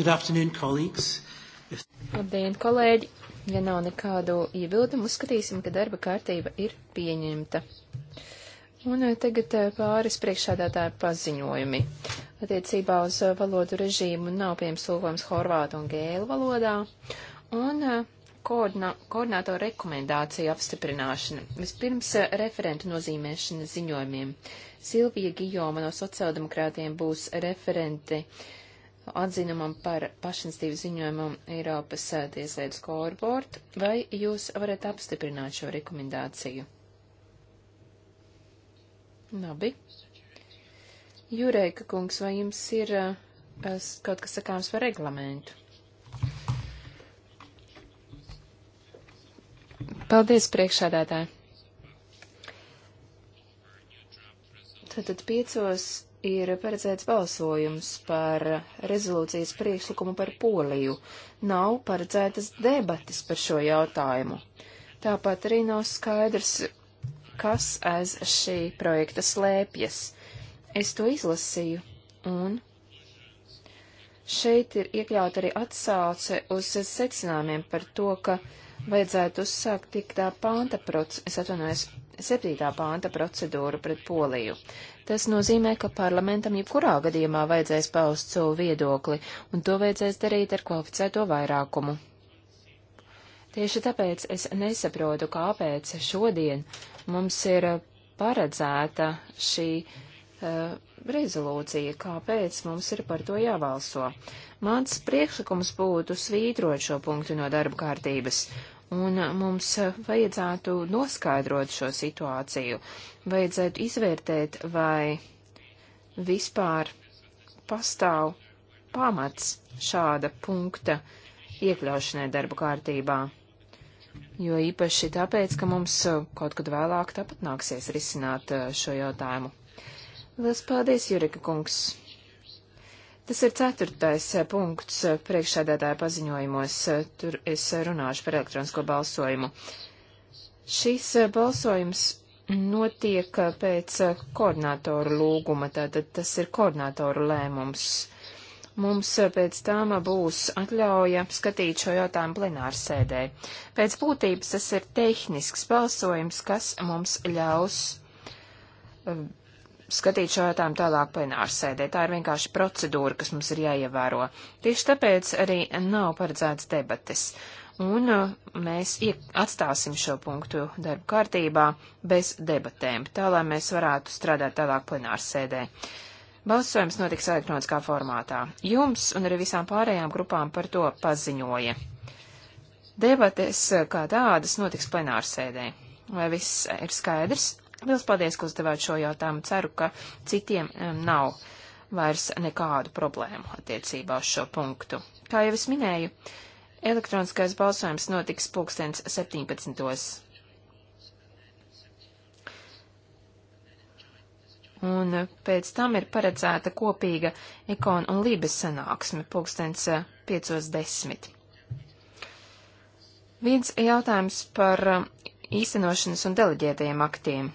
Good afternoon, colleagues. Labdien, kolēģi! Ja nav nekādu iebildumu, uzskatīsim, ka darba kārtība ir pieņemta. Un eh, tagad eh, pāris priekšādātāju paziņojumi. Attiecībā uz eh, valodu režīmu nav pieejams tulkojums horvātu un gēlu valodā. Un koordinā, koordinātoru rekomendāciju apstiprināšana. Vispirms referentu nozīmēšana ziņojumiem. Silvija Gijoma no sociāldemokrātiem būs referente uh, atzinumam par pašinstīvu ziņojumu Eiropas eh, tieslietu scoreboard, vai jūs varat apstiprināt šo rekomendāciju? Labi. Jūreika kungs, vai jums ir uh, kaut kas sakāms par reglamentu? Paldies, priekšādātāji. Tātad piecos ir paredzēts balsojums par rezolūcijas priekšlikumu par Poliju. Nav paredzētas debatas par šo jautājumu. Tāpat arī nav skaidrs, kas aiz šī projekta slēpjas. Es to izlasīju un šeit ir iekļauta arī atsauce uz secinājumiem par to, ka vajadzētu uzsākt tiktā pānta procedūru, es atvainojos, septītā pānta procedūru pret Poliju. Tas nozīmē, ka parlamentam jebkurā gadījumā vajadzēs paust savu viedokli, un to vajadzēs darīt ar kvalificēto vairākumu. Tieši tāpēc es nesaprotu, kāpēc šodien mums ir uh, paredzēta šī uh, rezolūcija, kāpēc mums ir par to jābalso. Mans priekšlikums būtu svītrot šo punktu no darba kārtības Un mums vajadzētu noskaidrot šo situāciju. Vajadzētu izvērtēt, vai vispār pastāv pamats šāda punkta iekļaušanai darba kārtībā. Jo īpaši tāpēc, ka mums kaut kad vēlāk tāpat nāksies risināt eh, šo jautājumu. Lielas paldies, Jurika kungs! Tas ir ceturtais eh, punkts eh, priekšsēdētāja paziņojumos. Eh, tur es runāšu par elektronisko balsojumu. Šis balsojums notiek pēc koordinātoru lūguma, tātad tas ir koordinātoru lēmums. Mums pēc tam būs atļauja skatīt šo jautājumu plenārsēdē. Pēc būtības tas ir tehnisks balsojums, kas mums ļaus skatīt šo jautājumu tālāk plenāru sēdē. Tā ir vienkārši procedūra, kas mums ir jāievēro. Tieši tāpēc arī nav paredzēts debates. Un uh, mēs atstāsim šo punktu darbu kārtībā bez debatēm, tā lai mēs varētu strādāt tālāk plenāru sēdē. Balsojums notiks elektroniskā formātā. Jums un arī visām pārējām grupām par to paziņoja. Debates uh, kā tādas notiks plenāru sēdē. Vai viss ir skaidrs? Liels paldies, ka uzdevāt šo jautājumu. Ceru, ka citiem nav vairs nekādu problēmu attiecībā uz šo punktu. Kā jau es minēju, elektroniskais balsojums notiks pulkstens 17. Un pēc tam ir paredzēta kopīga ikona un lības sanāksme pulkstens 5.10. Eh, Viens jautājums par eh, īstenošanas un deleģētajiem aktiem.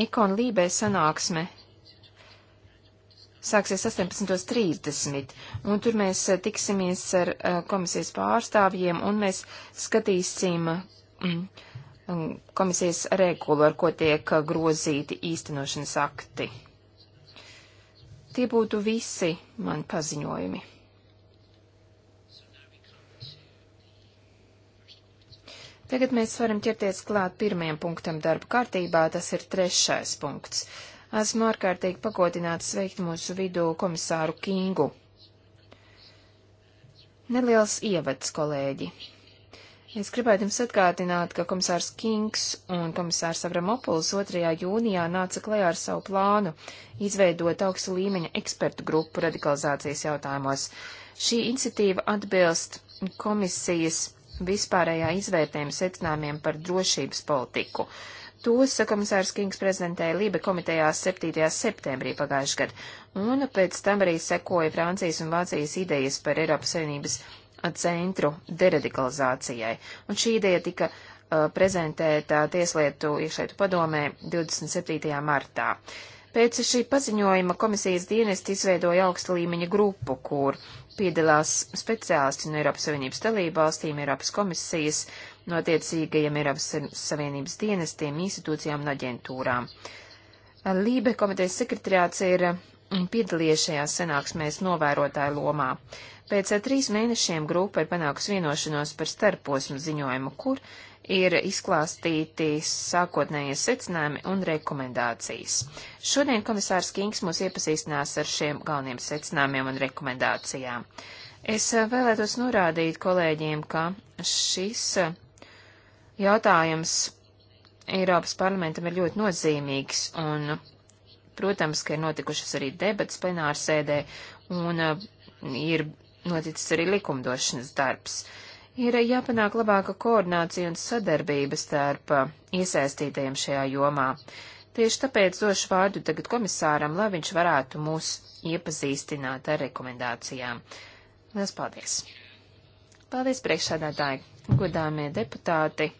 Ekon Lībē sanāksme sāksies 18.30, un tur mēs eh, tiksimies ar eh, komisijas pārstāvjiem, un mēs skatīsim mm, mm, komisijas regulu, ar ko tiek eh, grozīti īstenošanas akti. Tie būtu visi mani paziņojumi. Tagad mēs varam ķerties klāt pirmajam punktam darba kārtībā, tas ir trešais punkts. Esmu ārkārtīgi pagodināts sveikt mūsu vidū komisāru Kingu. Neliels ievads, kolēģi. Es gribētu jums atgādināt, ka komisārs Kings un komisārs Avramopuls 2. jūnijā nāca klajā ar savu plānu izveidot augstu līmeņa ekspertu grupu radikalizācijas jautājumos. Šī iniciatīva atbilst komisijas vispārējā izvērtējuma secinājumiem par drošības politiku. Tos komisārs Kings prezentēja Lībe komitejā 7. septembrī pagājušajā gadā, un pēc tam arī sekoja Francijas un Vācijas idejas par Eiropas Savienības centru deradikalizācijai, un šī ideja tika uh, prezentēta Tieslietu iekšlietu padomē 27. martā. Uh, Pēc šī paziņojuma komisijas dienesti izveidoja augsta līmeņa grupu, kur piedalās speciālisti no Eiropas Savienības dalībvalstīm, Eiropas komisijas, no attiecīgajiem Eiropas Savienības dienestiem, institūcijām un aģentūrām. Lībe komitejas sekretariāts ir piedalījies šajās sanāksmēs novērotāju lomā. Pēc eh, trīs mēnešiem grupa ir panākusi vienošanos par starposmu ziņojumu, kur ir izklāstīti sākotnējie secinājumi un rekomendācijas. Šodien komisārs Kings mūs iepazīstinās ar šiem galveniem secinājumiem un rekomendācijām. Es eh, vēlētos norādīt kolēģiem, ka šis eh, jautājums Eiropas parlamentam ir ļoti nozīmīgs, un Protams, ka ir notikušas arī debats plenārsēdē un uh, ir noticis arī likumdošanas darbs. Ir uh, jāpanāk labāka koordinācija un sadarbība starp uh, iesaistītajiem šajā jomā. Tieši tāpēc došu vārdu tagad komisāram, lai viņš varētu mūs iepazīstināt ar rekomendācijām. Lielas paldies! Paldies, priekšsādātāji, godāmie deputāti!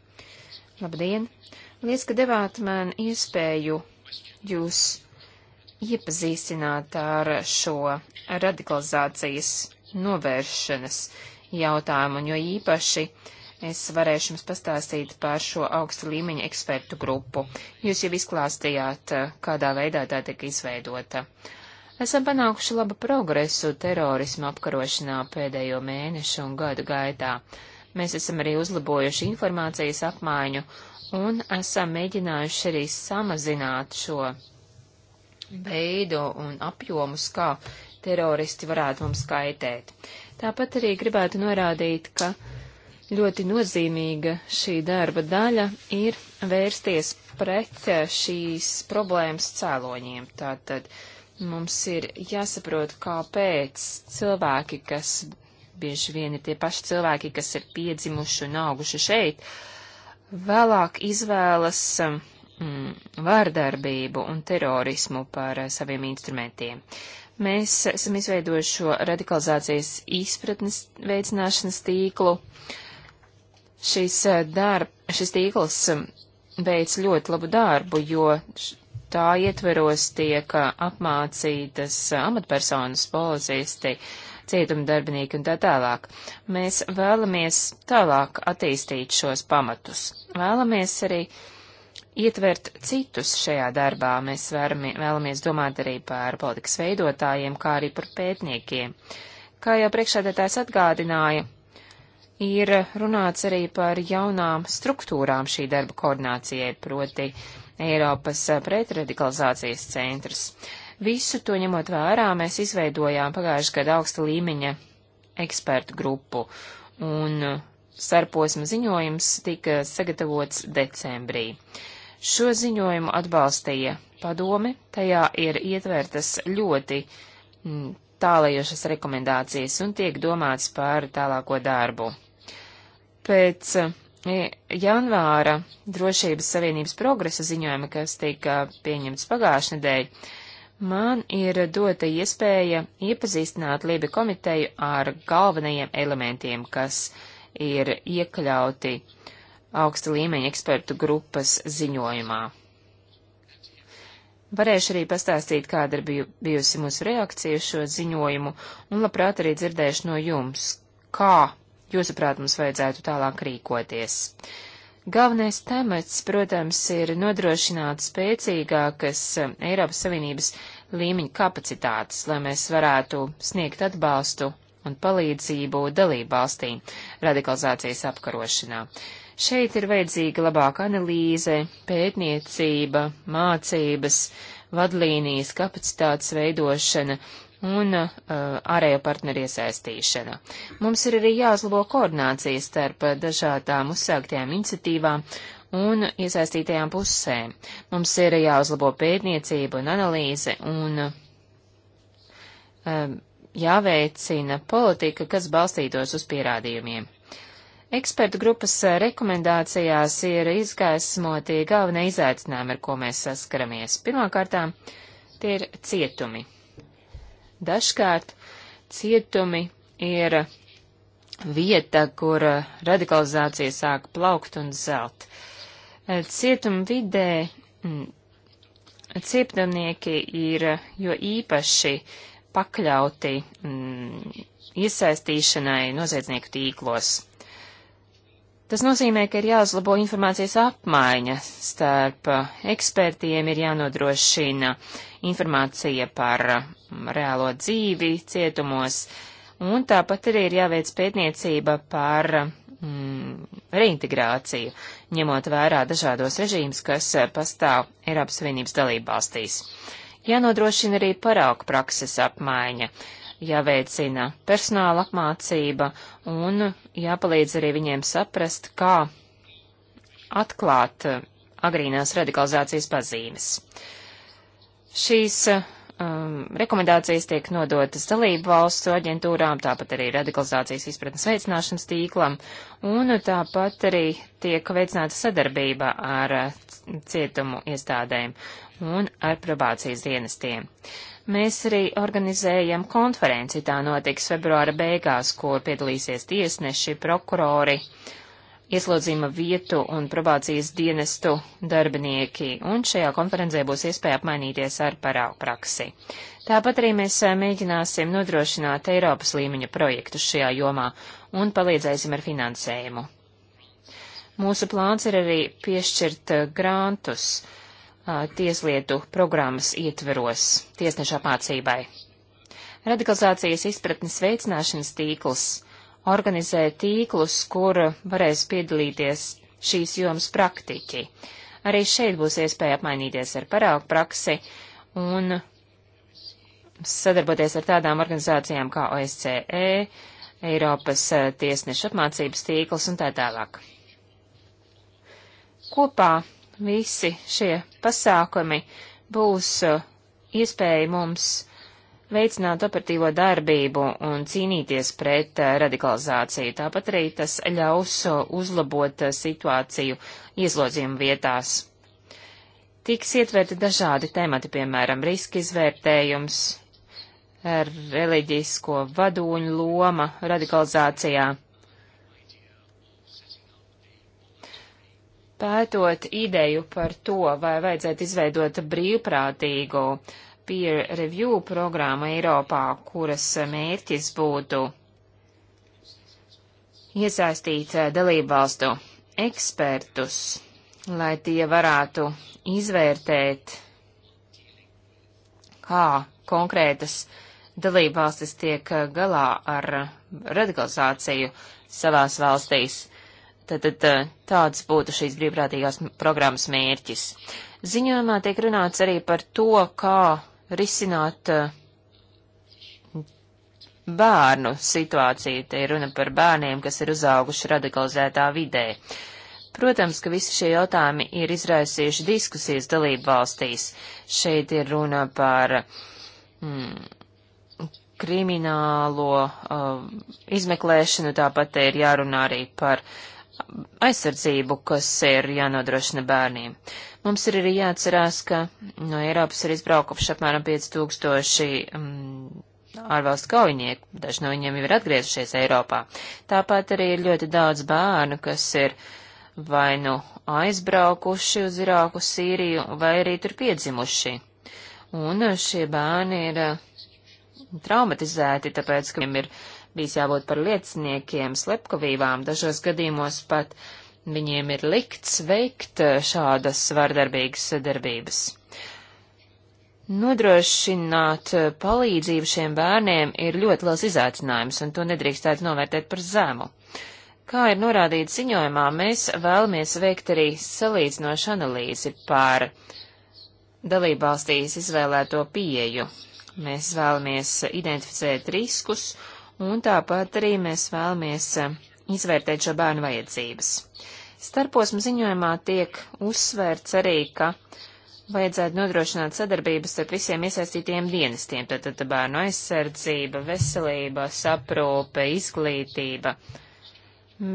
Labdien! Lies, ka devāt man iespēju jūs iepazīstināt ar šo radikalizācijas novēršanas jautājumu, un jo īpaši es varēšu jums pastāstīt par šo augsta līmeņa ekspertu grupu. Jūs jau izklāstījāt, kādā veidā tā tika izveidota. Esam panākuši labu progresu terorismu apkarošanā pēdējo mēnešu un gadu gaitā. Mēs esam arī uzlabojuši informācijas apmaiņu un esam mēģinājuši arī samazināt šo veidu un apjomus, kā teroristi varētu mums kaitēt. Tāpat arī gribētu norādīt, ka ļoti nozīmīga šī darba daļa ir vērsties pret šīs problēmas cēloņiem. Tātad mums ir jāsaprot, kāpēc cilvēki, kas bieži vien ir tie paši cilvēki, kas ir piedzimuši un auguši šeit, vēlāk izvēlas um, mm, vārdarbību un terorismu par eh, saviem instrumentiem. Mēs esam izveidojuši šo radikalizācijas izpratnes veicināšanas tīklu. Šis, eh, darb, šis tīkls mm, veic ļoti labu darbu, jo tā ietveros tiek eh, apmācītas amatpersonas, policisti, cietumdarbinieki un tā tālāk. Mēs vēlamies tālāk attīstīt šos pamatus. Vēlamies arī uh, ietvert citus šajā darbā. Mēs vērmi, vēlamies domāt arī par politikas veidotājiem, kā arī par pētniekiem. Kā jau priekšādētājs atgādināja, ir runāts arī par jaunām struktūrām šī darba koordinācijai, proti Eiropas pretradikalizācijas centrs. Visu to ņemot vērā, mēs izveidojām pagājušajā gadā augsta līmeņa ekspertu grupu, un starposma ziņojums tika sagatavots decembrī. Uh, Šo ziņojumu atbalstīja padome, tajā ir ietvērtas ļoti mm, tālajošas rekomendācijas un tiek domāts par tālāko darbu. Pēc e, janvāra Drošības Savienības progresa ziņojuma, kas tika pieņemts pagājušajā nedēļā, man ir dota iespēja iepazīstināt Liebi komiteju ar galvenajiem elementiem, kas ir iekļauti uh, augsta līmeņa ekspertu grupas ziņojumā. Varēšu arī pastāstīt, kāda ir biju, bijusi mūsu reakcija uz šo ziņojumu, un labprāt arī dzirdēšu no jums, kā, jūsuprāt, mums vajadzētu tālāk rīkoties. Galvenais temats, protams, ir nodrošināt spēcīgākas um, Eiropas Savienības līmeņa kapacitātes, lai mēs varētu sniegt atbalstu un palīdzību dalību valstīm radikalizācijas apkarošanā. Uh, Šeit ir vajadzīga labāka analīze, pētniecība, mācības, vadlīnijas, kapacitātes veidošana un uh, ārējo partneru iesaistīšana. Mums ir arī jāuzlabo koordinācija starp dažādām uzsāktajām iniciatīvām un iesaistītajām pusēm. Mums ir jāuzlabo pētniecība un analīze un uh, jāveicina politika, kas balstītos uz pierādījumiem. Ekspertu grupas eh, rekomendācijās ir izgaismoti galvenie izaicinājumi, ar ko mēs saskaramies. Pirmkārtām, tie ir cietumi. Dažkārt cietumi ir vieta, kur eh, radikalizācija sāk plaukt un zelt. Eh, cietuma vidē mm, cietumnieki ir jo īpaši pakļauti mm, iesaistīšanai noziedznieku tīklos. Tas nozīmē, ka ir jāuzlabo informācijas apmaiņa starp uh, ekspertiem, ir jānodrošina informācija par uh, reālo dzīvi cietumos, un tāpat arī ir jāveic pētniecība par uh, mm, reintegrāciju, ņemot vērā dažādos režīmus, kas pastāv Eiropas Savienības dalībvalstīs. Jānodrošina arī paraugu prakses apmaiņa. Uh, jāveicina personāla apmācība un jāpalīdz arī viņiem saprast, kā atklāt eh, agrīnās radikalizācijas pazīmes. Šīs eh, um, rekomendācijas tiek nodotas dalību valstu aģentūrām, tāpat arī radikalizācijas izpratnes veicināšanas tīklam, un tāpat arī tiek veicināta sadarbība ar eh, cietumu iestādēm un ar probācijas dienestiem. Mēs arī organizējam konferenci, tā notiks februāra beigās, kur piedalīsies tiesneši, prokurori, ieslodzījuma vietu un probācijas dienestu darbinieki, un šajā konferencē būs iespēja apmainīties ar paraugu praksi. Tāpat arī mēs eh, mēģināsim nodrošināt Eiropas līmeņa projektu šajā jomā un palīdzēsim ar finansējumu. Mūsu plāns ir arī piešķirt eh, grantus tieslietu programmas ietveros tiesneša apmācībai. Radikalizācijas izpratnes veicināšanas tīkls organizē tīklus, kur varēs piedalīties šīs jomas praktiķi. Arī šeit būs iespēja apmainīties ar paraugu praksi un sadarboties ar tādām organizācijām kā OSCE, Eiropas tiesneša apmācības tīkls un tā tālāk. Kopā visi šie pasākumi būs uh, iespēja mums veicināt operatīvo darbību un cīnīties pret uh, radikalizāciju. Tāpat arī tas ļaus uh, uzlabot situāciju ieslodzījuma vietās. Tiks ietverti dažādi temati, piemēram, riska izvērtējums, reliģisko vadūņu loma radikalizācijā. Pētot ideju par to, vai vajadzētu izveidot brīvprātīgu peer review programmu Eiropā, kuras mērķis būtu iesaistīt eh, dalībvalstu ekspertus, lai tie varētu izvērtēt, kā konkrētas dalībvalstis tiek eh, galā ar radikalizāciju savās valstīs. Tātad eh, tāds būtu šīs brīvprātīgās programmas mērķis. Ziņojumā tiek runāts arī par to, kā risināt eh, bērnu situāciju. Te ir runa par bērniem, kas ir uzauguši radikalizētā vidē. Protams, ka visi šie jautājumi ir izraisījuši diskusijas dalību valstīs. Šeit ir runa par mm, kriminālo uh, izmeklēšanu, tāpat te ir jārunā arī par uh, aizsardzību, kas ir jānodrošina bērniem. Mums ir arī jāatcerās, ka no Eiropas ir izbraukuši apmēram 5000 mm, ārvalstu kaujinieki, daži no viņiem jau ir atgriezušies Eiropā. Tāpat arī ir ļoti daudz bērnu, kas ir vai nu aizbraukuši uz Irāku, Sīriju, vai arī tur piedzimuši. Un šie bērni ir eh, traumatizēti, tāpēc, ka viņiem ir uh, bijis jābūt par lieciniekiem, slepkavībām, dažos gadījumos pat viņiem ir likts veikt eh, šādas vardarbīgas sadarbības. Nodrošināt eh, palīdzību šiem bērniem ir ļoti liels izaicinājums, un to nedrīkstētu novērtēt par zemu. Kā ir norādīts ziņojumā, mēs vēlamies veikt arī salīdzinošu analīzi par dalībvalstīs izvēlēto pieju. Mēs vēlamies identificēt riskus un tāpat arī mēs vēlamies eh, izvērtēt šo bērnu vajadzības. Starposmu ziņojumā tiek uzsvērts arī, ka vajadzētu nodrošināt sadarbības starp visiem iesaistītiem dienestiem, tātad bērnu aizsardzība, veselība, saprūpe, izglītība.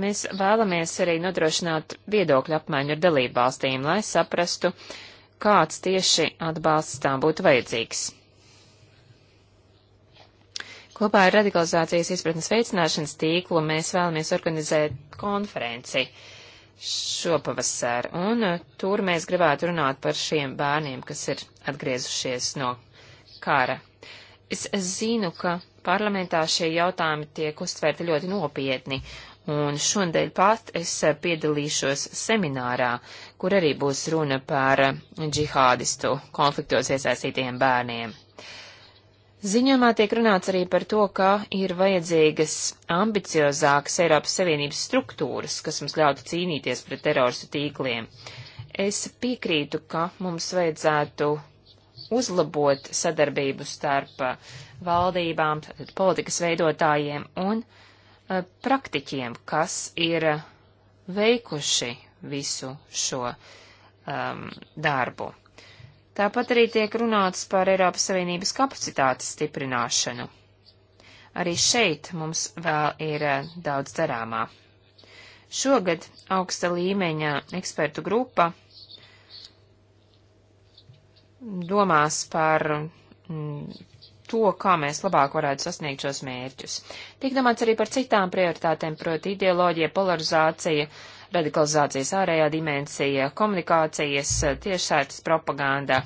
Mēs vēlamies arī nodrošināt viedokļu apmaiņu ar dalībvalstīm, lai saprastu, kāds tieši atbalsts tām būtu vajadzīgs. Kopā ar radikalizācijas izpratnes veicināšanas tīklu mēs vēlamies organizēt konferenci šopavasar, un uh, tur mēs gribētu runāt par šiem bērniem, kas ir atgriezušies no kara. Es zinu, ka parlamentā šie jautājumi tiek uztverti ļoti nopietni, un šodien pat es uh, piedalīšos seminārā, kur arī būs runa par uh, džihādistu konfliktos iesaistītiem bērniem. Ziņojumā tiek runāts arī par to, ka ir vajadzīgas ambiciozākas Eiropas Savienības struktūras, kas mums ļautu cīnīties pret teroristu tīkliem. Es piekrītu, ka mums vajadzētu uzlabot sadarbību starp uh, valdībām, politikas veidotājiem un uh, praktiķiem, kas ir uh, veikuši visu šo um, darbu. Tāpat arī tiek runāts par Eiropas Savienības kapacitātes stiprināšanu. Arī šeit mums vēl ir eh, daudz darāmā. Šogad augsta līmeņa ekspertu grupa domās par mm, to, kā mēs labāk varētu sasniegt šos mērķus. Tik domāts arī par citām prioritātēm, proti ideoloģija, polarizācija, uh, radikalizācijas ārējā dimensija, komunikācijas, tiešsaites propaganda.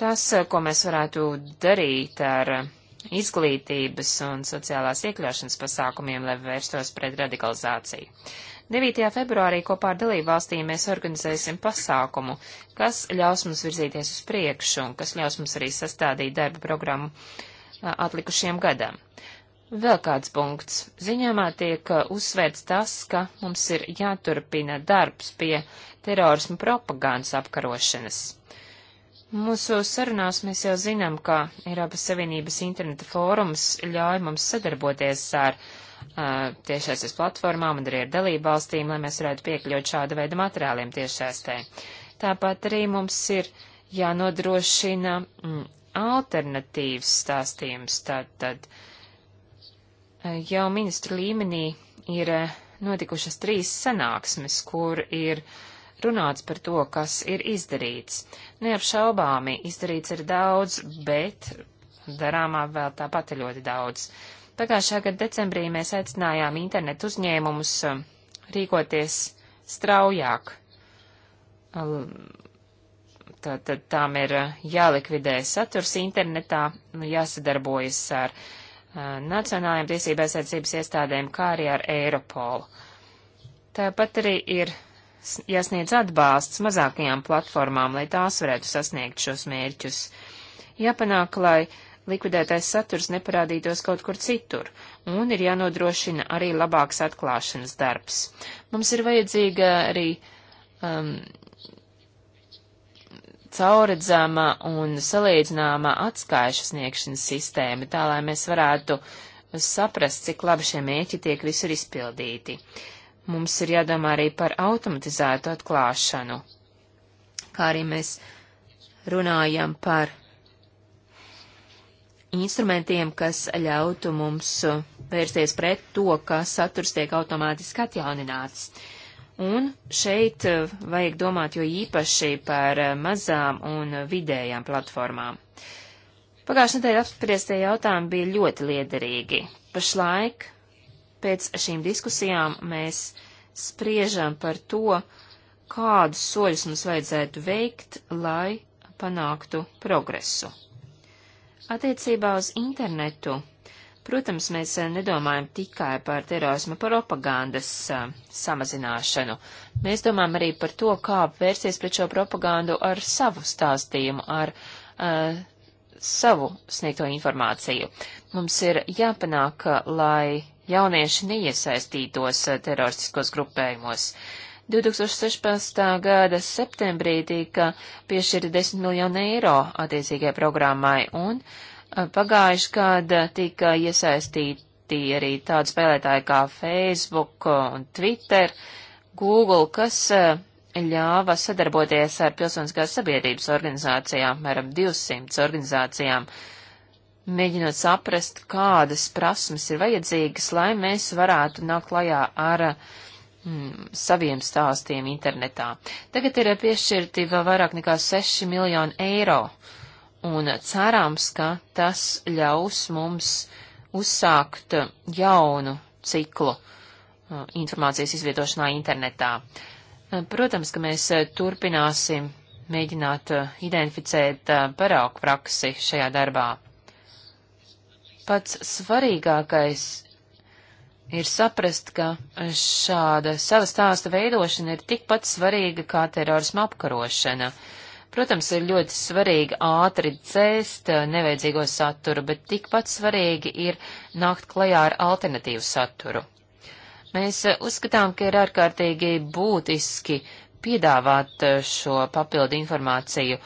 Tas, ko mēs varētu darīt ar izglītības un sociālās iekļaušanas pasākumiem, lai vērstos pret radikalizāciju. 9. februārī kopā ar dalību valstīm mēs organizēsim pasākumu, kas ļaus mums virzīties uz priekšu un kas ļaus mums arī sastādīt darba programmu atlikušiem gadam. Vēl kāds punkts. Ziņāmā tiek uh, uzsvērts tas, ka mums ir jāturpina darbs pie terorismu propagandas apkarošanas. Mūsu sarunās mēs jau zinām, ka Eiropas Savienības interneta fórums ļauj mums sadarboties ar uh, tiešaisas platformām un arī ar dalību valstīm, lai mēs varētu piekļūt šāda veida materiāliem tiešaistē. Tāpat arī mums ir jānodrošina mm, alternatīvs stāstījums, tātad. Tā, jau ministru līmenī ir eh, notikušas trīs sanāksmes, kur ir runāts par to, kas ir izdarīts. Neapšaubāmi izdarīts ir daudz, bet darāmā vēl tāpat ir ļoti daudz. Pagājušā gada decembrī mēs aicinājām internetu uzņēmumus eh, rīkoties straujāk. Tad, tad tām ir eh, jālikvidē saturs internetā, jāsadarbojas ar uh, nacionālajiem tiesībai aizsardzības iestādēm, kā arī ar Eiropolu. Tāpat arī ir jāsniedz atbalsts mazākajām platformām, lai tās varētu sasniegt šos mērķus. Jāpanāk, lai likvidētais saturs neparādītos kaut kur citur, un ir jānodrošina arī labāks atklāšanas darbs. Mums ir vajadzīga arī um, cauredzama un salīdzināma atskaišu sniegšanas sistēma, tā lai mēs varētu saprast, cik labi šie mēķi tiek visur izpildīti. Mums ir jādomā arī par automatizētu atklāšanu, kā arī mēs runājam par instrumentiem, kas ļautu mums vērsties pret to, ka saturs tiek automātiski atjaunināts. Uh, Un šeit eh, vajag domāt jo īpaši par eh, mazām un vidējām platformām. Pagājušajā nedēļā apspriestie jautājumi bija ļoti liederīgi. Pašlaik pēc šīm diskusijām mēs spriežam par to, kādus soļus mums vajadzētu veikt, lai panāktu progresu. Attiecībā uz internetu Protams, mēs eh, nedomājam tikai par terorisma propagandas eh, samazināšanu. Mēs domājam arī par to, kā vērsties pret šo propagandu ar savu stāstījumu, ar uh, savu sniegto informāciju. Mums ir jāpanāk, lai jaunieši neiesaistītos teroristiskos grupējumos. 2016. gada septembrī tika piešķirta 10 miljonu eiro attiecīgajai programmai, un Eh, pagājuši gada tika iesaistīti arī tādi spēlētāji kā Facebook eh, un Twitter, Google, kas eh, ļāva sadarboties ar pilsoniskās sabiedrības organizācijām, apmēram 200 organizācijām, mēģinot saprast, kādas prasmes ir vajadzīgas, lai mēs varētu nākt klajā ar mm, saviem stāstiem internetā. Tagad ir piešķirti vēl vairāk nekā 6 miljoni eiro uh, un cerams, ka tas ļaus mums uzsākt jaunu ciklu uh, informācijas izvietošanā internetā. Uh, protams, ka mēs uh, turpināsim mēģināt identificēt paraugu praksi šajā darbā. Pats svarīgākais ir saprast, ka šāda sava stāsta veidošana ir tikpat svarīga kā terorisma apkarošana. Uh, Protams, ir ļoti svarīgi ātri dzēst eh, nevajadzīgo saturu, bet tikpat svarīgi ir nākt klajā ar alternatīvu saturu. Mēs eh, uzskatām, ka ir ārkārtīgi būtiski piedāvāt eh, šo papildu informāciju,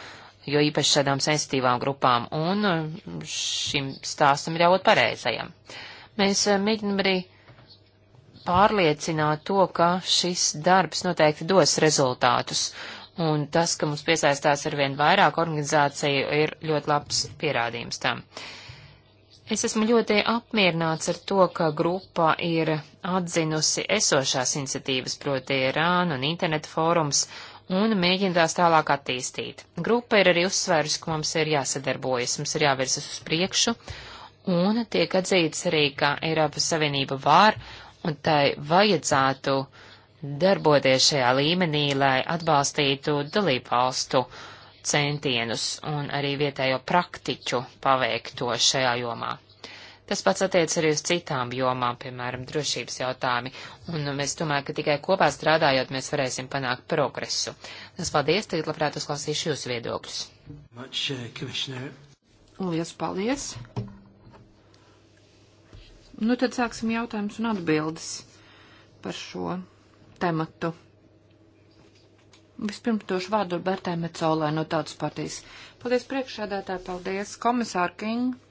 jo īpaši šādām sensitīvām grupām, un šim stāstam ir jābūt pareizajam. Mēs mēģinam arī pārliecināt to, ka šis darbs noteikti dos rezultātus un tas, ka mums piesaistās ar vien vairāk organizāciju, ir ļoti labs pierādījums tam. Es esmu ļoti apmierināts ar to, ka grupa ir atzinusi esošās iniciatīvas, proti Irāna un interneta fórums, un mēģina tās tālāk attīstīt. Grupa ir arī uzsvērusi, ka mums ir jāsadarbojas, mums ir jāvirzas uz priekšu, un tiek atzīts arī, ka Eiropas Savienība var un tai vajadzētu uh, darboties šajā līmenī, lai atbalstītu dalību valstu centienus un arī vietējo praktiķu paveikto šajā jomā. Tas pats attiec arī uz citām jomām, piemēram, drošības jautājumi, un mēs domājam, ka tikai kopā strādājot mēs varēsim panākt progresu. Es paldies, tagad labprāt uzklausīšu jūsu viedokļus. Much, uh, Lielas paldies! Nu tad sāksim jautājums un atbildes par šo tematu. Vispirms došu vārdu Bertē Mecolē no Tautas partijas. Paldies priekšsēdētāji, paldies komisāru Kingu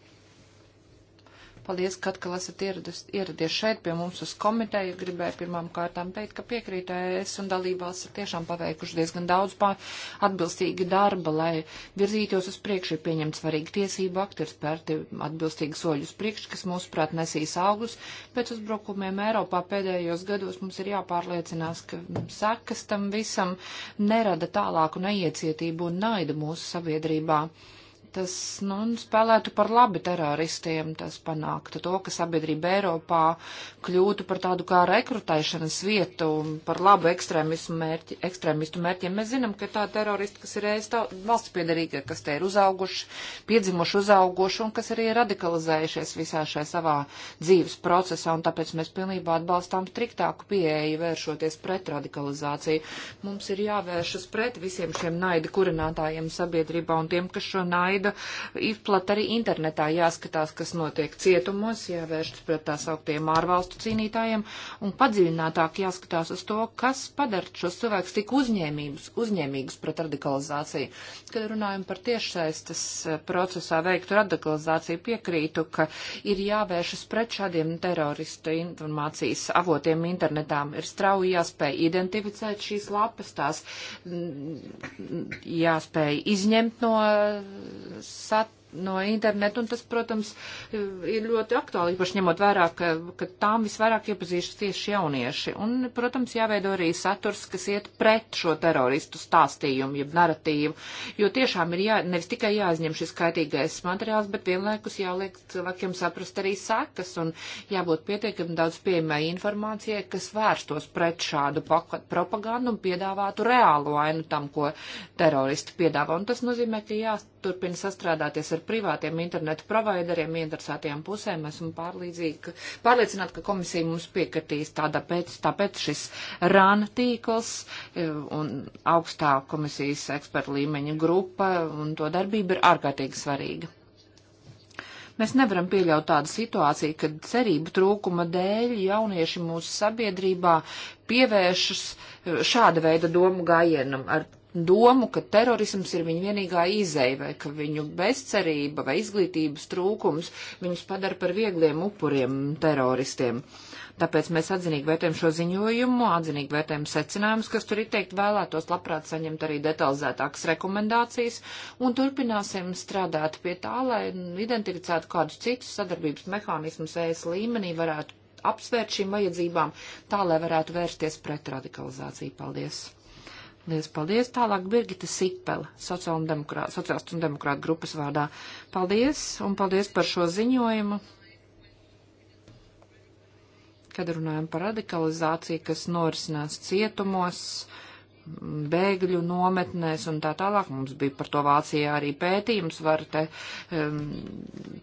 Paldies, ka atkal esat ieradus, ieradies šeit pie mums uz komiteju. Gribēju pirmām kārtām teikt, ka piekrītēji es un dalībās ir tiešām paveikuši diezgan daudz atbilstīgi darba, lai virzītos uz priekšu, ir pieņemts svarīgi tiesību akti, ir spērti atbilstīgi soļi uz priekšu, kas mūsuprāt nesīs augus. Pēc uzbrukumiem Eiropā pēdējos gados mums ir jāpārliecinās, ka sekas tam visam nerada tālāku neiecietību un naidu mūsu sabiedrībā tas, nu, spēlētu par labi teroristiem, tas panāktu to, ka sabiedrība Eiropā kļūtu par tādu kā rekrutēšanas vietu, par labu ekstrēmistu, mērķi, ekstrēmistu mērķiem. Mēs zinām, ka tā teroristi, kas ir valsts piedarīga, kas te ir uzauguši, piedzimuši uzauguši un kas arī ir radikalizējušies visā šajā savā dzīves procesā, un tāpēc mēs pilnībā atbalstām striktāku pieeju vēršoties pret radikalizāciju. Mums ir jāvēršas pret visiem šiem naida kurinātājiem sabiedrībā un tiem, kas šo naidu veidu izplat arī internetā. Jāskatās, kas notiek cietumos, jāvēršas pret tās augtiem ārvalstu cīnītājiem un padziļinātāk jāskatās uz to, kas padara šos cilvēkus tik uzņēmības, uzņēmīgus pret radikalizāciju. Kad runājam par tiešsaistes eh, procesā veiktu radikalizāciju, piekrītu, ka ir jāvēršas pret šādiem teroristu informācijas avotiem internetām. Ir strauji jāspēj identificēt šīs lapas, tās mm, mm, jāspēj izņemt no, sat, no interneta, un tas, protams, ir ļoti aktuāli, īpaši ņemot vērā, ka, ka tām visvairāk iepazīšas tieši jaunieši. Un, protams, jāveido arī saturs, kas iet pret šo teroristu stāstījumu, jeb naratīvu, jo tiešām ir jā, nevis tikai jāizņem šis kaitīgais materiāls, bet vienlaikus jāliek cilvēkiem saprast arī sekas un jābūt pietiekami daudz pieejamai informācijai, kas vērstos pret šādu propagandu un piedāvātu reālu ainu tam, ko teroristi piedāvā. Un tas nozīmē, ka jā, turpina sastrādāties ar privātiem internetu provideriem, interesētajām pusēm. Esmu pārliecināta, ka komisija mums piekritīs tāpēc, tāpēc šis RAN tīkls e, un augstā komisijas eksperta līmeņa grupa un to darbība ir ārkārtīgi svarīga. Mēs nevaram pieļaut tādu situāciju, kad cerību trūkuma dēļ jaunieši mūsu sabiedrībā pievēršas e, šāda veida domu gājienam ar domu, ka terorisms ir viņa vienīgā izeja, vai ka viņu bezcerība vai izglītības trūkums viņus padara par viegliem upuriem teroristiem. Tāpēc mēs atzinīgi vērtējam šo ziņojumu, atzinīgi vērtējam secinājumus, kas tur ir teikt vēlētos labprāt saņemt arī detalizētākas rekomendācijas, un turpināsim strādāt pie tā, lai identificētu kādus citus sadarbības mehānismus ES līmenī, varētu apsvērt šīm vajadzībām, tā lai varētu vērsties pret radikalizāciju. Paldies! Liels paldies. Tālāk Birgita Sipele, sociālistu un demokrātu grupas vārdā. Paldies un paldies par šo ziņojumu. Kad runājam par radikalizāciju, kas norisinās cietumos, uh, bēgļu nometnēs un tā tālāk. Mums bija par to Vācijā arī pētījums, var te um,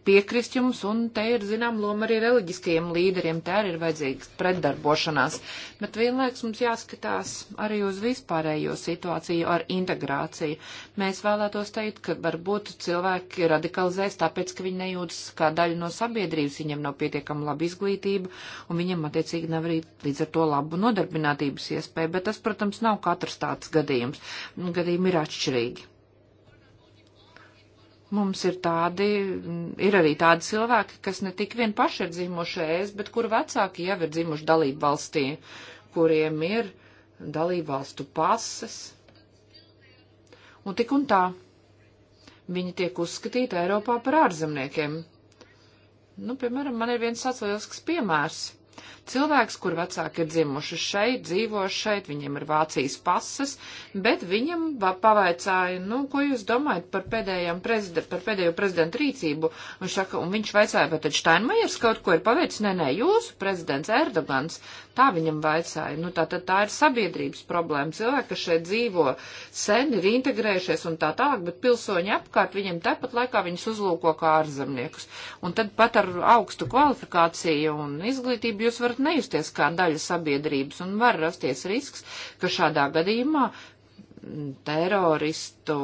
piekrist jums, un te ir, zinām, loma arī reliģiskajiem līderiem, te arī ir vajadzīgs pretdarbošanās. Bet vienlaiks mums jāskatās arī uz vispārējo situāciju ar integrāciju. Mēs vēlētos teikt, ka varbūt cilvēki radikalizēs tāpēc, ka viņi nejūtas kā daļa no sabiedrības, viņiem nav pietiekama laba izglītība, un viņiem attiecīgi nav arī līdz ar to labu nodarbinātības iespēju, bet tas, protams, nav katrs universitātes gadījums. Gadījumi ir atšķirīgi. Mums ir tādi, ir arī tādi cilvēki, kas ne tik vien paši ir dzimuši ēst, bet kuru vecāki jau ir dzimuši dalību valstī, kuriem ir dalību valstu pases. Un tik un tā, viņi tiek uzskatīti Eiropā par ārzemniekiem. Nu, piemēram, man ir viens atsvaļasks piemērs. Cilvēks, kur vecāki ir dzimuši šeit, dzīvo šeit, viņiem ir Vācijas pases, bet viņam pavaicāja, nu, ko jūs domājat par, prezide, par pēdējo prezidentu rīcību? Un, šaka, un viņš vaicāja, vai tad Steinmeiers kaut ko ir paveicis? Nē, nē, jūsu prezidents Erdogans tā viņam vaicāja. Nu, tā tad tā ir sabiedrības problēma. Cilvēki, kas šeit dzīvo sen, ir integrējušies un tā tālāk, bet pilsoņi apkārt viņiem tepat laikā viņus uzlūko kā ārzemniekus. Un tad pat ar augstu kvalifikāciju un izglītību jūs varat nejusties kā daļa sabiedrības un var rasties risks, ka šādā gadījumā teroristu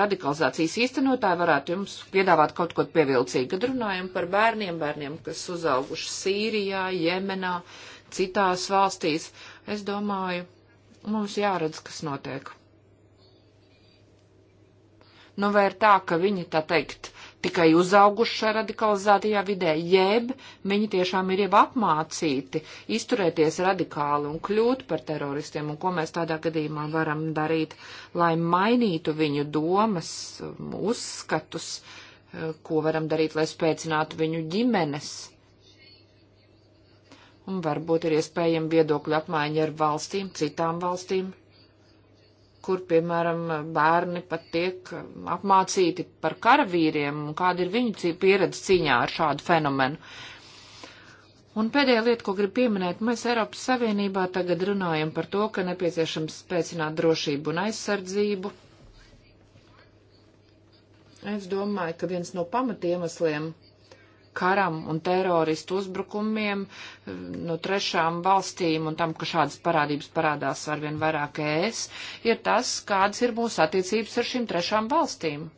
radikalizācijas īstenotāji varētu jums piedāvāt kaut ko pievilcīgu. Kad runājam par bērniem, bērniem, kas uzauguši Sīrijā, Jemenā, citās valstīs, es domāju, mums jāredz, kas notiek. Nu, vai ir tā, ka viņi, tā teikt, tikai uzauguši šajā radikalizētajā vidē, jeb viņi tiešām ir jeb apmācīti izturēties radikāli un kļūt par teroristiem, un ko mēs tādā gadījumā varam darīt, lai mainītu viņu domas, uzskatus, eh, ko varam darīt, lai spēcinātu viņu ģimenes. Un varbūt ir iespējama viedokļa apmaiņa ar valstīm, citām valstīm kur, piemēram, bērni pat tiek apmācīti par karavīriem un kāda ir viņu pieredze cīņā ar šādu fenomenu. Un pēdējā lieta, ko gribu pieminēt, mēs Eiropas Savienībā tagad runājam par to, ka nepieciešams spēcināt drošību un aizsardzību. Es domāju, ka viens no pamatiemesliem karam un teroristu uzbrukumiem eh, no trešām valstīm un tam, ka šādas parādības parādās arvien vairāk ES, ir tas, kādas ir mūsu attiecības ar šīm trešām valstīm.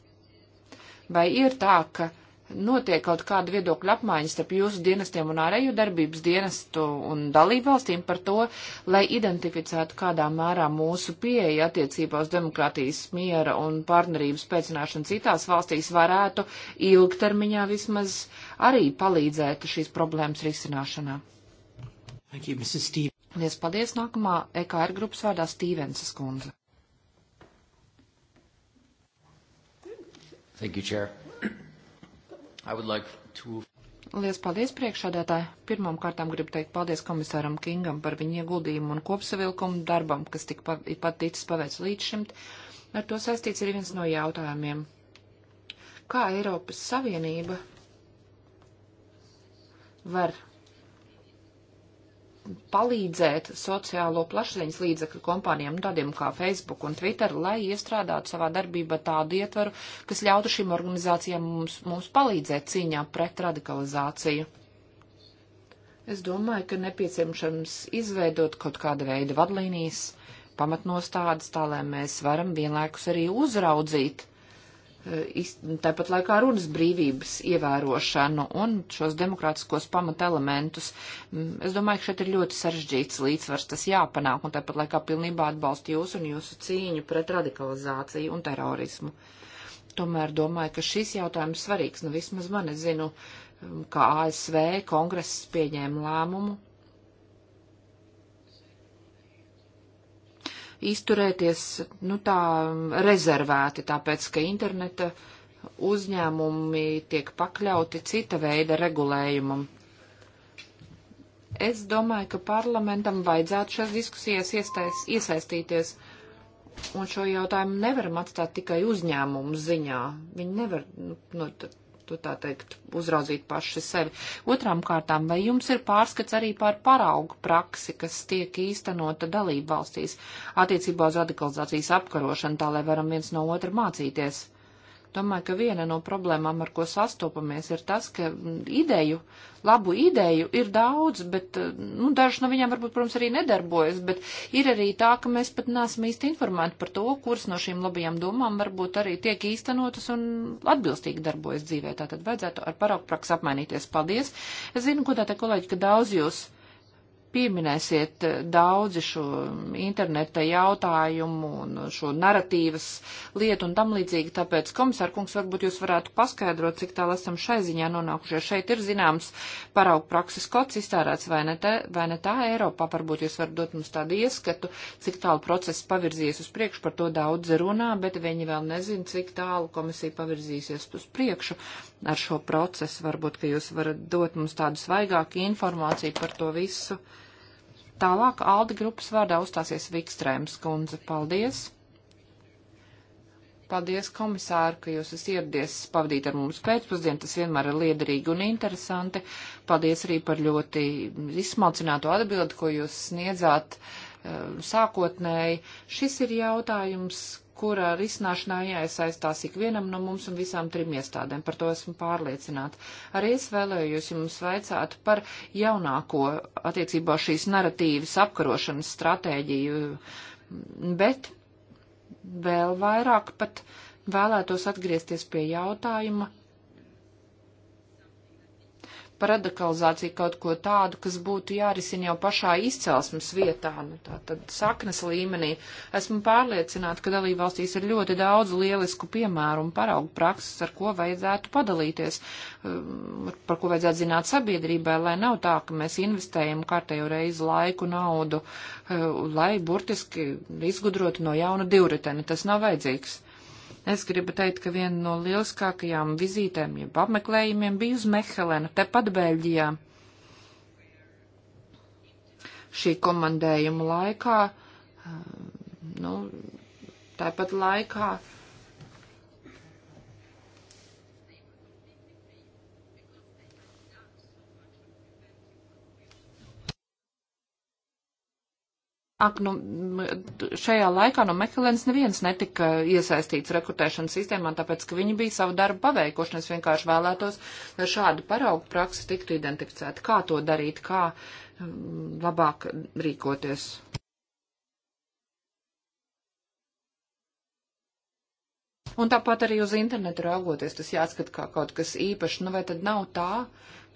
Vai ir tā, ka notiek kaut kāda viedokļa apmaiņa starp jūsu dienestiem un ārēju darbības dienestu un dalību valstīm par to, lai identificētu, kādā mērā mūsu pieeja attiecībā uz demokrātijas miera un partnerības pēcināšanu citās valstīs varētu ilgtermiņā vismaz arī palīdzēt šīs problēmas risināšanā. Thank you, Mrs. Steve. Lies paldies nākamā EKR grupas vārdā Stīvensas kundze. Thank you, Chair. Like to... Lielas paldies priekšādātāji. Pirmām kārtām gribu teikt paldies komisāram Kingam par viņa ieguldījumu un kopsavilkumu darbam, kas tik pa, pat ticis paveic līdz šim. Ar to saistīts arī viens no jautājumiem. Kā Eiropas Savienība var palīdzēt sociālo plašsaziņas līdzekļu kompānijām, nu, tādiem kā Facebook un Twitter, lai iestrādātu savā darbībā tādu ietvaru, kas ļautu šīm organizācijām mums, mums palīdzēt cīņā pret radikalizāciju. Es domāju, ka nepieciešams izveidot kaut kādu veidu vadlīnijas, pamatnostādes, tā lai mēs varam vienlaikus arī uzraudzīt uh, Eh, tāpat laikā runas brīvības ievērošanu un šos demokrātiskos pamatelementus. Mm, es domāju, ka šeit ir ļoti sarežģīts līdzsvars, tas jāpanāk, un tāpat laikā pilnībā atbalstu jūs un jūsu cīņu pret radikalizāciju un terorismu. Tomēr domāju, ka šis jautājums svarīgs, nu vismaz man es zinu, mm, kā ASV kongress pieņēma lēmumu izturēties, nu tā, rezervēti, tāpēc, ka interneta uzņēmumi tiek pakļauti cita veida regulējumam. Es domāju, ka parlamentam vajadzētu šās diskusijas iestais, iesaistīties, un šo jautājumu nevaram atstāt tikai uzņēmumu ziņā. Viņi nevar, nu, nu varētu, tā teikt, uzraudzīt paši sevi. Otrām kārtām, vai jums ir pārskats arī par paraugu praksi, kas tiek īstenota dalību valstīs attiecībā uz radikalizācijas apkarošanu, tā lai varam viens no otra mācīties? Domāju, ka viena no problēmām, ar ko sastopamies, ir tas, ka ideju, labu ideju ir daudz, bet, eh, nu, dažas no viņām varbūt, protams, arī nedarbojas, bet ir arī tā, ka mēs pat neesam īsti informēti par to, kuras no šīm labajām domām varbūt arī tiek īstenotas un atbilstīgi darbojas dzīvē. Tātad vajadzētu ar paraugu praksu apmainīties. Paldies! Es zinu, ko tā te kolēģi, ka daudz jūs pieminēsiet eh, daudzi šo interneta jautājumu un šo naratīvas lietu un tam līdzīgi, tāpēc komisārkungs varbūt jūs varētu paskaidrot, cik tālu esam šai ziņā nonākušie. Šeit ir zināms paraugu prakses kods iztērēts vai ne, te, vai ne tā Eiropā, varbūt jūs varat dot mums tādu ieskatu, cik tālu process pavirzījies uz priekšu, par to daudz runā, bet viņi vēl nezin, cik tālu komisija pavirzīsies uz priekšu ar šo procesu. Varbūt, ka jūs varat dot mums tādu svaigāku informāciju par to visu. Tālāk Aldi grupas vārdā uzstāsies Vikstrēms kundze. Paldies! Paldies, komisāri, ka jūs esat ieradies pavadīt ar mums pēcpusdienu. Tas vienmēr ir liederīgi un interesanti. Paldies arī par ļoti izsmalcināto atbildi, ko jūs sniedzāt eh, sākotnēji. Šis ir jautājums, kurā risināšanā jāiesaistās ikvienam no mums un visām trim iestādēm. Par to esmu pārliecināta. Arī es vēlējos jums vaicāt par jaunāko attiecībā šīs naratīvas apkarošanas stratēģiju, bet vēl vairāk pat vēlētos atgriezties pie jautājuma par radikalizāciju kaut ko tādu, kas būtu jārisina jau pašā izcelsmes vietā, nu, tā tad saknes līmenī. Esmu pārliecināta, ka dalībvalstīs ir ļoti daudz lielisku piemēru un paraugu prakses, ar ko vajadzētu padalīties, um, par ko vajadzētu zināt sabiedrībai, lai nav tā, ka mēs investējam kārtējo reizi laiku, naudu, uh, lai burtiski izgudrotu no jauna divriteni. Tas nav vajadzīgs. Es gribu teikt, ka viena no lieliskākajām vizītēm, jeb apmeklējumiem, bija uz Mehelenu, tepat Beļģijā. Šī komandējuma laikā, nu, tāpat laikā uh, Ak, nu, šajā laikā no nu, Mekelēnas neviens netika iesaistīts rekrutēšanas sistēmā, tāpēc, ka viņi bija savu darbu paveikuši, un es vienkārši vēlētos, lai šāda parauga praksa tiktu identificēta. Kā to darīt, kā mm, labāk rīkoties? Un tāpat arī uz internetu raugoties, tas jāskat kā kaut kas īpašs. Nu vai tad nav tā,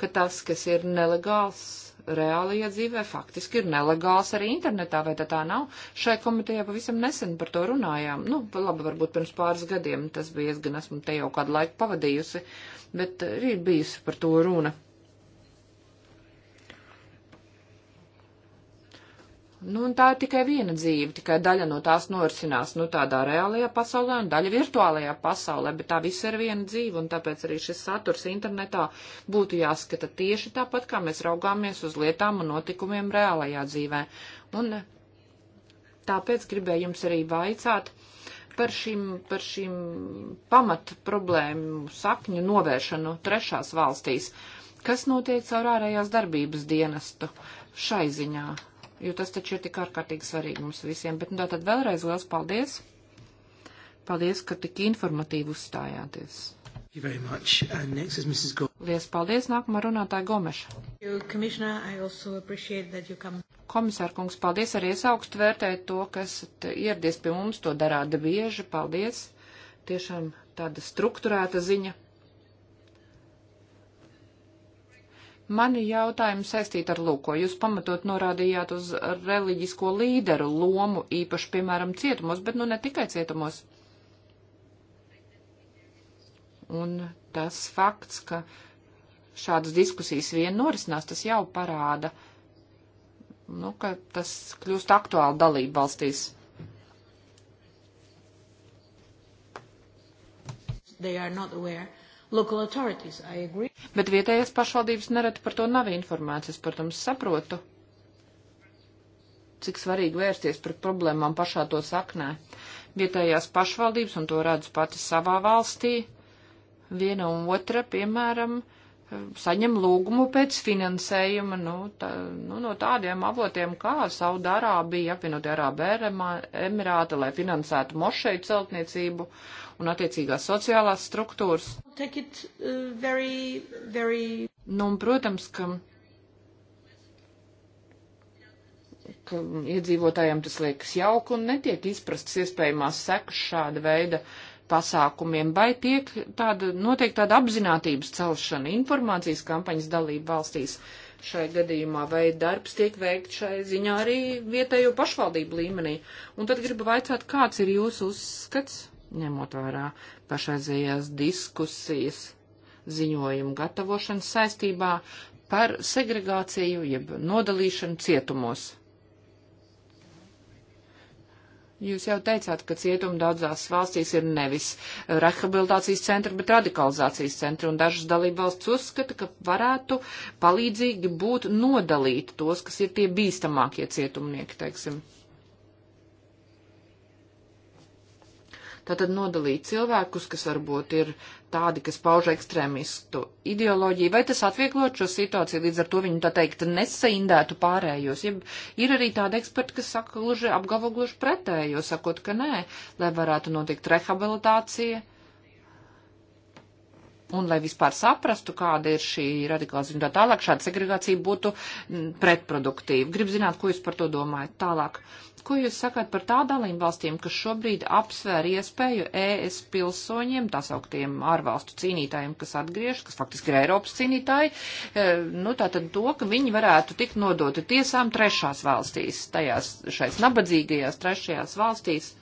ka tas, kas ir nelegāls reālajā dzīvē, faktiski ir nelegāls arī internetā, vai tā tā nav? Šai komitejā pavisam nesen par to runājām. Nu, labi, varbūt pirms pāris gadiem tas bija, es gan esmu te jau kādu laiku pavadījusi, bet arī eh, bijusi par to runa. Nu, un tā ir tikai viena dzīve, tikai daļa no tās norisinās, nu, tādā reālajā pasaulē un daļa virtuālajā pasaulē, bet tā viss ir viena dzīve, un tāpēc arī šis saturs internetā būtu jāskata tieši tāpat, kā mēs raugāmies uz lietām un notikumiem reālajā dzīvē. Un tāpēc gribēju jums arī vaicāt par šīm, par šīm pamat problēmu sakņu novēršanu trešās valstīs. Kas notiek caur ārējās darbības dienestu šai ziņā? jo tas taču ir tik ārkārtīgi svarīgi mums visiem. Bet nu, tā tad vēlreiz liels paldies. Paldies, ka tik informatīvi uzstājāties. Liels paldies, nākamā runātāja Gomeša. Komisārkungs, paldies arī es augstu vērtēju to, kas ieradies pie mums, to darāda bieži. Paldies. Tiešām tāda strukturēta ziņa. Mani jautājumi saistīti ar lūko. Jūs pamatot norādījāt uz reliģisko līderu lomu, īpaši, piemēram, cietumos, bet nu ne tikai cietumos. Un tas fakts, ka šādas diskusijas vien norisinās, tas jau parāda, nu, ka tas kļūst aktuāli dalību valstīs. They are not aware Bet vietējās pašvaldības nereti par to nav informēts, es, protams, saprotu, cik svarīgi vērsties pret problēmām pašā to saknē. Vietējās pašvaldības, un to redzu pati savā valstī, viena un otra, piemēram, saņem lūgumu pēc finansējuma, nu, tā, nu no tādiem avotiem kā Saudārābija, apvienotie Arābu Emirāti, lai finansētu mošeju celtniecību. Uh, un attiecīgās sociālās struktūras. It, uh, very, very... Nu, un, protams, ka, ka iedzīvotājiem tas liekas jauki un netiek izprastas iespējamās sekas šāda veida pasākumiem, vai tiek tāda, notiek tāda apzinātības celšana informācijas kampaņas dalība valstīs šai gadījumā, vai darbs tiek veikt šai ziņā arī vietējo pašvaldību līmenī. Un tad gribu vaicāt, kāds ir jūsu uzskats ņemot vērā pašreizējās diskusijas ziņojumu gatavošanas saistībā par segregāciju, jeb nodalīšanu cietumos. Jūs jau teicāt, ka cietumi daudzās valstīs ir nevis rehabilitācijas centri, bet radikalizācijas centri, un dažas dalība valsts uzskata, ka varētu palīdzīgi būt nodalīt tos, kas ir tie bīstamākie cietumnieki, teiksim. Tātad nodalīt cilvēkus, kas varbūt ir tādi, kas pauž ekstrēmistu ideoloģiju, vai tas atvieglot šo situāciju, līdz ar to viņu, tā teikt, nesaindētu pārējos. Ja ir arī tādi eksperti, kas saka, gluži apgalvo gluži pretējo, sakot, ka nē, lai varētu notikt rehabilitācija. Un, lai vispār saprastu, kāda ir šī radikalizācija un tā tālāk, šāda segregācija būtu pretproduktīva. Gribu zināt, ko jūs par to domājat tālāk. Ko jūs sakāt par tā dalību valstīm, kas šobrīd apsver iespēju ES pilsoņiem, tā sauktiem ārvalstu cīnītājiem, kas atgriež, kas faktiski ir Eiropas cīnītāji, e, nu tātad to, ka viņi varētu tikt nodoti tiesām trešās valstīs, tajās šais nabadzīgajās trešajās valstīs,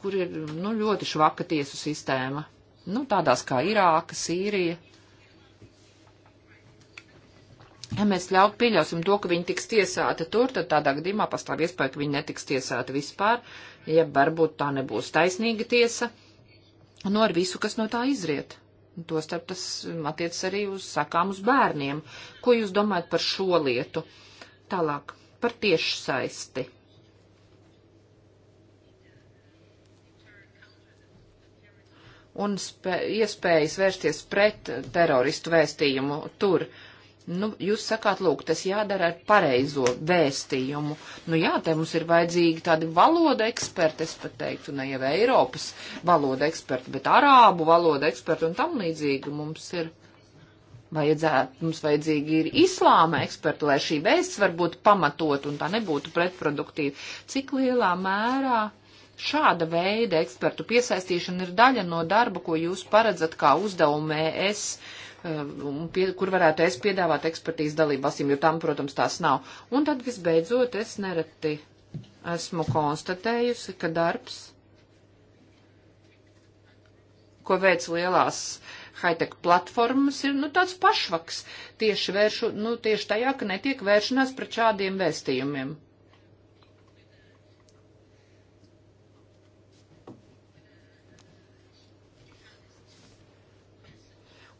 kur ir, nu, ļoti švaka tiesu sistēma. Nu, tādās kā Irāka, Sīrija. Ja mēs ļaut pieļausim to, ka viņi tiks tiesāti tur, tad tādā gadījumā pastāv iespēja, ka viņi netiks tiesāti vispār, ja varbūt tā nebūs taisnīga tiesa, no nu, ar visu, kas no tā izriet. Tostarp tas attiec arī uz sakām uz bērniem. Ko jūs domājat par šo lietu? Tālāk, par tiešsaisti. Un spē, iespējas vērsties pret teroristu vēstījumu tur. Uh, Nu, jūs sakāt, lūk, tas jādara ar pareizo vēstījumu. Nu jā, te mums ir vajadzīgi tādi valoda eksperti, es pat teiktu, ne jau Eiropas valoda eksperti, bet arābu valoda eksperti un tam līdzīgi mums ir vajadzētu, mums vajadzīgi ir islāma eksperti, lai šī vēsts var būt pamatot un tā nebūtu pretproduktīva. Cik lielā mērā šāda veida ekspertu piesaistīšana ir daļa no darba, ko jūs paredzat kā uzdevumē es Um, pie, kur varētu es piedāvāt ekspertīzi dalībvalstīm, jo tam, protams, tās nav. Un tad visbeidzot es nereti esmu konstatējusi, ka darbs, ko veic lielās high-tech platformas, ir nu, tāds pašvaks tieši, vēršu, nu, tieši tajā, ka netiek vēršanās pret šādiem vēstījumiem.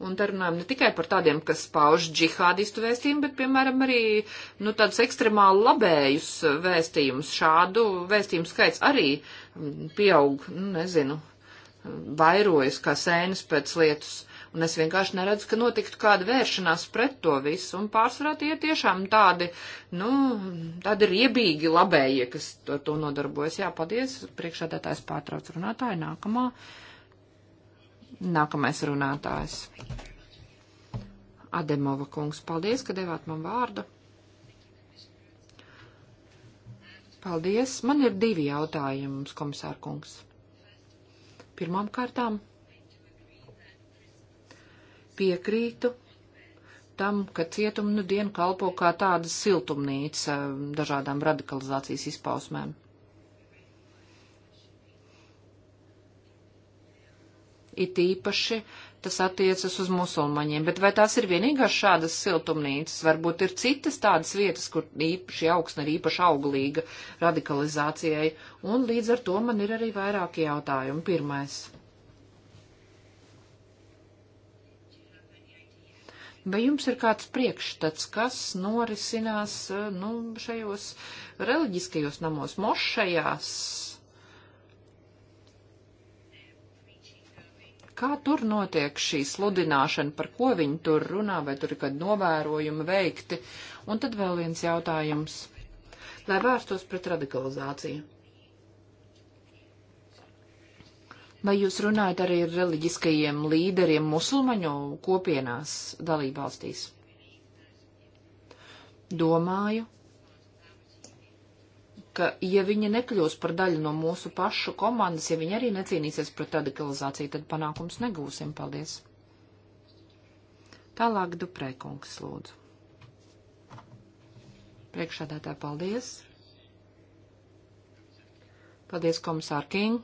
Un te runājam ne tikai par tādiem, kas pauž džihādistu vēstījumu, bet, piemēram, arī nu, tādus ekstremāli labējus vēstījumus. Šādu vēstījumu skaits arī mm, pieaug, nu, nezinu, vairojas kā sēnes pēc lietus. Un es vienkārši neredzu, ka notiktu kāda vēršanās pret to visu. Un pārsvarā tie tiešām tādi, nu, tādi riebīgi labējie, kas to, to nodarbojas. Jā, paldies. Priekšādātājs pārtrauc runātāju nākamā Nākamais runātājs. Ademova kungs, paldies, ka devāt man vārdu. Paldies. Man ir divi jautājumi, komisār kungs. Pirmām kārtām piekrītu tam, ka cietumnu dienu kalpo kā tāda siltumnīca eh, dažādām radikalizācijas izpausmēm. It īpaši tas attiecas uz musulmaņiem, bet vai tās ir vienīgās šādas siltumnīcas? Varbūt ir citas tādas vietas, kur šī augsne ir īpaši auglīga radikalizācijai, un līdz ar to man ir arī vairāki jautājumi. Pirmais. Vai jums ir kāds priekšstats, kas norisinās eh, nu, šajos reliģiskajos namos, mošajās, Kā tur notiek šī sludināšana, par ko viņi tur runā, vai tur ir kādi novērojumi veikti? Un tad vēl viens jautājums, lai vērstos pret radikalizāciju. Vai jūs runājat arī ar reliģiskajiem līderiem musulmaņu kopienās dalībvalstīs? Domāju, ka, ja viņi nekļūs par daļu no mūsu pašu komandas, ja viņi arī necīnīsies pret radikalizāciju, tad panākums negūsim. Paldies! Tālāk Duprēkungs lūdzu. Priekšādātāji, paldies! Paldies, komisār King!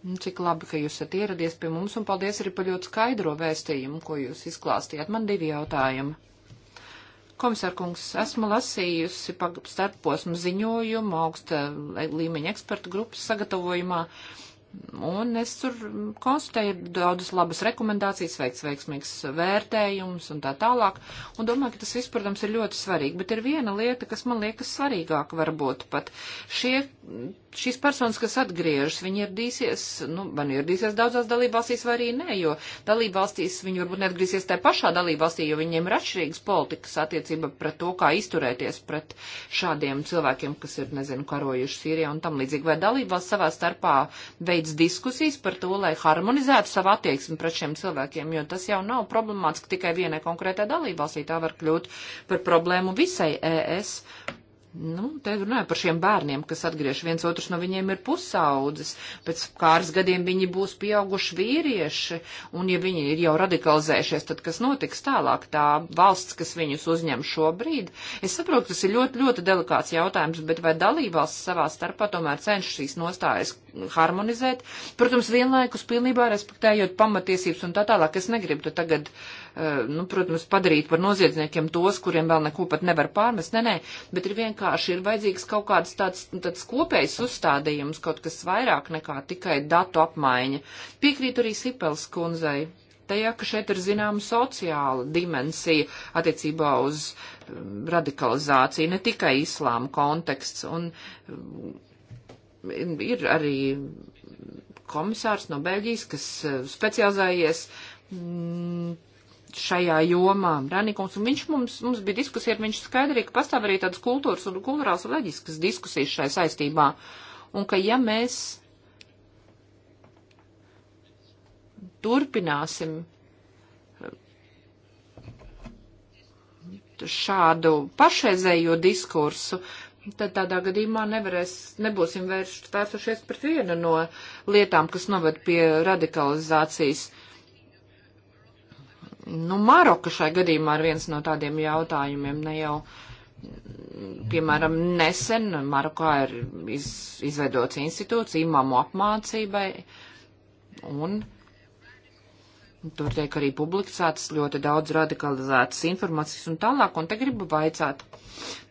Nu, cik labi, ka jūs esat ieradies pie mums, un paldies arī par ļoti skaidro vēstījumu, ko jūs izklāstījāt. Man divi jautājumi. Komisārkungs, esmu lasījusi starposmu ziņojumu augsta līmeņa ekspertu grupas sagatavojumā. Uh, Un es tur konstatēju daudzas labas rekomendācijas, veikts veiksmīgs vērtējums un tā tālāk. Un domāju, ka tas viss, protams, ir ļoti svarīgi. Bet ir viena lieta, kas man liekas svarīgāka varbūt pat. Šie, šīs personas, kas atgriežas, viņi ieradīsies, nu, man nu ieradīsies daudzās dalībvalstīs vai arī nē, jo dalībvalstīs viņi varbūt neatgriezīsies tajā pašā dalībvalstī, jo viņiem ir atšķirīgas politikas attiecība pret to, kā izturēties pret šādiem cilvēkiem, kas ir, nezinu, karojuši Sīrijā un tam līdzīgi. Vai dalībvalsts savā starpā veids veids diskusijas par to, lai harmonizētu savu attieksmi pret šiem cilvēkiem, jo tas jau nav problemātiski tikai vienai konkrētai dalībvalstī, tā var kļūt par problēmu visai ES. Nu, te runāju par šiem bērniem, kas atgriež viens otrs no viņiem ir pusaudzes. Pēc kāras gadiem viņi būs pieauguši vīrieši, un ja viņi ir jau radikalizējušies, tad kas notiks tālāk? Tā valsts, kas viņus uzņem šobrīd. Es saprotu, tas ir ļoti, ļoti delikāts jautājums, bet vai dalībvalsts savā starpā tomēr cenšas šīs nostājas harmonizēt? Protams, vienlaikus pilnībā respektējot pamatiesības un tā tālāk. Es negribu tagad uh, Eh, nu, protams, padarīt par noziedzniekiem tos, kuriem vēl neko pat nevar pārmest. Nē, nē, bet ir vienkārši ir vajadzīgs kaut kāds tāds, tāds kopējs uzstādījums, kaut kas vairāk nekā tikai datu apmaiņa. Piekrīt arī Sipels kundzei. Tajā, ka šeit ir zināma sociāla dimensija attiecībā uz mm, radikalizāciju, ne tikai islāma konteksts. Un mm, ir arī komisārs no Beļģijas, kas eh, specializējies mm, šajā jomā. Rēnīkums, un viņš mums, mums bija diskusija, viņš skaidrīja, ka pastāv arī tādas kultūras un kultūrās un leģiskas diskusijas šai saistībā. Un ka ja mēs turpināsim eh, šādu pašreizējo diskursu, tad tādā gadījumā nevarēs, nebūsim vērsušies pret vienu no lietām, kas noved pie radikalizācijas. Nu, Maroka šai gadījumā ir viens no tādiem jautājumiem, ne jau, piemēram, nesen Marokā ir iz, izveidots institūts imāmu apmācībai, un Tur tiek arī publicētas ļoti daudz radikalizētas informācijas un tālāk, un te gribu vaicāt.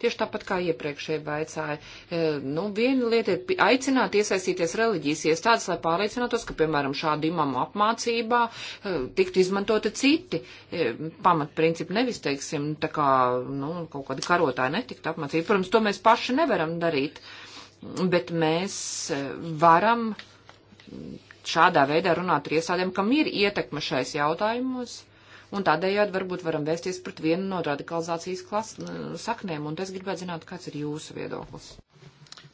Tieši tāpat kā iepriekšēji vaicāja, e, nu, viena lieta ir aicināt iesaistīties reliģijas iestādes, lai pārliecinātos, ka, piemēram, šādu imamu apmācībā e, tiktu izmantoti citi e, pamatprincipi, nevis, teiksim, tā kā, nu, kaut kādi karotāji netiktu apmācīti. Protams, to mēs paši nevaram darīt, bet mēs varam šādā veidā runāt ar iestādēm, kam ir ietekme šais jautājumos, un tādējādi varbūt varam vēsties pret vienu no radikalizācijas klas, saknēm, un es gribētu zināt, kāds ir jūsu viedoklis.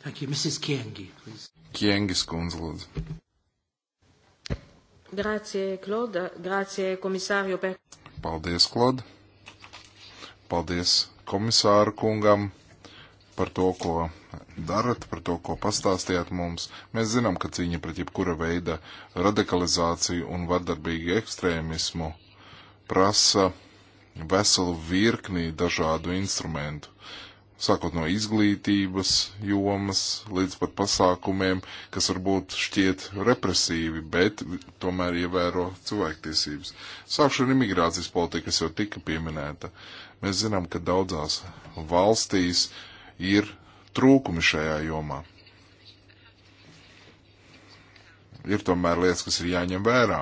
Thank you, Mrs. Kiengi, please. Kiengis kundze, lūdzu. Grazie, Klauda. Grazie, komisārio. Paldies, Klauda. Paldies komisāru kungam par to, ko darat, par to, ko pastāstījāt mums. Mēs zinām, ka cīņa pret jebkura veida radikalizāciju un vardarbīgu ekstrēmismu prasa veselu virkni dažādu instrumentu. Sākot no izglītības jomas līdz pat pasākumiem, kas varbūt šķiet represīvi, bet tomēr ievēro cilvēktiesības. Sākšu ar imigrācijas politiku, kas jau tika pieminēta. Mēs zinām, ka daudzās valstīs uh, ir trūkumi šajā jomā. Ir tomēr lietas, kas ir jāņem vērā,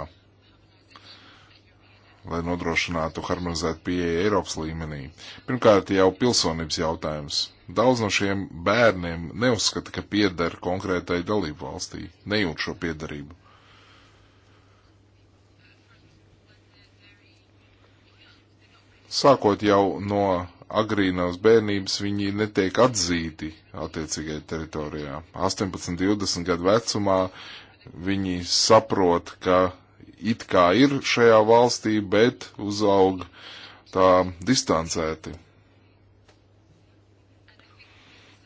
lai nodrošinātu harmonizētu pieeja Eiropas līmenī. Pirmkārt, jau pilsonības jautājums. Daudz no šiem bērniem neuzskata, ka pieder konkrētai dalību valstī, nejūt šo piedarību. Sākot jau no agrīnās bērnības viņi netiek atzīti attiecīgajā teritorijā. 18, 20 gadu vecumā viņi saprot, ka it kā ir šajā valstī, bet uzaug tā distancēti.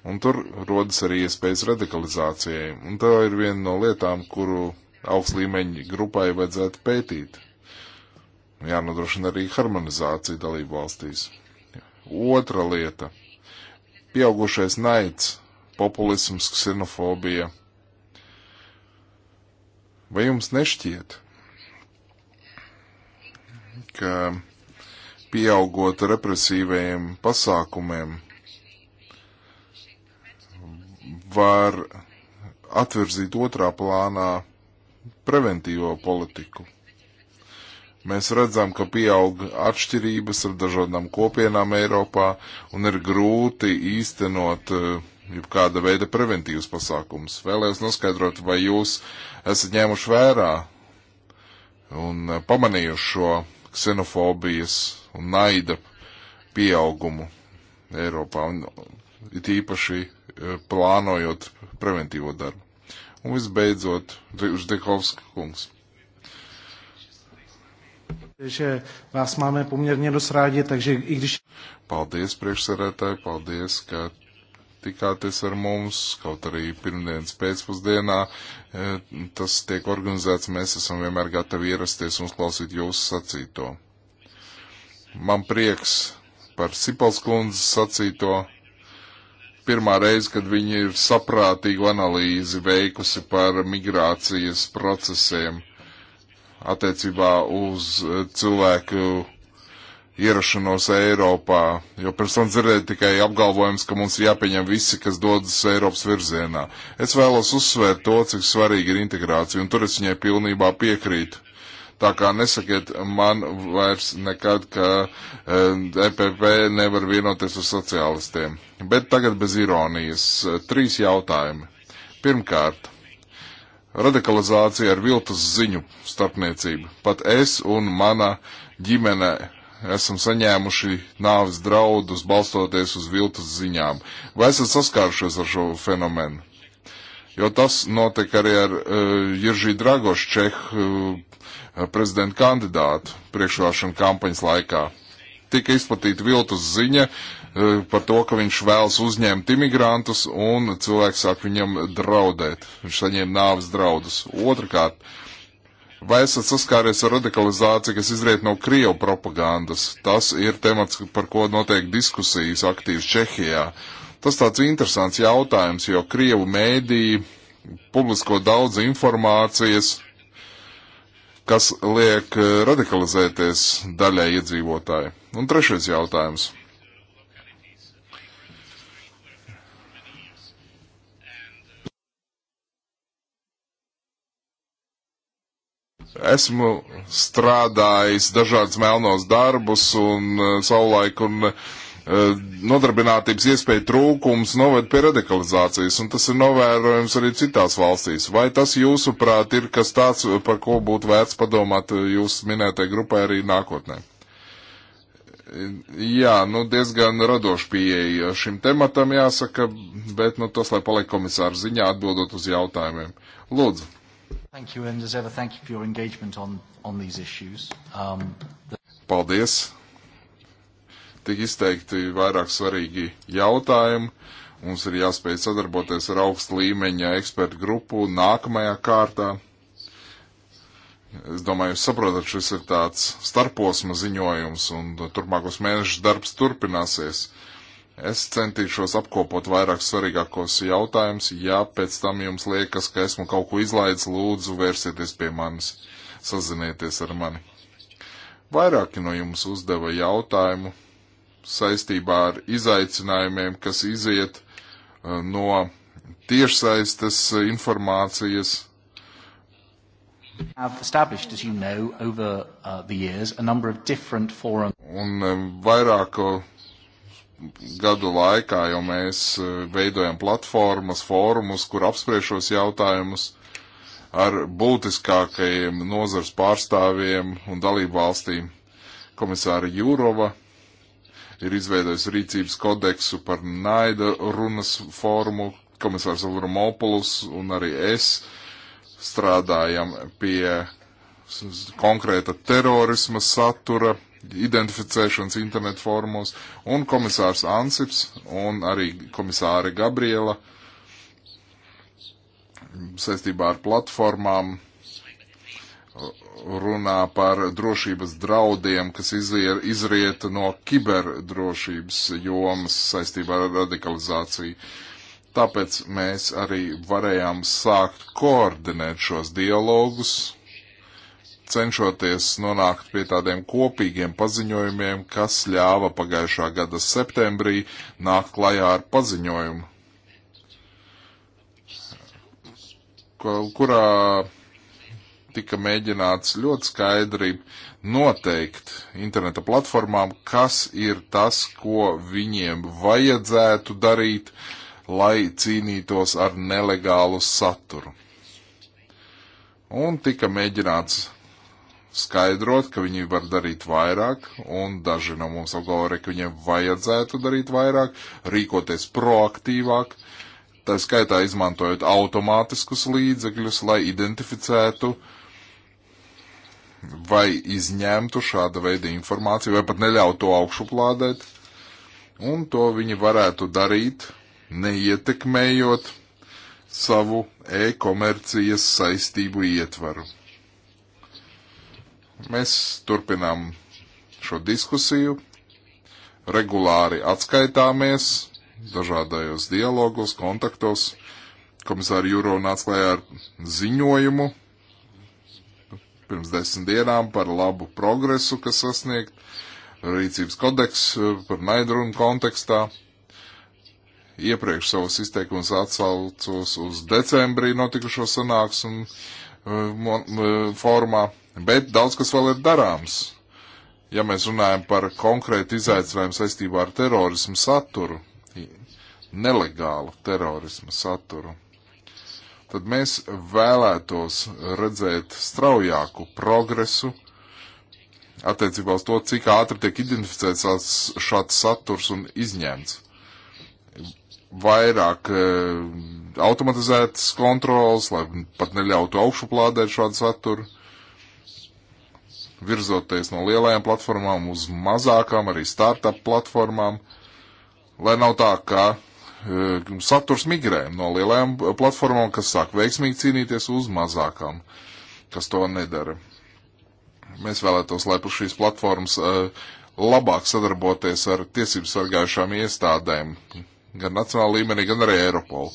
Un tur rodas arī iespējas radikalizācijai. Un tā ir viena no lietām, kuru augstlīmeņa grupai vajadzētu pētīt. Jānodrošina arī harmonizācija dalību valstīs. Otra lieta - pieaugušais naids, populisms, ksenofobija. Vai jums nešķiet, ka pieaugot represīvajiem pasākumiem var atverzīt otrā plānā preventīvo politiku? Mēs redzam, ka pieaug atšķirības ar dažādām kopienām Eiropā un ir grūti īstenot eh, jebkāda veida preventīvas pasākums. Vēlējos noskaidrot, vai jūs esat ņēmuši vērā un eh, pamanījuši šo ksenofobijas un naida pieaugumu Eiropā, un it īpaši eh, plānojot preventīvo darbu. Un visbeidzot, Ždekovska kungs že vás máme poměrně dost rádi, takže i když... Paldies, priekšsarētāji, paldies, ka tikāties ar mums, kaut arī pirmdienas pēcpusdienā. E, tas tiek organizēts, mēs esam vienmēr gatavi ierasties un uzklausīt jūsu sacīto. Man prieks par Sipals kundzes sacīto. Pirmā reize, kad viņa ir saprātīgu analīzi veikusi par migrācijas procesiem attiecībā uz eh, cilvēku ierašanos Eiropā, jo pirms tam dzirdēju tikai apgalvojums, ka mums ir jāpieņem visi, kas dodas Eiropas virzienā. Es vēlos uzsvērt to, cik svarīgi ir integrācija, un tur es viņai pilnībā piekrītu. Tā kā nesakiet man vairs nekad, ka EPP eh, e nevar vienoties ar sociālistiem. Bet tagad bez ironijas. Trīs jautājumi. Pirmkārt radikalizācija ar viltus ziņu starpniecību. Pat es un mana ģimene esam saņēmuši nāvis draudus balstoties uz viltus ziņām. Vai esat saskārušies ar šo fenomenu? Jo tas notiek arī ar uh, Jiržī Dragoš Čehu uh, prezidenta kandidātu priekšvēlēšana kampaņas laikā. Tika izplatīta viltus ziņa, uh, Eh, par to, ka viņš vēlas uzņemt imigrantus, un cilvēks sāk viņam draudēt. Viņš saņem nāves draudus. Otrakārt, vai esat saskāries ar radikalizāciju, kas izriet no Krievu propagandas? Tas ir temats, par ko notiek diskusijas aktīvas Čehijā. Tas tāds interesants jautājums, jo Krievu mēdīji publisko daudz informācijas, kas liek eh, radikalizēties daļai iedzīvotāji. Un trešais jautājums Esmu strādājis dažādas melnos darbus un eh, savulaik un eh, nodarbinātības iespēju trūkums noved pie radikalizācijas, un tas ir novērojams arī citās valstīs. Vai tas, jūsuprāt, ir kas tāds, par ko būtu vērts padomāt eh, jūs minētai grupai arī nākotnē? Jā, nu diezgan radoši pieeja šim tematam jāsaka, bet nu tas, lai paliek komisāra ziņā atbildot uz jautājumiem. Lūdzu. Thank you, and as ever, thank you for your engagement on, on these issues. Um, the... Paldies! Tik izteikti vairāk svarīgi jautājumi. Mums ir jāspēj sadarboties ar augstu līmeņa ekspertu grupu nākamajā kārtā. Es domāju, jūs saprotat, šis ir tāds starposma ziņojums, un turpmākos mēnešus darbs turpināsies. Es centīšos apkopot vairāk svarīgākos jautājumus. Ja pēc tam jums liekas, ka esmu kaut ko izlaidis, lūdzu vērsieties pie manis, sazinieties ar mani. Vairāki no jums uzdeva jautājumu saistībā ar izaicinājumiem, kas iziet eh, no tiešsaistes informācijas have established, as you know, over uh, the years, a number of different forums. Un eh, vairāko gadu laikā, jo mēs eh, veidojam platformas, fórumus, kur apspriešos jautājumus ar būtiskākajiem nozars pārstāvjiem un dalību valstīm. Komisāra Jūrova ir izveidojusi rīcības kodeksu par naida runas formu, komisārs Avramopulus un arī es strādājam pie konkrēta terorisma satura identificēšanas internetu formos, un komisārs Ansips un arī komisāre Gabriela saistībā ar platformām runā par drošības draudiem, kas izriet, izriet no kiberdrošības jomas saistībā ar radikalizāciju. Tāpēc mēs arī varējām sākt koordinēt šos dialogus cenšoties nonākt pie tādiem kopīgiem paziņojumiem, kas ļāva pagājušā gada septembrī nākt klajā ar paziņojumu, kurā tika mēģināts ļoti skaidri noteikt interneta platformām, kas ir tas, ko viņiem vajadzētu darīt, lai cīnītos ar nelegālu saturu. Un tika mēģināts skaidrot, ka viņi var darīt vairāk, un daži no mums apgalvoja, ka viņiem vajadzētu darīt vairāk, rīkoties proaktīvāk, tā skaitā izmantojot automātiskus līdzekļus, lai identificētu vai izņemtu šāda veida informāciju, vai pat neļautu to augšuplādēt, un to viņi varētu darīt, neietekmējot savu e-komercijas saistību ietvaru. Mēs turpinām šo diskusiju, regulāri atskaitāmies dažādajos dialogos, kontaktos. Komisāra Jūro nāca klajā ar ziņojumu pirms desmit dienām par labu progresu, kas sasniegt, rīcības kodeks eh, par naidrunu kontekstā. Iepriekš savus izteikumus atsaucos uz decembrī notikušo sanāksmu formā, bet daudz kas vēl ir darāms. Ja mēs runājam par konkrētu izaicinājumu saistībā ar terorismu saturu, nelegālu terorismu saturu, tad mēs vēlētos redzēt straujāku progresu attiecībā uz to, cik ātri tiek identificēts šāds saturs un izņemts. Vairāk automatizētas kontrolas, lai pat neļautu augšuplādēt šādu saturu. Virzoties no lielajām platformām uz mazākām, arī startup platformām, lai nav tā, ka e, saturs migrē no lielajām platformām, kas sāk veiksmīgi cīnīties uz mazākām, kas to nedara. Mēs vēlētos, lai šīs platformas e, labāk sadarboties ar tiesību sargājušām iestādēm, gan nacionāla līmenī, gan arī Eiropolu.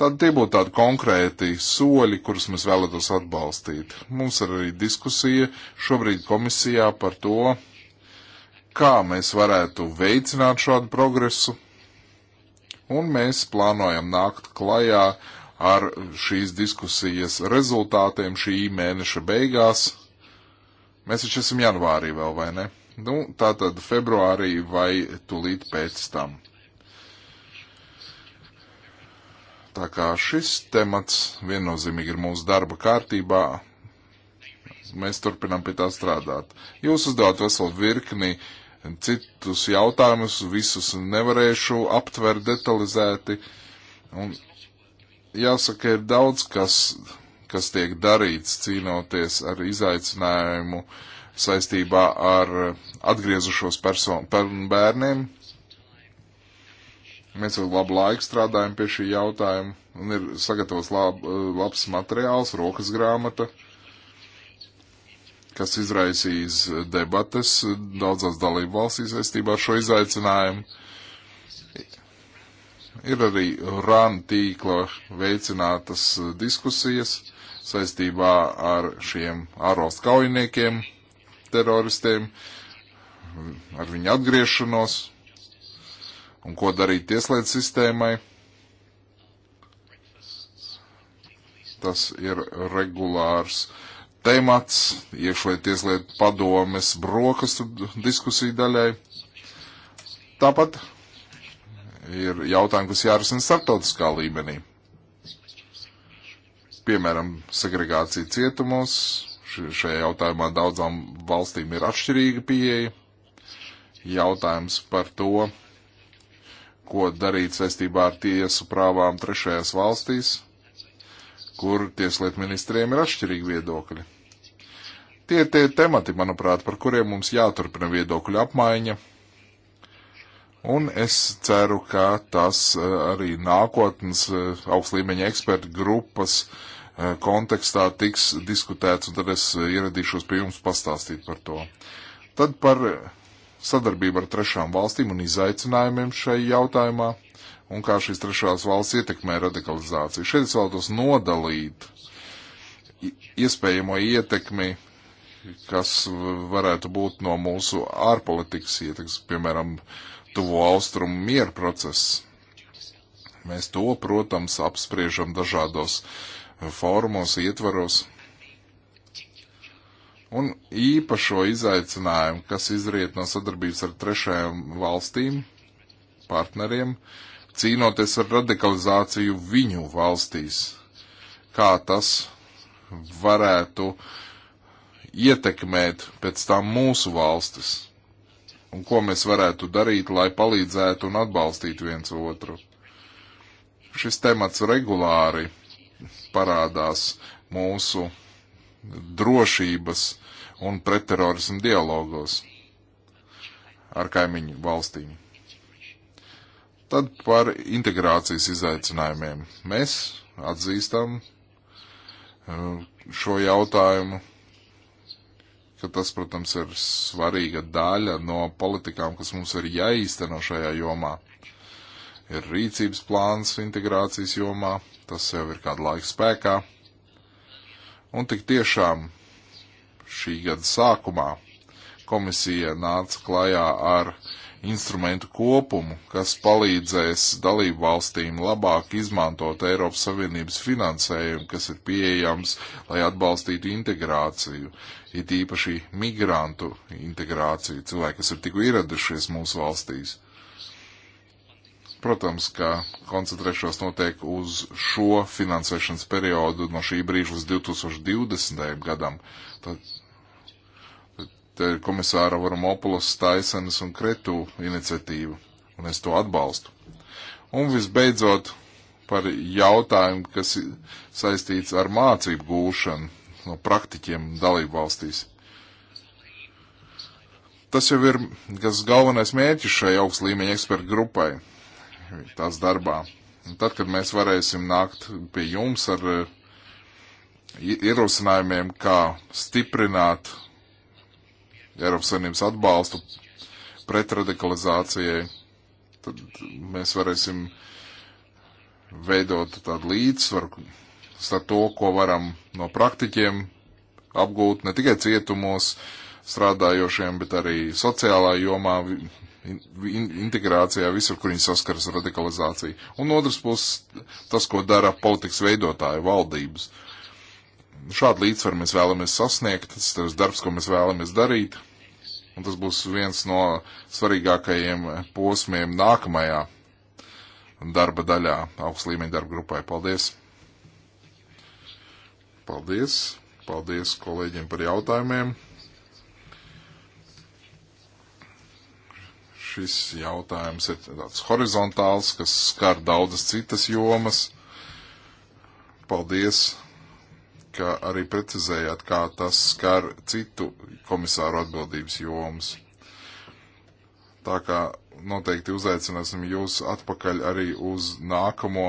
Tad tie būtu tādi konkrēti soļi, kurus mēs vēlētos atbalstīt. Mums ir arī diskusija šobrīd komisijā par to, kā mēs varētu veicināt šādu progresu, un mēs plānojam nākt klajā ar šīs diskusijas rezultātiem šī mēneša beigās. Mēs taču esam janvārī vēl, vai ne? Nu, tā tad februārī vai tulīt pēc tam. Tā kā šis temats viennozīmīgi ir mūsu darba kārtībā, mēs turpinām pie tā strādāt. Jūs uzdevāt veselu virkni citus jautājumus, visus nevarēšu aptvert detalizēti. Un jāsaka, ir daudz, kas, kas tiek darīts cīnoties ar izaicinājumu saistībā ar atgriezušos person, bērniem, Mēs jau labu laiku strādājam pie šī jautājuma, un ir sagatavots lab, eh, labs materiāls, rokas grāmata, kas izraisīs debates daudzās dalību valstīs saistībā ar šo izaicinājumu. Ir arī RAN tīkla veicinātas diskusijas saistībā ar šiem ārvalstu kaujiniekiem, teroristiem, ar viņu atgriešanos, un ko darīt tieslietu sistēmai. Tas ir regulārs temats iekšlietu tieslietu padomes brokastu diskusiju daļai. Tāpat ir jautājumi, kas jārisina starptautiskā līmenī. Piemēram, segregācija cietumos. Šajā jautājumā daudzām valstīm ir atšķirīga pieeja. Jautājums par to, ko darīt saistībā ar tiesu prāvām trešajās valstīs, kur tieslietu ministriem ir atšķirīgi viedokļi. Tie ir tie temati, manuprāt, par kuriem mums jāturpina viedokļu apmaiņa, un es ceru, ka tas eh, arī nākotnes eh, augstlīmeņa ekspertu grupas eh, kontekstā tiks diskutēts, un tad es ieradīšos pie jums pastāstīt par to. Tad par sadarbību ar trešām valstīm un izaicinājumiem šai jautājumā, un kā šīs trešās valsts ietekmē radikalizāciju. Šeit es vēlos nodalīt iespējamo ietekmi, kas varētu būt no mūsu ārpolitikas ietekmes, piemēram, tuvo austrumu mieru process. Mēs to, protams, apspriežam dažādos fórumos, ietvaros. Un īpašo izaicinājumu, kas izriet no sadarbības ar trešajām valstīm, partneriem, cīnoties ar radikalizāciju viņu valstīs, kā tas varētu ietekmēt pēc tam mūsu valstis un ko mēs varētu darīt, lai palīdzētu un atbalstītu viens otru. Šis temats regulāri parādās mūsu drošības un pretterorismu dialogos ar kaimiņu valstīm. Tad par integrācijas izaicinājumiem. Mēs atzīstam uh, šo jautājumu, ka tas, protams, ir svarīga daļa no politikām, kas mums ir jāīsteno šajā jomā. Ir rīcības plāns integrācijas jomā, tas jau ir kādu laiku spēkā. Un tik tiešām šī gada sākumā komisija nāca klajā ar instrumentu kopumu, kas palīdzēs dalību valstīm labāk izmantot Eiropas Savienības finansējumu, kas ir pieejams, lai atbalstītu integrāciju, it īpaši migrantu integrāciju, cilvēki, kas ir tikko ieradušies mūsu valstīs. Protams, ka koncentrēšos noteikti uz šo finansēšanas periodu no šī brīža līdz 2020. gadam. Tad, te ir komisāra Varamopulas, Taisenes un Kretu iniciatīva, un es to atbalstu. Un visbeidzot, par jautājumu, kas saistīts ar mācību gūšanu no praktiķiem dalību valstīs. Tas jau ir galvenais mērķis šai augsts līmeņa ekspertu grupai tās darbā. Un tad, kad mēs varēsim nākt pie jums ar eh, ierosinājumiem, kā stiprināt Eiropas Savienības atbalstu pretradikalizācijai, tad mēs varēsim veidot tādu līdzsvaru starp to, ko varam no praktiķiem apgūt ne tikai cietumos strādājošiem, bet arī sociālā jomā integrācijā visur, kur viņi saskaras ar radikalizāciju. Un otrs puses tas, ko dara politikas veidotāji, valdības. Šādu līdzsvaru mēs vēlamies sasniegt, tas ir darbs, ko mēs vēlamies darīt, un tas būs viens no svarīgākajiem posmiem nākamajā darba daļā, augsts līmeņa darba grupai. Paldies! Paldies! Paldies kolēģiem par jautājumiem! šis jautājums ir tāds horizontāls, kas skar daudzas citas jomas. Paldies, ka arī precizējāt, kā tas skar citu komisāru atbildības jomas. Tā kā noteikti uzaicināsim jūs atpakaļ arī uz nākamo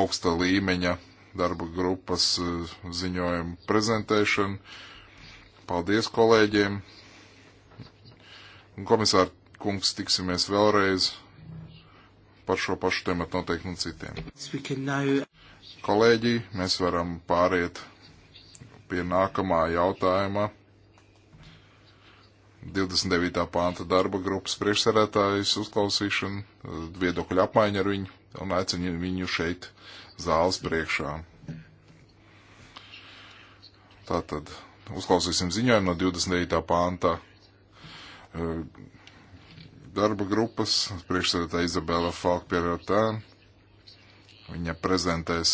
augsta līmeņa darba grupas eh, ziņojumu prezentēšanu. Paldies kolēģiem! Komisār, kungs, tiksimies vēlreiz par šo pašu tematu noteikti un citiem. Kolēģi, mēs varam pāriet pie nākamā jautājuma. 29. pānta darba grupas priekšsēdētājs uzklausīšana, viedokļu apmaiņa ar viņu un aicinu viņu šeit zāles priekšā. Tātad uzklausīsim ziņojumu no 29. pānta darba grupas priekšsēdētāja Izabela Falkpierotā. Viņa prezentēs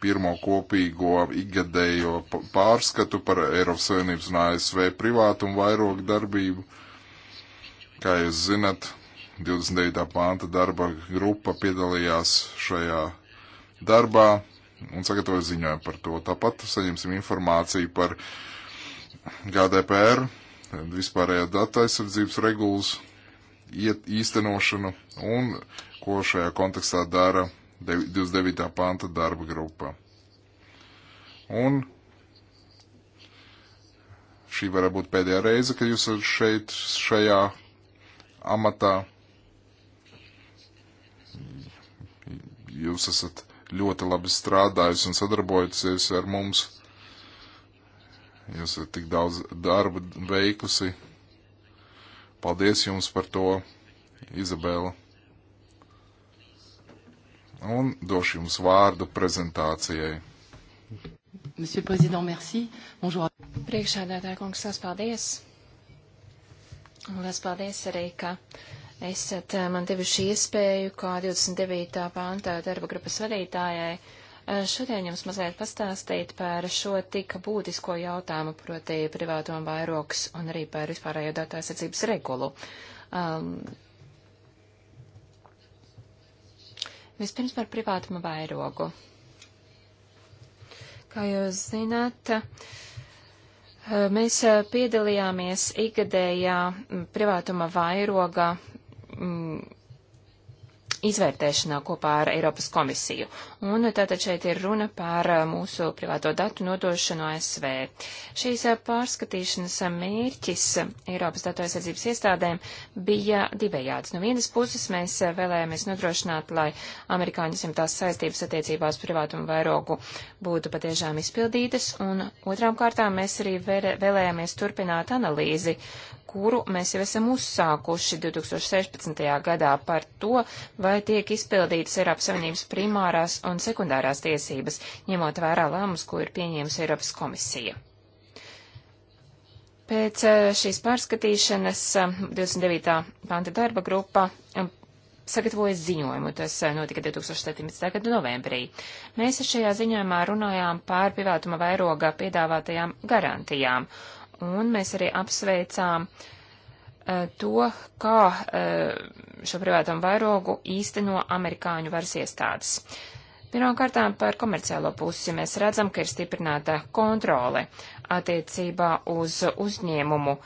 pirmo kopīgo ikgadējo pārskatu par Eiropas Savienības un ASV privātumu vairogu darbību. Kā jūs zinat, 29. pānta darba grupa piedalījās šajā darbā un sagatavoja ziņojumu par to. Tāpat saņemsim informāciju par GDPR vispārējo datu aizsardzības regulas iet, īstenošanu un ko šajā kontekstā dara 29. panta darba grupā. Un šī varētu būt pēdējā reize, kad jūs esat šeit, šajā amatā. Jūs esat ļoti labi strādājis un sadarbojusies ar mums Jūs esat tik daudz darba veikusi. Paldies jums par to, Izabela. Un došu jums vārdu prezentācijai. Monsieur Président, merci. Bonjour. Priekšādātāja kungs, sās paldies. Un liels paldies arī, ka esat eh, man devuši iespēju kā 29. pāntā darba grupas vadītājai Eh, šodien jums mazliet pastāstīt par šo tik būtisko jautājumu, proti privātuma vairoks un arī par vispārējo datu aizsardzības regulu. Um, vispirms par privātuma vairogu. Kā jūs zināt, eh, mēs eh, piedalījāmies ikgadējā mm, privātuma vairoga. Mm, izvērtēšanā kopā ar Eiropas komisiju. Un tātad šeit ir runa par mūsu privāto datu nodošanu ASV. Šīs pārskatīšanas mērķis Eiropas datu aizsardzības iestādēm bija divējāds. No vienas puses mēs vēlējāmies nodrošināt, lai amerikāņu simtās saistības attiecībās privātumu vairogu būtu patiešām izpildītas, un otrām kārtām mēs arī vēlējāmies turpināt analīzi kuru mēs jau esam uzsākuši 2016. gadā par to, vai tiek izpildītas Eiropas Savienības primārās un sekundārās tiesības, ņemot vērā lēmumus, ko ir pieņēmusi Eiropas komisija. Pēc eh, šīs pārskatīšanas 29. Eh, panta darba grupa eh, sagatavoja ziņojumu, tas notika 2017. gada novembrī. Mēs šajā ziņojumā runājām par privātuma vairoga piedāvātajām garantijām un mēs arī apsveicām uh, to, kā uh, šo privātam vairogu īsteno amerikāņu varas iestādes. Pirmkārtām par komerciālo pusi mēs redzam, ka ir stiprināta kontrole attiecībā uz uzņēmumu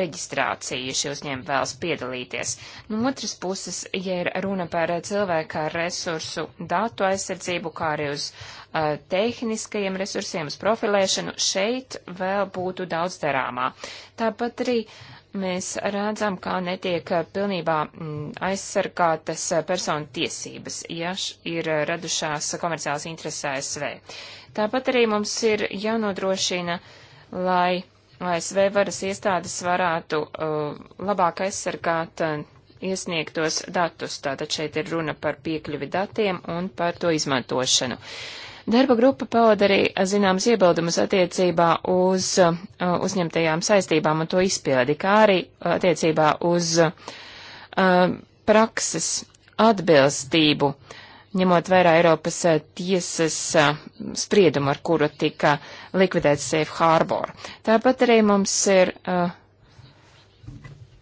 reģistrāciju, ja šie uzņēmumi vēlas piedalīties. No nu, otras puses, ja ir runa par eh, cilvēka resursu datu aizsardzību, kā arī uz uh, tehniskajiem resursiem, uz profilēšanu, šeit vēl būtu daudz darāmā. Tāpat arī mēs redzam, kā netiek eh, pilnībā mm, aizsargātas personu tiesības, ja ir radušās komerciālas intereses ASV. Tāpat arī mums ir jānodrošina, lai ASV varas iestādes varētu uh, labāk aizsargāt uh, iesniegtos datus. Tātad šeit ir runa par piekļuvi datiem un par to izmantošanu. Darba grupa pauda arī zināmas iebildumus attiecībā uz uh, uzņemtajām saistībām un to izpildi, kā arī attiecībā uz uh, uh prakses atbilstību. Uh, ņemot vērā Eiropas eh, tiesas eh, spriedumu, ar kuru tika likvidēts Safe Harbor. Tāpat arī mums ir uh,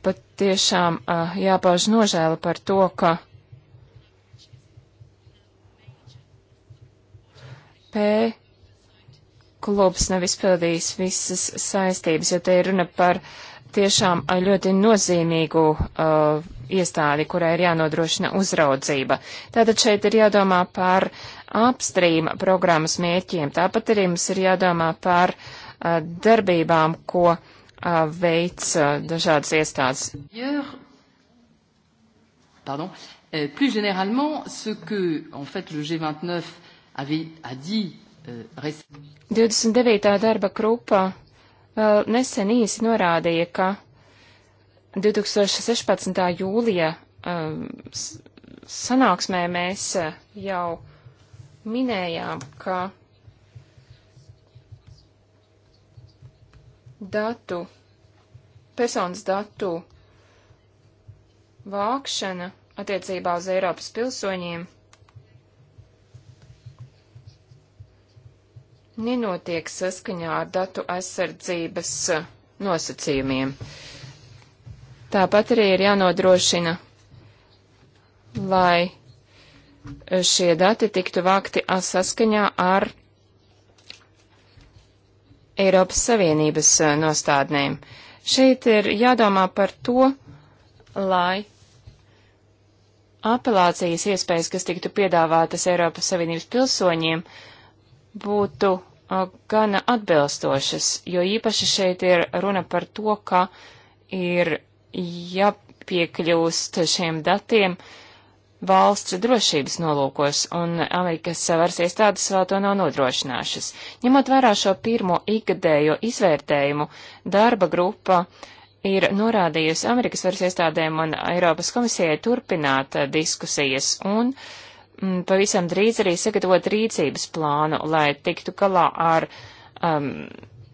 pat tiešām uh, jāpauž nožēla par to, ka P klubs nav izpildījis visas saistības, jo te ir runa par tiešām ļoti nozīmīgu uh, iestādi, kurai ir jānodrošina uzraudzība. Tātad šeit ir jādomā par apstrīm programmas mērķiem, tāpat arī mums ir jādomā par uh, darbībām, ko uh, veic uh, dažādas iestādes. Pardon. Euh, plus généralement, ce que, en fait, le G29 avait, a dit euh, récemment. 29. darba grupa vēl uh, nesen īsi norādīja, ka 2016. jūlija um, sanāksmē mēs uh, jau minējām, ka datu, personas datu vākšana attiecībā uz Eiropas pilsoņiem nenotiek saskaņā ar datu aizsardzības uh, nosacījumiem. Uh, Tāpat arī ir jānodrošina, lai šie dati tiktu vākti saskaņā ar Eiropas Savienības eh, nostādnēm. Šeit ir jādomā par to, lai apelācijas iespējas, kas tiktu piedāvātas Eiropas Savienības pilsoņiem, būtu eh, gana atbilstošas, jo īpaši šeit ir runa par to, ka ir jāpiekļūst šiem datiem valsts drošības nolūkos, un Amerikas varas iestādes vēl to nav nodrošinājušas. Ņemot vērā šo pirmo ikgadējo izvērtējumu, darba grupa ir norādījusi Amerikas varas iestādēm un Eiropas komisijai turpināt eh, diskusijas un m, mm, pavisam drīz arī sagatavot rīcības plānu, lai tiktu galā ar um,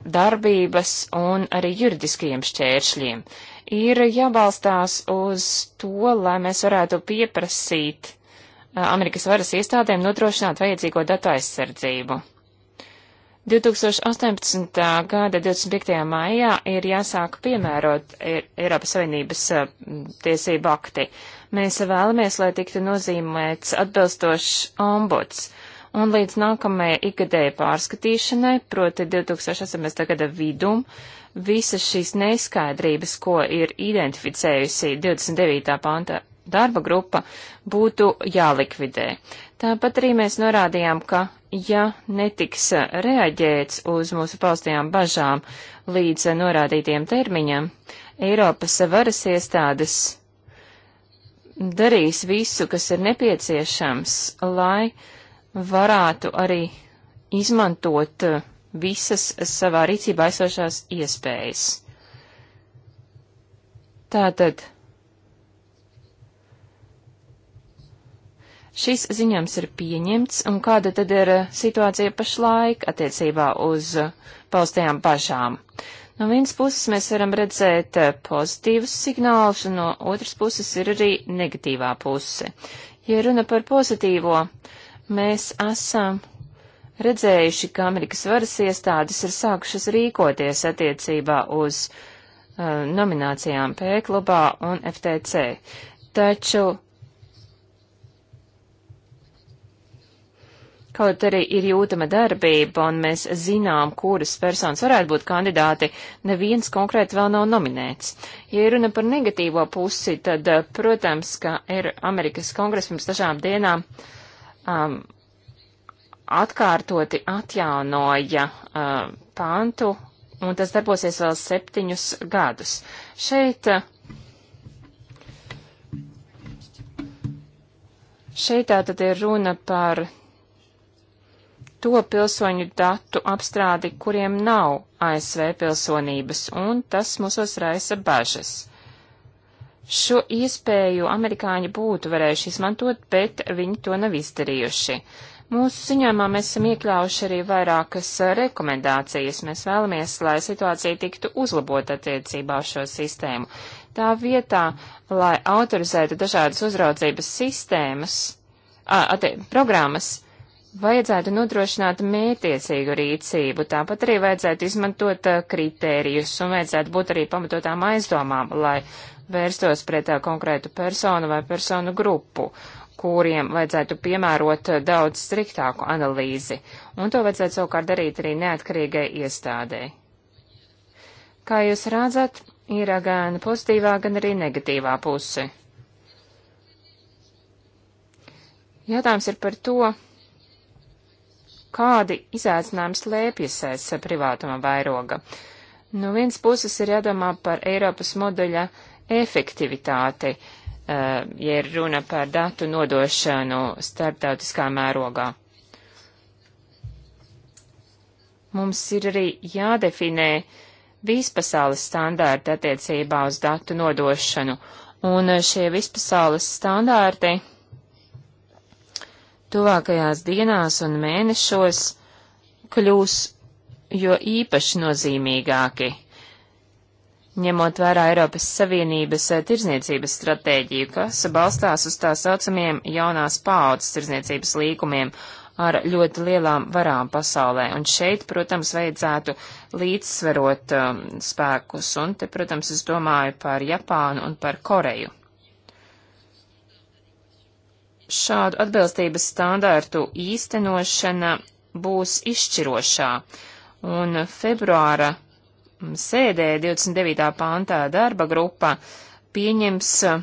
darbības un arī juridiskajiem šķēršļiem. Uh, ir jābalstās uz to, lai mēs varētu pieprasīt Amerikas varas iestādēm nodrošināt vajadzīgo datu aizsardzību. 2018. gada 25. maijā ir jāsāk piemērot e, Eiropas Savienības tiesību akti. Mēs vēlamies, lai tiktu nozīmēts atbilstošs ombuds, un līdz nākamajai ikgadēja pārskatīšanai, proti 2018. gada vidum, uh, visas šīs neskaidrības, ko ir identificējusi 29. panta darba grupa, būtu jālikvidē. Tāpat arī mēs norādījām, ka ja netiks reaģēts uz mūsu paustajām bažām līdz norādītiem termiņam, Eiropas varas iestādes darīs visu, kas ir nepieciešams, lai varētu arī izmantot uh, visas savā rīcībā esošās iespējas. Tātad šis ziņojums ir pieņemts, un kāda tad ir eh, situācija pašlaik attiecībā uz eh, paustajām pašām? No vienas puses mēs varam redzēt eh, pozitīvus signālus, un no otras puses ir arī negatīvā puse. Ja runa par pozitīvo, mēs esam redzējuši, ka Amerikas varas iestādes ir sākušas rīkoties attiecībā uz uh, nominācijām P klubā un FTC. Taču Kaut arī ir jūtama darbība un mēs zinām, kuras personas varētu būt kandidāti, neviens konkrēti vēl nav nominēts. Ja runa par negatīvo pusi, tad, uh, protams, ka ir Amerikas kongress pirms dažām dienām um, atkārtoti atjaunoja uh, pantu, un tas darbosies vēl septiņus gadus. Šeit, uh, šeit tātad ir runa par to pilsoņu datu apstrādi, kuriem nav ASV pilsonības, un tas mūsos raisa bažas. Šo iespēju amerikāņi būtu varējuši izmantot, bet viņi to nav izdarījuši. Uh, Mūsu ziņojumā mēs esam iekļāvuši arī vairākas rekomendācijas. Mēs vēlamies, lai situācija tiktu uzlabota attiecībā uz šo sistēmu. Tā vietā, lai autorizētu dažādas uzraudzības sistēmas, a, atie, programmas, vajadzētu nodrošināt mētiecīgu rīcību, tāpat arī vajadzētu izmantot kritērijus un vajadzētu būt arī pamatotām aizdomām, lai vērstos pret konkrētu personu vai personu grupu kuriem vajadzētu piemērot daudz striktāku analīzi, un to vajadzētu savukārt darīt arī neatkarīgai iestādē. Kā jūs rādzat, ir gan pozitīvā, gan arī negatīvā puse. Jautājums ir par to, kādi izaicinājumi slēpjas aiz privātuma vairoga. No nu, vienas puses ir jādomā par Eiropas modeļa efektivitāti, uh, Eh, ja ir runa par datu nodošanu starptautiskā mērogā. Mums ir arī jādefinē vispasaules standārti attiecībā uz datu nodošanu, un šie vispasaules standārti tuvākajās dienās un mēnešos kļūs jo īpaši nozīmīgāki ņemot vērā Eiropas Savienības eh, tirzniecības stratēģiju, kas balstās uz tā saucamiem jaunās paaudzes tirzniecības līkumiem ar ļoti lielām varām pasaulē. Un šeit, protams, vajadzētu līdzsverot um, spēkus, un te, protams, es domāju par Japānu un par Koreju. Šādu atbilstības standārtu īstenošana būs izšķirošā, un februāra sēdē 29. pāntā darba grupa pieņems uh,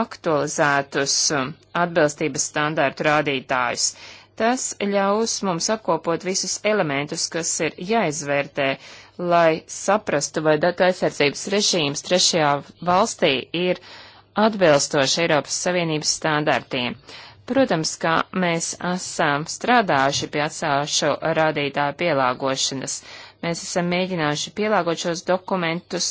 aktualizētus uh, atbilstības standārtu rādītājus. Tas ļaus mums apkopot visus elementus, kas ir jāizvērtē, lai saprastu, vai datu aizsardzības režīms trešajā valstī ir atbilstoši Eiropas Savienības standartiem. Protams, ka mēs esam strādājuši pie atsāšu rādītāju pielāgošanas, Mēs esam mēģinājuši pielāgot šos dokumentus,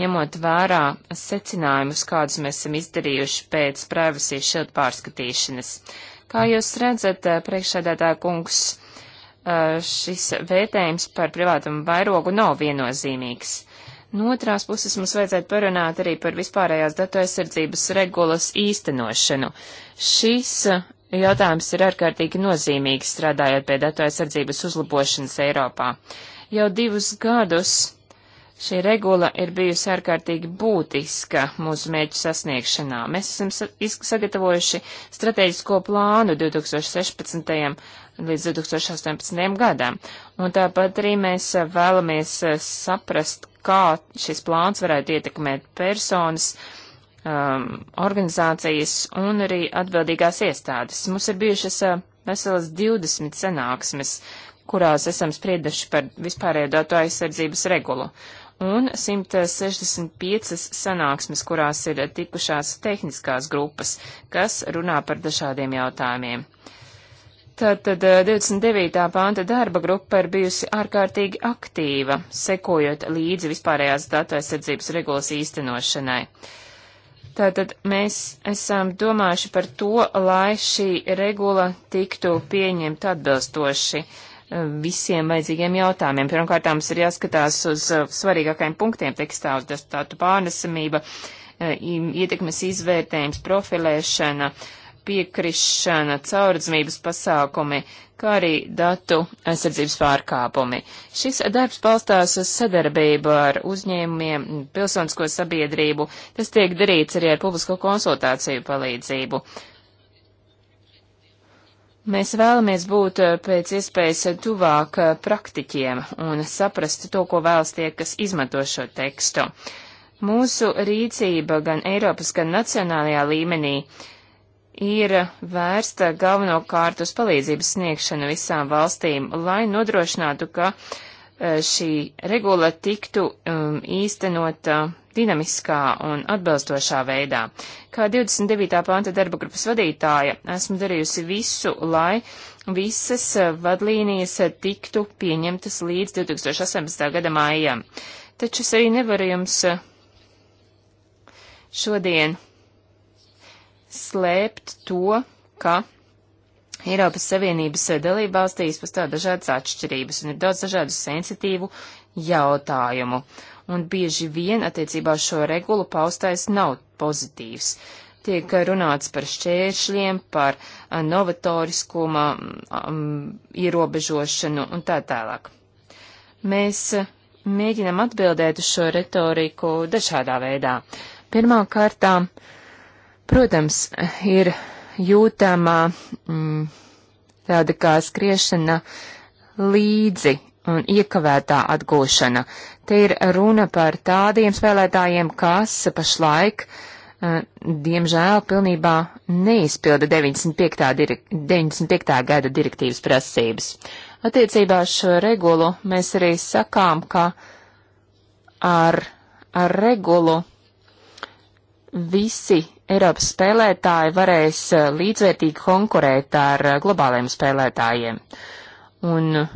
ņemot vērā secinājumus, kādus mēs esam izdarījuši pēc privacy shield pārskatīšanas. Kā jūs redzat, eh, priekšsēdētāja kungs, eh, šis vērtējums par privātumu vairogu nav viennozīmīgs. No otrās puses mums vajadzētu parunāt arī par vispārējās datu aizsardzības regulas īstenošanu. Šis eh, jautājums ir ārkārtīgi nozīmīgs strādājot pie datu aizsardzības uzlabošanas Eiropā jau divus gadus. Šī regula ir bijusi ārkārtīgi būtiska mūsu mērķu sasniegšanā. Mēs esam sagatavojuši strateģisko plānu 2016. līdz 2018. gadam, un tāpat arī mēs eh, vēlamies eh, saprast, kā šis plāns varētu ietekmēt personas, um, organizācijas un arī atbildīgās iestādes. Mums ir bijušas eh, veselas 20 sanāksmes kurās esam sprieduši par vispārējo datu aizsardzības regulu, un 165 sanāksmes, kurās ir tikušās tehniskās grupas, kas runā par dažādiem jautājumiem. Tātad 29. Eh, panta darba grupa ir bijusi ārkārtīgi aktīva, sekojot līdzi vispārējās datu aizsardzības regulas īstenošanai. Tātad mēs esam domājuši par to, lai šī regula tiktu pieņemta atbilstoši visiem vajadzīgiem jautājumiem. Pirmkārt, mums ir jāskatās uz uh, svarīgākajiem punktiem tekstā, uz destātu pārnesamība, uh, ietekmes izvērtējums, profilēšana, piekrišana, caurdzmības pasākumi, kā arī datu aizsardzības pārkāpumi. Šis darbs balstās uz sadarbību ar uzņēmumiem, pilsonisko sabiedrību. Tas tiek darīts arī ar publisko konsultāciju palīdzību. Uh, Mēs vēlamies būt eh, pēc iespējas tuvāk eh, praktiķiem un saprast to, ko vēlas tie, kas izmanto šo tekstu. Mūsu rīcība gan Eiropas, gan nacionālajā līmenī ir vērsta galvenokārt uz palīdzības sniegšanu visām valstīm, lai nodrošinātu, ka uh, Eh, šī regula tiktu um, īstenota eh, dinamiskā un atbilstošā veidā. Kā 29. panta darba grupas vadītāja esmu darījusi visu, lai visas eh, vadlīnijas tiktu pieņemtas līdz 2018. gada maijam. Taču es arī nevaru jums šodien slēpt to, ka Eiropas Savienības eh, dalība valstīs pastāv dažādas atšķirības un ir daudz dažādu sensitīvu jautājumu. Un bieži vien attiecībā uz šo regulu paustais nav pozitīvs. Tiek eh, runāts par šķēršļiem, par eh, novatoriskuma um, mm, mm, ierobežošanu un tā tālāk. Mēs mēģinam atbildēt uz šo retoriku dažādā veidā. Pirmām kārtām, protams, ir jūtama mm, tāda kā skriešana līdzi un iekavētā atgūšana. Te ir runa par tādiem spēlētājiem, kas pašlaik, uh, diemžēl, pilnībā neizpilda 95. Dir 95. gada direktīvas prasības. Attiecībā uz šo regulu mēs arī sakām, ka ar, ar regulu visi Eiropas spēlētāji varēs eh, līdzvērtīgi konkurēt ar eh, globāliem spēlētājiem. Un eh,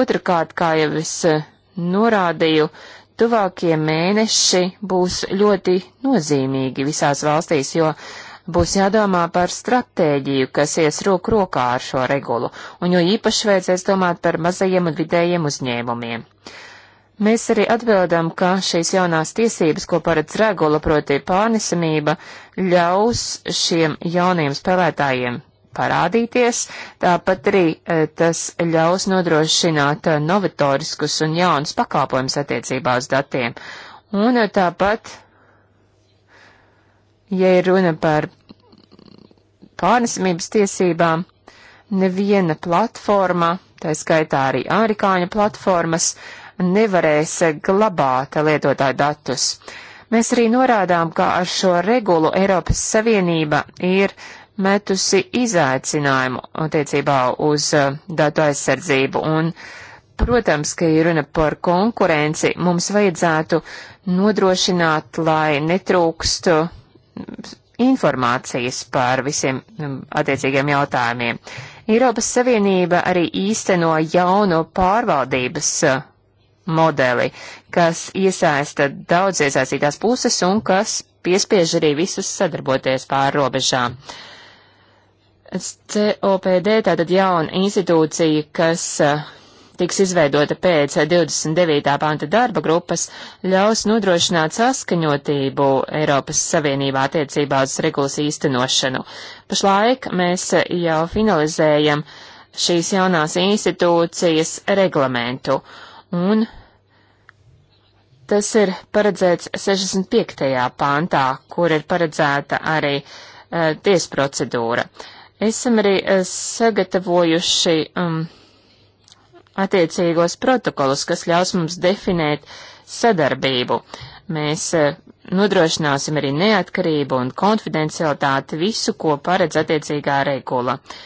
otrkārt, kā jau es norādīju, tuvākie mēneši būs ļoti nozīmīgi visās valstīs, jo būs jādomā par stratēģiju, kas ies roku rokā ar šo regulu, un jo īpaši vajadzēs domāt par mazajiem un vidējiem uzņēmumiem. Mēs arī atbildam, ka šīs jaunās tiesības, ko paredz regula, proti pārnesamība, ļaus šiem jauniem spēlētājiem parādīties, tāpat arī e, tas ļaus nodrošināt e, novatoriskus un jaunus pakāpojumus attiecībā uz datiem. Un e, tāpat, ja ir runa par pārnesamības tiesībām, neviena platforma, tā skaitā arī amerikāņu platformas, uh, nevarēs glabāt lietotāju datus. Mēs arī norādām, ka ar šo regulu Eiropas Savienība ir metusi izaicinājumu attiecībā uz uh, datu aizsardzību un Protams, ka ir runa par konkurenci, mums vajadzētu nodrošināt, lai netrūkstu uh, informācijas par visiem um, attiecīgiem jautājumiem. Eiropas Savienība arī īsteno jauno pārvaldības uh, modeli, kas iesaista daudz iesaistītās puses un kas piespiež arī visus sadarboties pār robežām. COPD tātad jauna institūcija, kas eh, tiks izveidota pēc 29. panta darba grupas, ļaus nodrošināt saskaņotību Eiropas Savienībā attiecībā uz regulas īstenošanu. Pašlaik mēs jau finalizējam šīs jaunās institūcijas reglamentu. Uh, un tas ir paredzēts 65. pāntā, kur ir paredzēta arī uh, eh, tiesprocedūra. Esam arī uh, sagatavojuši um, attiecīgos protokolus, kas ļaus mums definēt sadarbību. Mēs uh, nodrošināsim arī neatkarību un konfidencialitāti visu, ko paredz attiecīgā regula. Uh,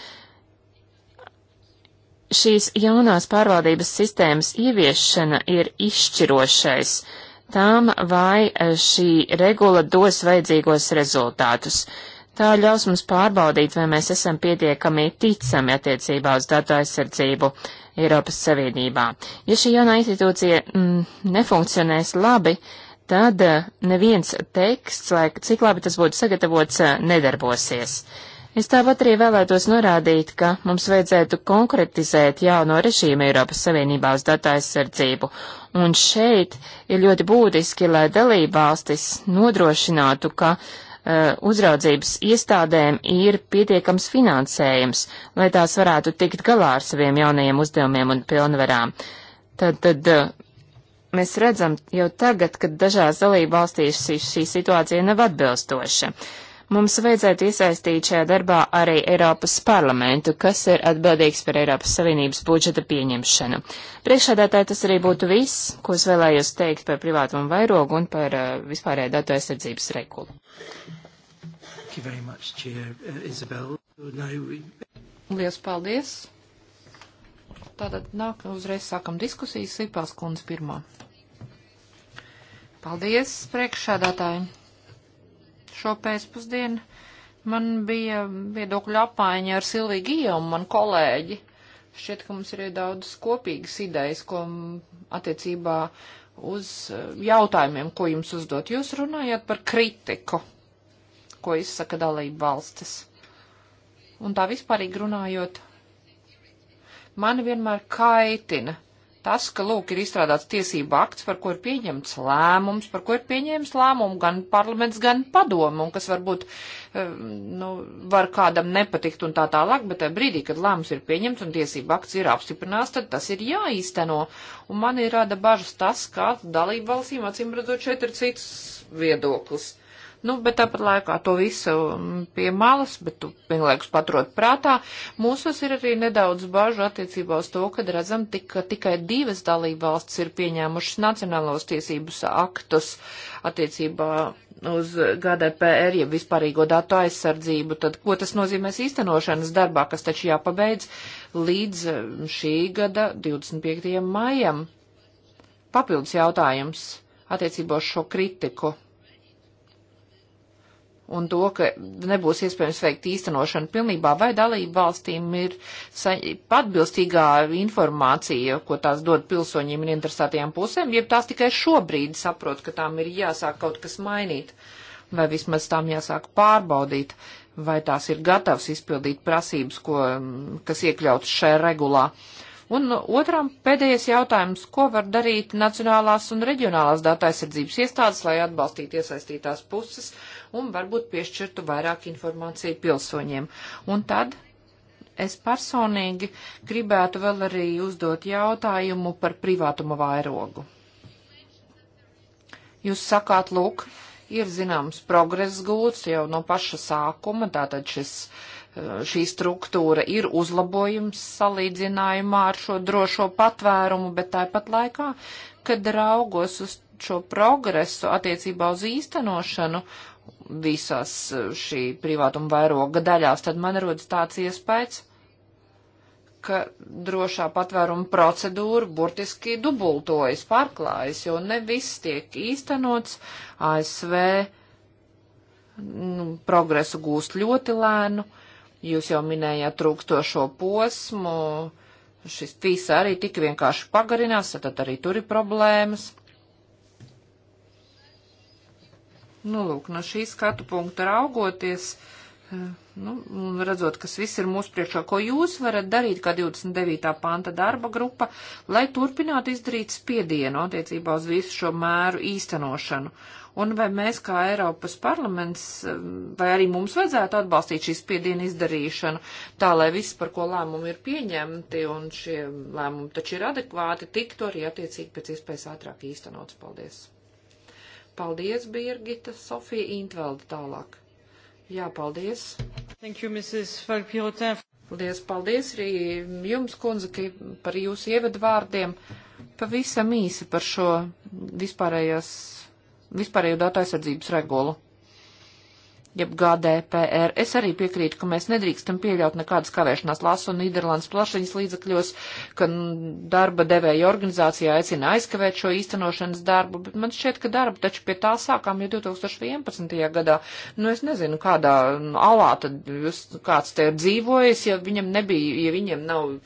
Šīs jaunās pārvaldības sistēmas ieviešana ir izšķirošais tām, vai e, šī regula dos vajadzīgos rezultātus. Tā ļaus mums pārbaudīt, vai mēs esam pietiekami ticami attiecībā uz datu aizsardzību Eiropas Savienībā. Ja šī jaunā institūcija mm, nefunkcionēs labi, tad e, neviens teksts, lai cik labi tas būtu sagatavots, e, nedarbosies. Uh, Es tāpat arī vēlētos norādīt, ka mums vajadzētu konkretizēt jauno režīmu Eiropas Savienībā uz datu aizsardzību, un šeit ir ļoti būtiski, lai dalībvalstis nodrošinātu, ka uh, uzraudzības iestādēm ir pietiekams finansējums, lai tās varētu tikt galā ar saviem jaunajiem uzdevumiem un pilnvarām. Tad, tad uh, mēs redzam jau tagad, ka dažās dalībvalstīs šī, šī situācija nav atbilstoša. Uh, Mums vajadzētu iesaistīt šajā darbā arī Eiropas parlamentu, kas ir atbildīgs par Eiropas Savienības budžeta pieņemšanu. Priekšādātāji tas arī būtu viss, ko es vēlējos teikt par privātumu vairogu un par uh, vispārējo datu aizsardzības regulu. Much, uh, we... Lielas paldies! Tātad nāk, uzreiz sākam diskusijas, Sipās kundze pirmā. Paldies priekšādātājiem! šo pēcpusdienu. Man bija viedokļu apmaiņa ar Silviju Gijomu, man kolēģi. Šķiet, ka mums ir daudz kopīgas idejas, ko attiecībā uz e, jautājumiem, ko jums uzdot. Jūs runājat par kritiku, ko izsaka dalība valstis. Un tā vispārīgi runājot, mani vienmēr kaitina tas, ka, lūk, ir izstrādāts tiesība akts, par ko ir pieņemts lēmums, par ko ir pieņēmis lēmumu gan parlaments, gan padomu, un kas varbūt, eh, nu, var kādam nepatikt un tā tālāk, bet tajā brīdī, kad lēmums ir pieņemts un tiesība akts ir apstiprināts, tad tas ir jāīsteno. Un man ir rada bažas tas, kā dalību valstīm acīm redzot šeit ir cits viedoklis. Nu, bet tāpat laikā to visu mm, pie malas, bet tu vienlaikus paturot prātā. Mūsos ir arī nedaudz bažu attiecībā uz to, kad redzam, tika, tikai divas dalība valstis ir pieņēmušas nacionālos tiesības aktus attiecībā uz GDPR, ja vispārīgo datu aizsardzību, tad ko tas nozīmēs īstenošanas darbā, kas taču jāpabeidz līdz mm, šī gada 25. maijam? Papildus jautājums attiecībā uz šo kritiku un to, ka nebūs iespējams veikt īstenošanu pilnībā, vai dalību valstīm ir atbilstīgā informācija, ko tās dod pilsoņiem un interesētajām pusēm, jeb tās tikai šobrīd saprot, ka tām ir jāsāk kaut kas mainīt, vai vismaz tām jāsāk pārbaudīt, vai tās ir gatavas izpildīt prasības, ko, kas iekļauts šajā regulā. Uh, Un otram pēdējais jautājums, ko var darīt nacionālās un reģionālās datu aizsardzības iestādes, lai atbalstītu iesaistītās puses un varbūt piešķirtu vairāk informāciju pilsoņiem. Un tad es personīgi gribētu vēl arī uzdot jautājumu par privātuma vairogu. Jūs sakāt, lūk, ir zināms progress gūts jau no paša sākuma, tātad šis uh, šī struktūra ir uzlabojums salīdzinājumā ar šo drošo patvērumu, bet tāpat laikā, kad raugos uz šo progresu attiecībā uz īstenošanu visās eh, šī privātuma vairoga daļās, tad man rodas tāds iespējas, ka drošā patvēruma procedūra burtiski dubultojas, pārklājas, jo ne viss tiek īstenots ASV. Nu, progresu gūst ļoti lēnu, uh, Jūs jau minējāt trūkstošo posmu, šis fīs arī tik vienkārši pagarinās, tad arī tur ir problēmas. Nu, lūk, no šī skatu punkta raugoties, eh, nu, un redzot, kas viss ir mūsu priekšā, ko jūs varat darīt kā 29. panta darba grupa, lai turpinātu izdarīt spiedienu attiecībā uz visu šo mēru īstenošanu. Uh, un vai mēs kā Eiropas parlaments, um, vai arī mums vajadzētu atbalstīt šīs spiedienu izdarīšanu, tā lai viss, par ko lēmumi ir pieņemti, un šie lēmumi taču ir adekvāti, tiktu arī attiecīgi pēc iespējas ātrāk īstenots. Paldies! Paldies, Birgita, Sofija Intvelda tālāk. Jā, paldies. Thank you, Mrs. Falpirotin. Paldies, paldies arī jums, kundze, par jūsu ievadvārdiem. Pavisam īsi par šo vispārējās vispārējo datu aizsardzības regulu jeb GDPR. Es arī piekrītu, ka mēs nedrīkstam pieļaut nekādas kavēšanās lasu un Nīderlandes plašiņas līdzakļos, ka darba devēja organizācija aicina aizkavēt šo īstenošanas darbu, bet man šķiet, ka darbu taču pie tā sākām jau 2011. gadā. Nu, es nezinu, kādā alā tad jūs, kāds te ir dzīvojis, ja viņam nebija, ja viņam nav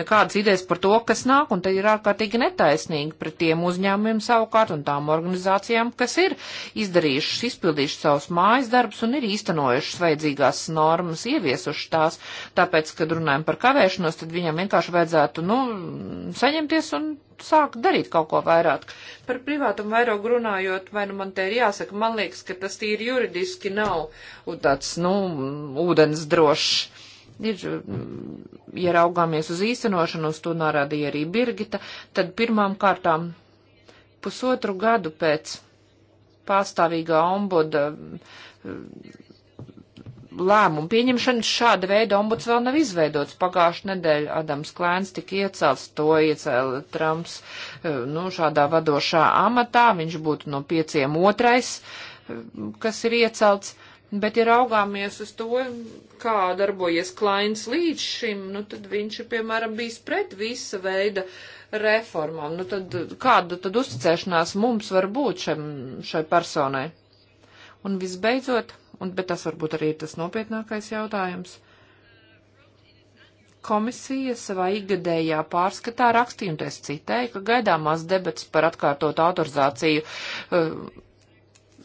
nekādas idejas par to, kas nāk, un te ir ārkārtīgi netaisnīgi pret tiem uzņēmumiem savukārt un tām organizācijām, kas ir izdarījušas, izpildījušas savus mājas darbus un un ir īstenojušas vajadzīgās normas, ieviesušas tās, tāpēc, kad runājam par kavēšanos, tad viņam vienkārši vajadzētu, nu, saņemties un sāk darīt kaut ko vairāk. Par privātumu vairāk runājot, vai nu man te ir jāsaka, man liekas, ka tas tīri juridiski nav tāds, nu, ūdens drošs. Ir, mm, ja raugāmies uz īstenošanu, uz to norādīja arī Birgita, tad pirmām kārtām pusotru gadu pēc pastāvīgā ombuda Eh, lēmumu pieņemšanas šāda veida ombuds vēl nav izveidots. Pagājušajā nedēļā Adams Klēns tika iecelts, to iecēla Trumps eh, nu, šādā vadošā amatā, viņš būtu no pieciem otrais, eh, kas ir iecelts. Bet, ja raugāmies uz to, kā darbojies Klains līdz šim, nu, tad viņš ir, piemēram, bijis pret visa veida reformām. Nu, tad kāda tad uzticēšanās mums var būt šem, šai personai? Un visbeidzot, un, bet tas varbūt arī ir tas nopietnākais jautājums, komisija savā ikgadējā pārskatā rakstīja, un es citēju, ka gaidāmās debats par atkārtotu autorizāciju uh, eh,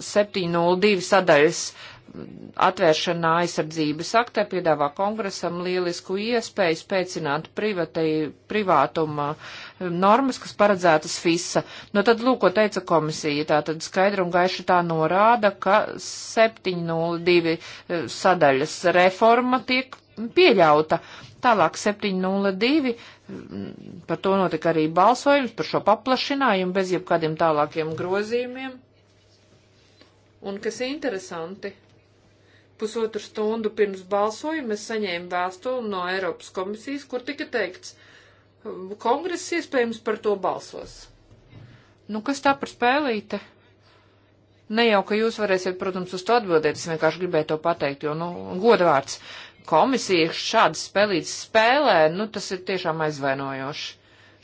702 sadaļas mm, atvēršanā aizsardzības aktē piedāvā kongresam lielisku iespēju spēcināt privatai, privātuma uh, normas, kas paredzētas FISA. Nu, tad, lūk, ko teica komisija, tā tad skaidri un gaiši tā norāda, ka 702 eh, sadaļas reforma tiek pieļauta. Tālāk 702, mm, par to notika arī balsojums, par šo paplašinājumu bez jebkādiem tālākiem grozījumiem. Un kas interesanti, pusotru stundu pirms balsojuma es saņēmu vēstuli no Eiropas komisijas, kur tika teikts, kongress iespējams par to balsos. Nu, kas tā par spēlīte? Ne jau, ka jūs varēsiet, protams, uz to atbildēt, es vienkārši gribēju to pateikt, jo, nu, godvārds, komisija šādas spēlītas spēlē, nu, tas ir tiešām aizvainojoši.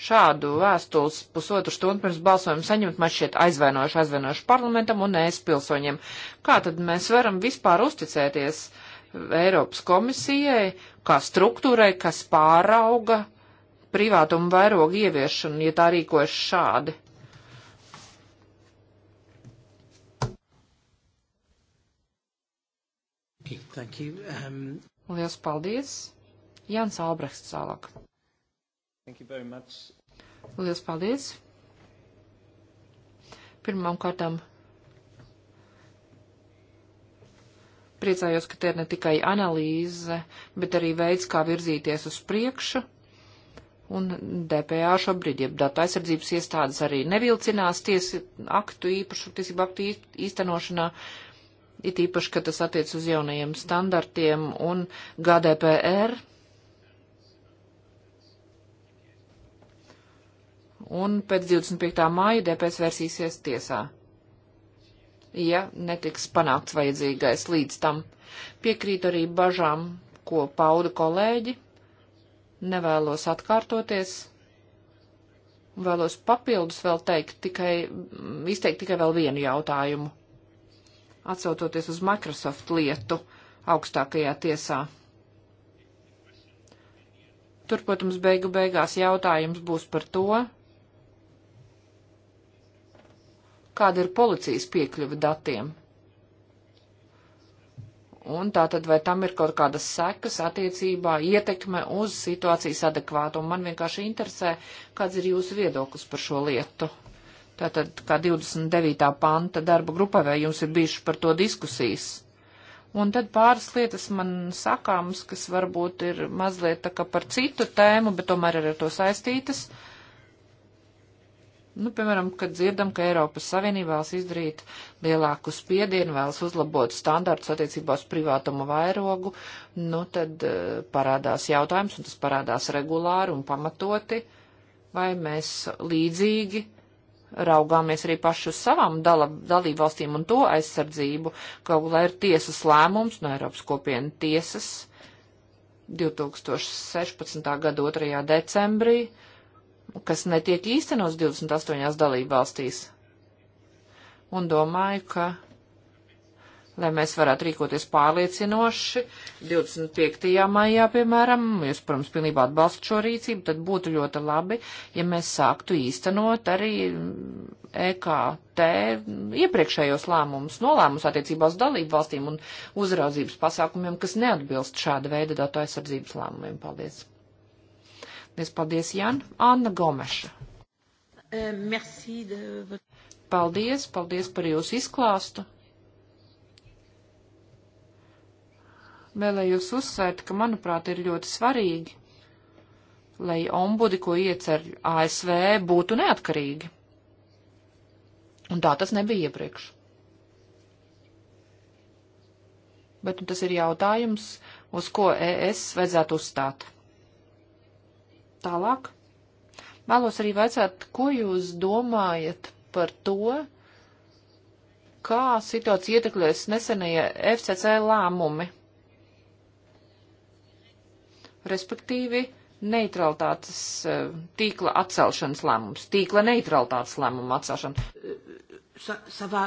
Šādu vēstules pusotru stundu pirms balsojuma saņemt man šķiet aizvainojuši, aizvainojuši parlamentam un es pilsoņiem. Kā tad mēs varam vispār uzticēties Eiropas komisijai, kā struktūrai, kas pārauga uh, privātuma vairogu ieviešanu, ja tā rīkojas šādi? Thank you. Um... Lielas paldies. Jans Albrechts tālāk. Thank you very much. Lielas paldies. Pirmām kārtām priecājos, ka te ir ne tikai analīze, bet arī veids, kā virzīties uz priekšu un DPA šobrīd, jeb datu aizsardzības iestādes arī nevilcinās tiesu aktu īpašu, tiesību aktu īstenošanā, it īpaši, ka tas attiec uz jaunajiem standartiem un GDPR. Un pēc 25. māja DPS versīsies tiesā, ja netiks panākts vajadzīgais līdz tam. Piekrīt arī bažām, ko pauda kolēģi nevēlos atkārtoties. Vēlos papildus vēl teikt tikai, izteikt tikai vēl vienu jautājumu. Atsautoties uz Microsoft lietu augstākajā tiesā. Tur, protams, beigu beigās jautājums būs par to, kāda ir policijas piekļuva datiem. Un tā tad vai tam ir kaut kādas sekas attiecībā, ietekme uz situācijas adekvātu, un man vienkārši interesē, kāds ir jūsu viedoklis par šo lietu. Tātad, kā 29. panta darba grupā, vai jums ir bijuši par to diskusijas? Un tad pāris lietas man sakāms, kas varbūt ir mazliet tā kā par citu tēmu, bet tomēr ir ar to saistītas. Uh, Nu, piemēram, kad dzirdam, ka Eiropas Savienība vēlas izdarīt lielāku spiedienu, vēlas uzlabot standartus attiecībā uz privātumu vairogu, nu, tad uh, parādās jautājums, un tas parādās regulāri un pamatoti, vai mēs līdzīgi raugāmies arī paši uz savām dala, dalībvalstīm un to aizsardzību, kaut lai ir tiesas lēmums no Eiropas kopienu tiesas 2016. gada 2. decembrī kas netiek īstenos 28 dalībvalstīs. Un domāju, ka, lai mēs varētu rīkoties pārliecinoši, 25. maijā, piemēram, jūs, protams, pilnībā atbalstat šo rīcību, tad būtu ļoti labi, ja mēs sāktu īstenot arī mm, EKT iepriekšējos lēmumus, nolēmumus attiecībās dalību valstīm un uzraudzības pasākumiem, kas neatbilst šāda veida datu aizsardzības lēmumiem. Paldies! Mēs paldies, Jan. Anna Gomeša. Eh, merci de... Paldies, paldies par jūsu izklāstu. Vēlējos uzsvērt, ka, manuprāt, ir ļoti svarīgi, lai ombudi, ko iecer ASV, būtu neatkarīgi. Un tā tas nebija iepriekš. Bet nu tas ir jautājums, uz ko ES vajadzētu uzstāt. Tālāk. Vēlos arī vaicāt, ko jūs domājat par to, kā situācija ietekmēs nesenie FCC lēmumi, respektīvi neutralitātes eh, tīkla atcelšanas lēmums, tīkla neutralitātes lēmuma atcelšana. Sa savā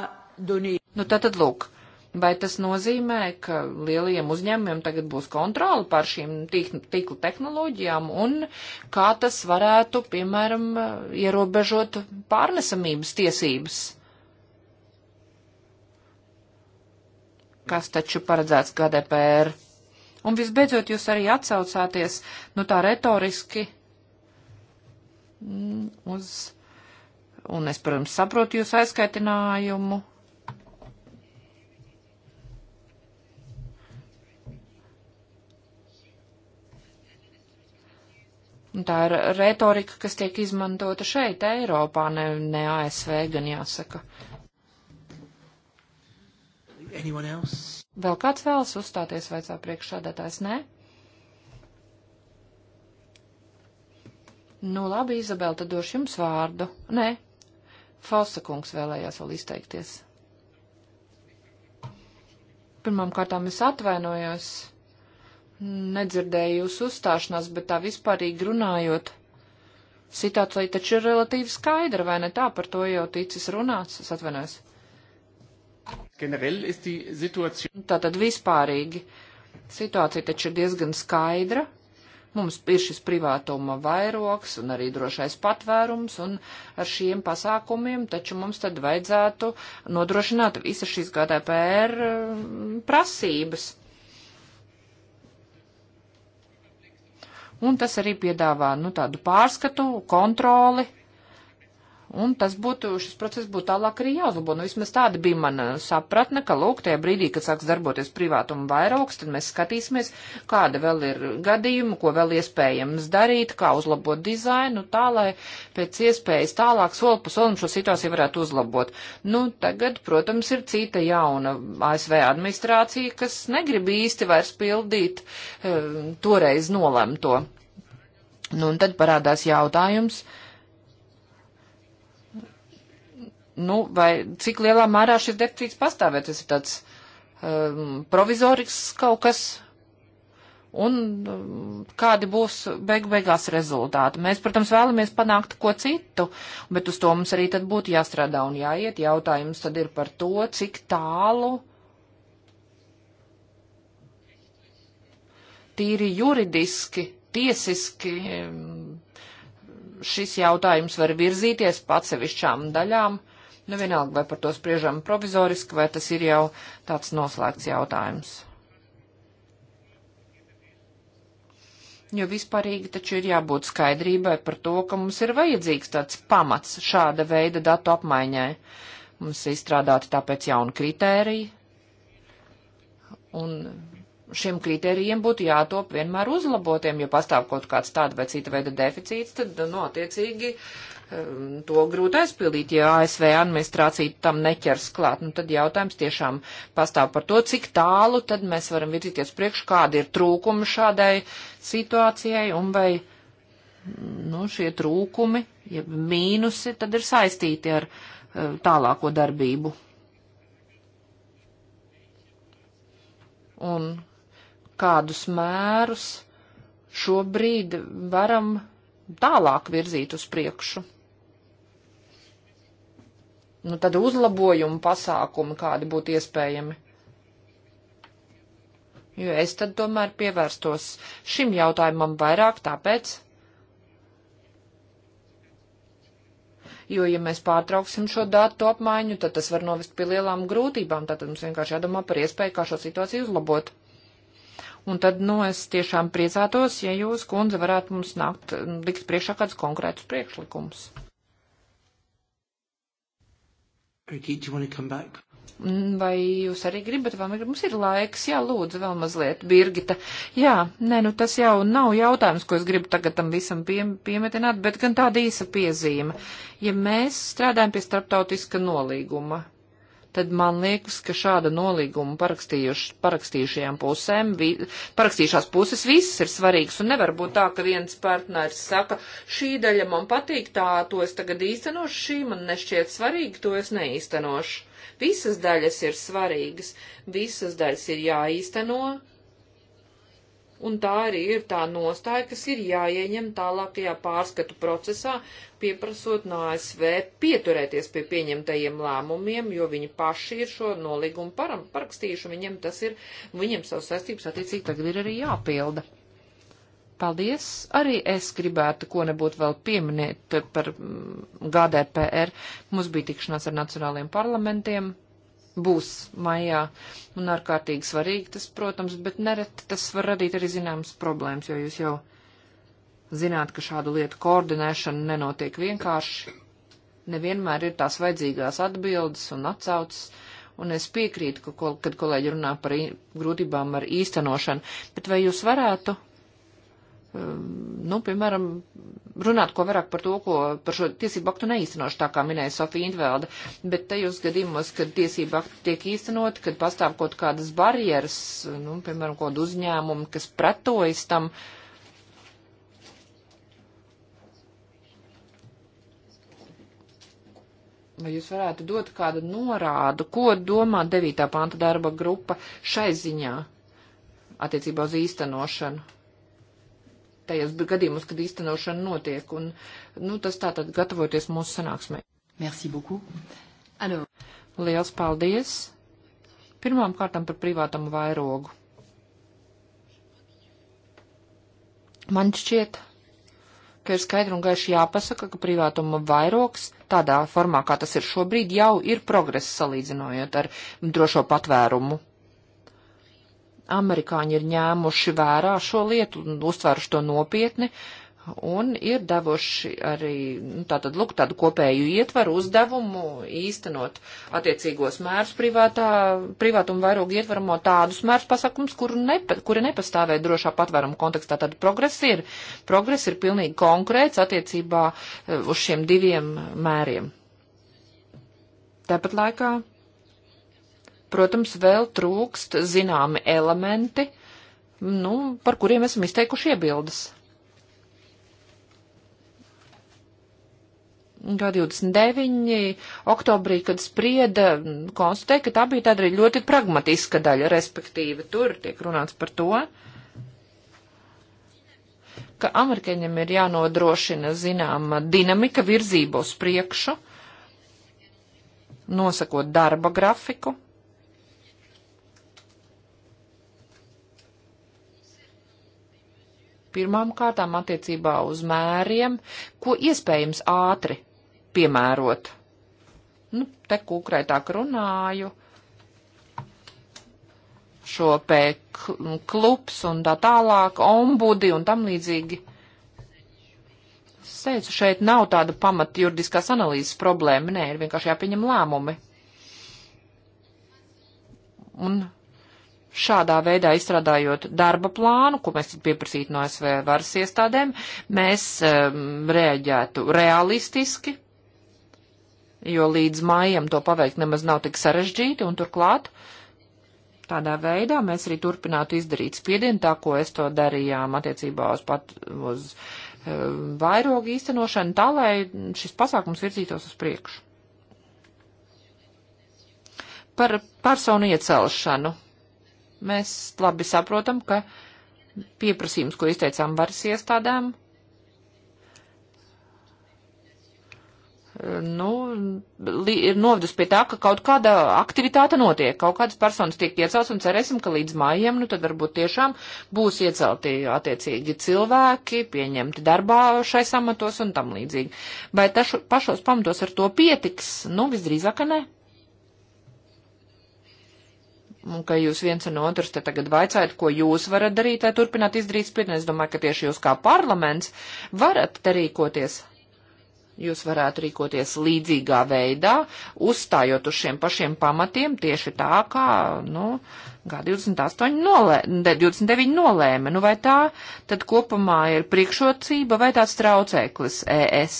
donī. Nu, tātad lūk, Vai tas nozīmē, ka lielajiem uzņēmumiem tagad būs kontroli pār šīm tīklu tehnoloģijām un kā tas varētu, piemēram, ierobežot pārnesamības tiesības? Kas taču paredzēts GDPR? Un visbeidzot, jūs arī atsaucāties, nu tā retoriski, mm, uz, un es, protams, saprotu jūsu aizskaitinājumu Un tā ir retorika, kas tiek izmantota šeit, Eiropā, ne, ne ASV, gan jāsaka. Vēl kāds vēlas uzstāties, vaicā priekšsādātājs? Nē? Nu, labi, Izabela, tad došu jums vārdu. Nē, Fausta kungs vēlējās vēl izteikties. Pirmām kārtām es atvainojos nedzirdēju jūsu uzstāšanās, bet tā vispārīgi runājot, situācija taču ir relatīvi skaidra, vai ne tā, par to jau ticis runāts, es atvainojos. Tātad vispārīgi situācija taču ir diezgan skaidra. Mums ir šis privātuma vairoks un arī drošais patvērums, un ar šiem pasākumiem taču mums tad vajadzētu nodrošināt visas šīs GDPR mm, prasības. un tas arī piedāvā, nu, tādu pārskatu, kontroli Un tas būtu, šis process būtu tālāk arī jāuzlabo. Nu, vismaz tāda bija mana sapratne, ka, lūk, tajā brīdī, kad sāks darboties privātuma vairāks, tad mēs skatīsimies, kāda vēl ir gadījuma, ko vēl iespējams darīt, kā uzlabot dizainu, tā, lai pēc iespējas tālāk soli pa solim šo situāciju varētu uzlabot. Nu, tagad, protams, ir cita jauna ASV administrācija, kas negrib īsti vairs pildīt e, toreiz nolemto. Nu, un tad parādās jautājums. E, nu, vai cik lielā mērā šis deficīts pastāvē. Tas ir tāds um, provizorisks kaut kas. Un um, kādi būs beig beigās rezultāti? Mēs, protams, vēlamies panākt ko citu, bet uz to mums arī tad būtu jāstrādā un jāiet. Jautājums tad ir par to, cik tālu tīri juridiski, tiesiski um, šis jautājums var virzīties pa atsevišķām daļām. Uh, Nu vienalga, vai par to spriežam provizoriski, vai tas ir jau tāds noslēgts jautājums. jo vispārīgi taču ir jābūt skaidrībai par to, ka mums ir vajadzīgs tāds pamats šāda veida datu apmaiņai. Mums izstrādāti tāpēc jauni kritēriji, un šiem kritērijiem būtu jātop vienmēr uzlabotiem, ja pastāv kaut kāds tāda vai cita veida deficīts, tad, nu, attiecīgi um, to grūti aizpildīt, ja ASV administrācija tam neķers klāt. Nu, tad jautājums tiešām pastāv par to, cik tālu tad mēs varam virzīties priekš, kādi ir trūkumi šādai situācijai un vai, nu, šie trūkumi, ja mīnusi, tad ir saistīti ar uh, tālāko darbību. Un kādus mērus šobrīd varam tālāk virzīt uz priekšu. Nu, tad uzlabojumu pasākumi kādi būtu iespējami. Jo es tad tomēr pievērstos šim jautājumam vairāk tāpēc, jo, ja mēs pārtrauksim šo datu apmaiņu, tad tas var novest pie lielām grūtībām, tad mums vienkārši jādomā par iespēju, kā šo situāciju uzlabot. Un tad, nu, es tiešām priecātos, ja jūs, kundze, varētu mums nākt, likt priekšā kāds konkrēts priekšlikums. Mm, vai jūs arī gribat, vai mums ir laiks? Jā, lūdzu, vēl mazliet, Birgita. Jā, nē, nu tas jau nav jautājums, ko es gribu tagad tam visam pie, piemetināt, bet gan tāda īsa piezīme. Ja mēs strādājam pie starptautiska nolīguma, tad man liekas, ka šāda nolīguma parakstījušajām pusēm, vi, parakstījušās puses visas ir svarīgas, un nevar būt tā, ka viens partneris saka, šī daļa man patīk, tā to es tagad īstenošu, šī man nešķiet svarīga, to es neīstenošu. Visas daļas ir svarīgas, visas daļas ir jāīsteno, un tā arī ir tā nostāja, kas ir jāieņem tālākajā pārskatu procesā, pieprasot no ASV pieturēties pie pieņemtajiem lēmumiem, jo viņi paši ir šo nolīgumu param, parakstījuši, un viņiem tas ir, viņiem savas saistības attiecīgi tagad ir arī jāpilda. Paldies! Arī es gribētu ko nebūtu vēl pieminēt par GDPR. Mm, Mums bija tikšanās ar nacionāliem parlamentiem būs maijā. Un ārkārtīgi svarīgi tas, protams, bet nereti tas var radīt arī zināmas problēmas, jo jūs jau zināt, ka šādu lietu koordinēšana nenotiek vienkārši. Nevienmēr ir tās vajadzīgās atbildes un atsaucas, un es piekrītu, ka, kad kolēģi runā par grūtībām ar īstenošanu, bet vai jūs varētu Ehm, nu, piemēram, runāt ko vairāk par to, ko par šo tiesību aktu neīstenošu, tā kā minēja Sofija Indvelda, bet tajos gadījumos, kad tiesību aktu tiek īstenot, kad pastāv kaut kādas barjeras, nu, piemēram, kaut uzņēmumu, kas pretojas tam, Vai jūs varētu dot kādu norādu, ko domā 9. panta darba grupa šai ziņā attiecībā uz īstenošanu? tajos gadījumos, kad īstenošana notiek. Un, nu, tas tātad gatavoties mūsu sanāksmē. Merci beaucoup. Alors. Liels paldies. Pirmām kārtām par privātam vairogu. Man šķiet, ka ir skaidri un gaiši jāpasaka, ka privātuma vairoks tādā formā, kā tas ir šobrīd, jau ir progress salīdzinojot ar drošo patvērumu Amerikāņi ir ņēmuši vērā šo lietu un uztvēruši to nopietni un ir devuši arī nu, tātad, lūk, tādu kopēju ietvaru uzdevumu īstenot attiecīgos mērus privātā, privātuma vairogu ietvaramo tādus mērus pasakums, kuri, nepa, kuri nepastāvē drošā patvēruma kontekstā. Tad progress ir, progress ir pilnīgi konkrēts attiecībā eh, uz šiem diviem mēriem. Tāpat laikā protams, vēl trūkst zināmi elementi, nu, par kuriem esam izteikuši iebildes. G29. oktobrī, kad sprieda, konstatēja, ka tā bija tāda arī ļoti pragmatiska daļa, respektīvi tur tiek runāts par to, ka amerikāņiem ir jānodrošina zināma dinamika virzība uz priekšu, nosakot darba grafiku, Pirmām kārtām attiecībā uz mēriem, ko iespējams ātri piemērot. Nu, te konkrētāk runāju šo pēc klubs un tā tālāk, ombudi un tam līdzīgi. Es teicu, šeit nav tāda pamata juridiskās analīzes problēma, nē, ir vienkārši jāpieņem lēmumi. Un šādā veidā izstrādājot darba plānu, ko mēs pieprasītu no ASV varas iestādēm, mēs um, rēģētu realistiski, jo līdz maijam to paveikt nemaz nav tik sarežģīti, un turklāt tādā veidā mēs arī turpinātu izdarīt spiedienu, tā ko es to darījām attiecībā uz pat uz um, vairogu īstenošanu, tā lai šis pasākums virzītos uz priekšu. Par personu iecelšanu Mēs labi saprotam, ka pieprasījums, ko izteicām varas iestādēm, nu, ir novedus pie tā, ka kaut kāda aktivitāte notiek, kaut kādas personas tiek iecelts un cerēsim, ka līdz mājiem, nu, tad varbūt tiešām būs iecelti attiecīgi cilvēki, pieņemti darbā šai samatos un tam līdzīgi. Vai tašu, pašos pamatos ar to pietiks? Nu, visdrīzāk, ka nē. Un ka jūs viens un otrs te tagad vaicājat, ko jūs varat darīt, lai turpināt izdarīt spiedienu. Es domāju, ka tieši jūs kā parlaments varat te rīkoties. Jūs varētu rīkoties līdzīgā veidā, uzstājot uz šiem pašiem pamatiem tieši tā, kā, nu, G28 nolē, 29 nolēma. Nu, vai tā tad kopumā ir priekšrocība vai tāds traucēklis ES?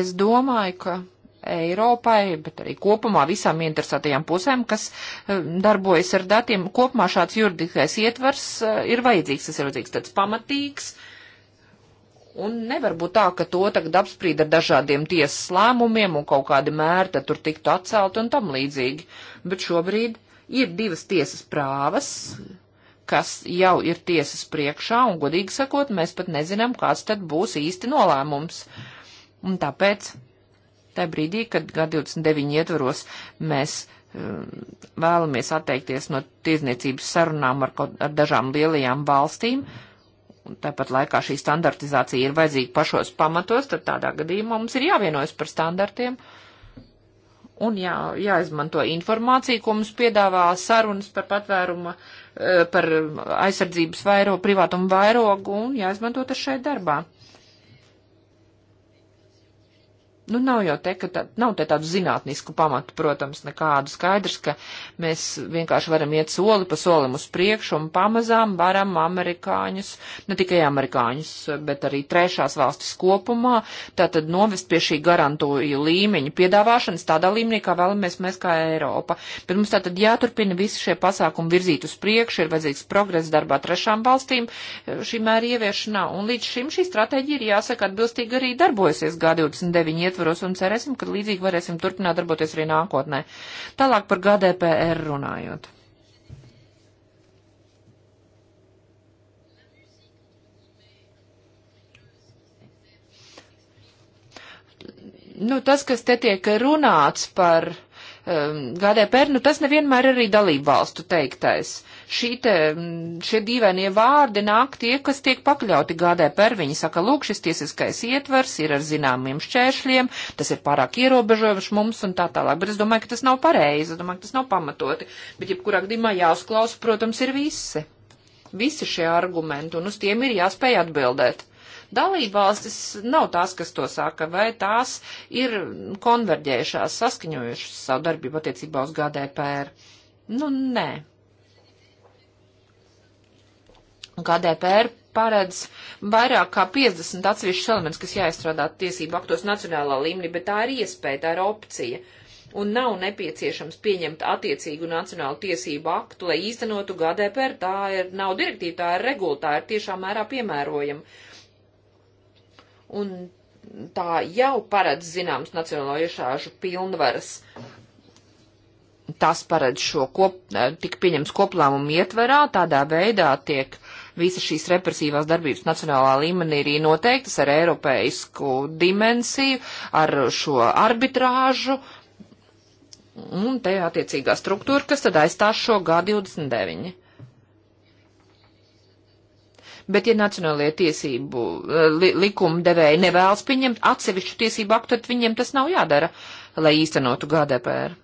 Es domāju, ka Eiropai, bet arī kopumā visām interesētajām pusēm, kas eh, darbojas ar datiem. Kopumā šāds juridiskais ietvars eh, ir vajadzīgs, tas ir vajadzīgs tāds pamatīgs. Un nevar būt tā, ka to tagad apsprīd ar dažādiem tiesas lēmumiem un kaut kādi mēri, tad tur tiktu atcelt un tam līdzīgi. Bet šobrīd ir divas tiesas prāvas, kas jau ir tiesas priekšā, un godīgi sakot, mēs pat nezinām, kāds tad būs īsti nolēmums. Un tāpēc Tā brīdī, kad G29 ietvaros mēs um, vēlamies atteikties no tirzniecības sarunām ar, ar dažām lielajām valstīm, un tāpat laikā šī standartizācija ir vajadzīga pašos pamatos, tad tādā gadījumā mums ir jāvienojas par standartiem un jā, jāizmanto informācija, ko mums piedāvā sarunas par patvērumu, eh, par aizsardzības vairo, privātumu vairogu un jāizmanto tas šai darbā. Nu, nav jau te, ka tā, nav te tādu zinātnisku pamatu, protams, nekādu skaidrs, ka mēs vienkārši varam iet soli pa solim uz priekšu un pamazām varam amerikāņus, ne tikai amerikāņus, bet arī trešās valstis kopumā, tātad novest pie šī garantoju līmeņa piedāvāšanas tādā līmenī, kā vēlamies mēs kā Eiropa. Bet mums tātad jāturpina visi šie pasākumi virzīt uz priekšu, ir vajadzīgs progress darbā trešām valstīm eh, šī mēra ieviešanā, un līdz šim šī stratēģija ir jāsaka atbilstīgi arī darbojusies G29 ietvaros un cerēsim, ka līdzīgi varēsim turpināt darboties arī nākotnē. Tālāk par GDPR runājot. Nu, tas, kas te tiek runāts par um, GDPR, nu, tas nevienmēr ir arī dalību valstu teiktais. Uh, šī te, šie dīvainie vārdi nāk tie, kas tiek pakļauti GDPR. Viņi saka, lūk, šis tiesiskais ietvers ir ar zināmiem šķēršļiem, tas ir pārāk ierobežojuši mums un tā tālāk. Bet es domāju, ka tas nav pareizi, es domāju, ka tas nav pamatoti. Bet jebkurā gadījumā jāuzklausa, protams, ir visi. Visi šie argumenti, un uz tiem ir jāspēj atbildēt dalībvalstis nav tās, kas to saka, vai tās ir konverģējušās, saskaņojušas savu darbību attiecībā uz GDPR. Nu, nē. GDPR paredz vairāk kā 50 atsevišķus elementus, kas jāizstrādā tiesību aktos nacionālā līmenī, bet tā ir iespēja, tā ir opcija. Un nav nepieciešams pieņemt attiecīgu nacionālu tiesību aktu, lai īstenotu GDPR. Tā ir, nav direktīva, tā ir regula, tā ir tiešām mērā piemērojama. Un tā jau paredz zināms nacionālo iešāžu pilnvaras tas paredz šo kop, eh, tik pieņems koplēmumu ietverā, tādā veidā tiek Visa šīs represīvās darbības nacionālā līmenī ir noteiktas ar eiropeisku dimensiju, ar šo arbitrāžu. Un te attiecīgā struktūra, kas tad aizstās šo G29. Bet, ja nacionālajie tiesību eh, li, likuma devēji nevēlas pieņemt atsevišķu tiesību aktu, tad viņiem tas nav jādara, lai īstenotu GDPR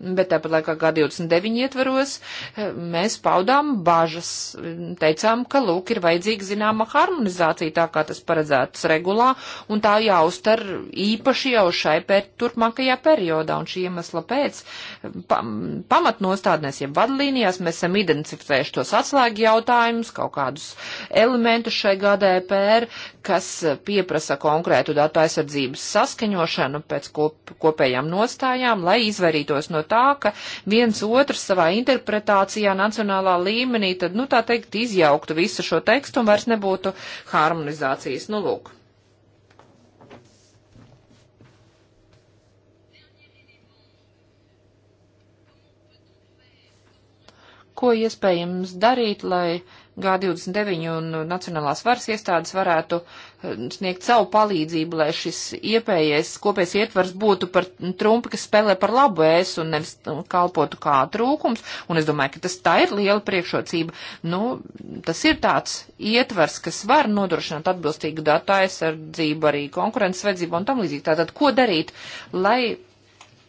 bet tāpat laikā G29 ietvaros eh, mēs paudām bažas, teicām, ka lūk ir vajadzīga zināma harmonizācija tā, kā tas paredzēts regulā, un tā jāuztar īpaši jau šai pēr, turpmākajā periodā, un šī iemesla pēc pa, pamatnostādnēs, ja vadlīnijās mēs esam identificējuši tos atslēgi jautājumus, kaut kādus elementus šai GDPR, kas pieprasa konkrētu datu aizsardzības saskaņošanu pēc kop, kopējām nostājām, lai izvairītos no tā, ka viens otrs savā interpretācijā nacionālā līmenī tad, nu tā teikt, izjauktu visu šo tekstu un vairs nebūtu harmonizācijas. Nu, lūk. Ko iespējams darīt, lai G29 un nacionālās varas iestādes varētu uh, sniegt savu palīdzību, lai šis iepējais kopējais ietvars būtu par trumpi, kas spēlē par labu es un nevis nu, kalpotu kā trūkums. Un es domāju, ka tas tā ir liela priekšrocība. Nu, tas ir tāds ietvars, kas var nodrošināt atbilstīgu datu aizsardzību, arī konkurences vedzību un tam līdzīgi. Tātad, ko darīt, lai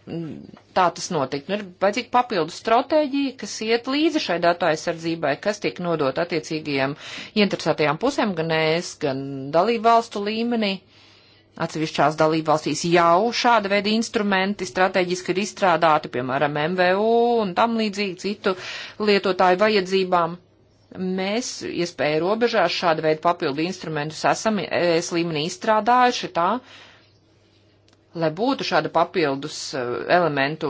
tā tas notika. Nu, ir vajadzīga papildu stratēģija, kas iet līdzi šai datu aizsardzībai, kas tiek nodot attiecīgajiem interesētajām pusēm, gan es, gan dalību valstu līmenī. Atsevišķās dalību valstīs jau šāda veida instrumenti strateģiski ir izstrādāti, piemēram, MVU un tam līdzīgi citu lietotāju vajadzībām. Mēs, iespēja robežās, šāda veida papildu instrumentus esam es līmenī izstrādājuši tā, uh, lai būtu šāda papildus eh, elementu,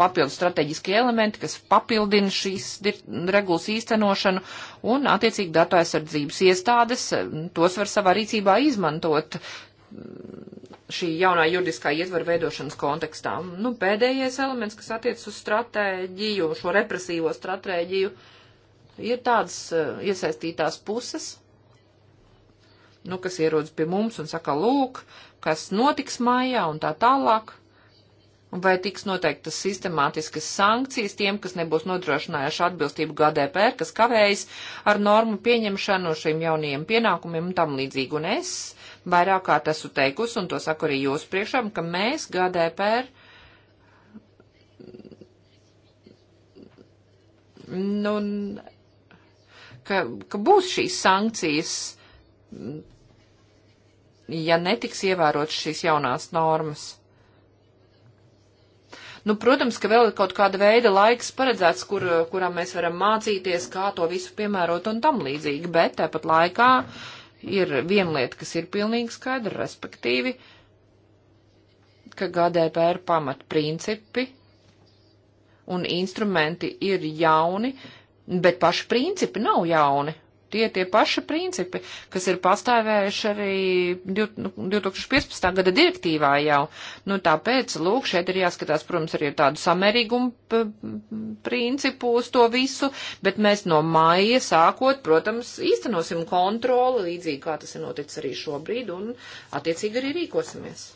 papildus strateģiskie elementi, kas papildina šīs regulas īstenošanu, un attiecīgi datu aizsardzības iestādes eh, tos var savā rīcībā izmantot mm, šī jaunā juridiskā ietvara veidošanas kontekstā. Nu, pēdējais elements, kas attiec uz stratēģiju, šo represīvo stratēģiju, ir tādas eh, iesaistītās puses, nu, kas ierodas pie mums un saka, lūk, kas notiks mājā un tā tālāk. Vai tiks noteiktas sistemātiskas sankcijas tiem, kas nebūs nodrošinājuši atbilstību GDPR, kas kavējas ar normu pieņemšanu šiem jaunajiem pienākumiem un tam līdzīgi? Un es vairāk kārt esmu teikusi, un to saku arī jūsu priekšām, ka mēs GDPR nu, ka, ka būs šīs sankcijas ja netiks ievērotas šīs jaunās normas. Nu, protams, ka vēl ir kaut kāda veida laiks paredzēts, kur, kurā mēs varam mācīties, kā to visu piemērot un tam līdzīgi, bet tāpat laikā ir viena lieta, kas ir pilnīgi skaidra, respektīvi, ka GDPR pamatprincipi un instrumenti ir jauni, bet paši principi nav jauni tie tie paši principi, kas ir pastāvējuši arī 2015. Nu, gada direktīvā jau. Nu, tāpēc, lūk, šeit ir jāskatās, protams, arī tādu samērīgumu principu uz to visu, bet mēs no maija sākot, protams, īstenosim kontroli, līdzīgi kā tas ir noticis arī šobrīd, un attiecīgi arī rīkosimies.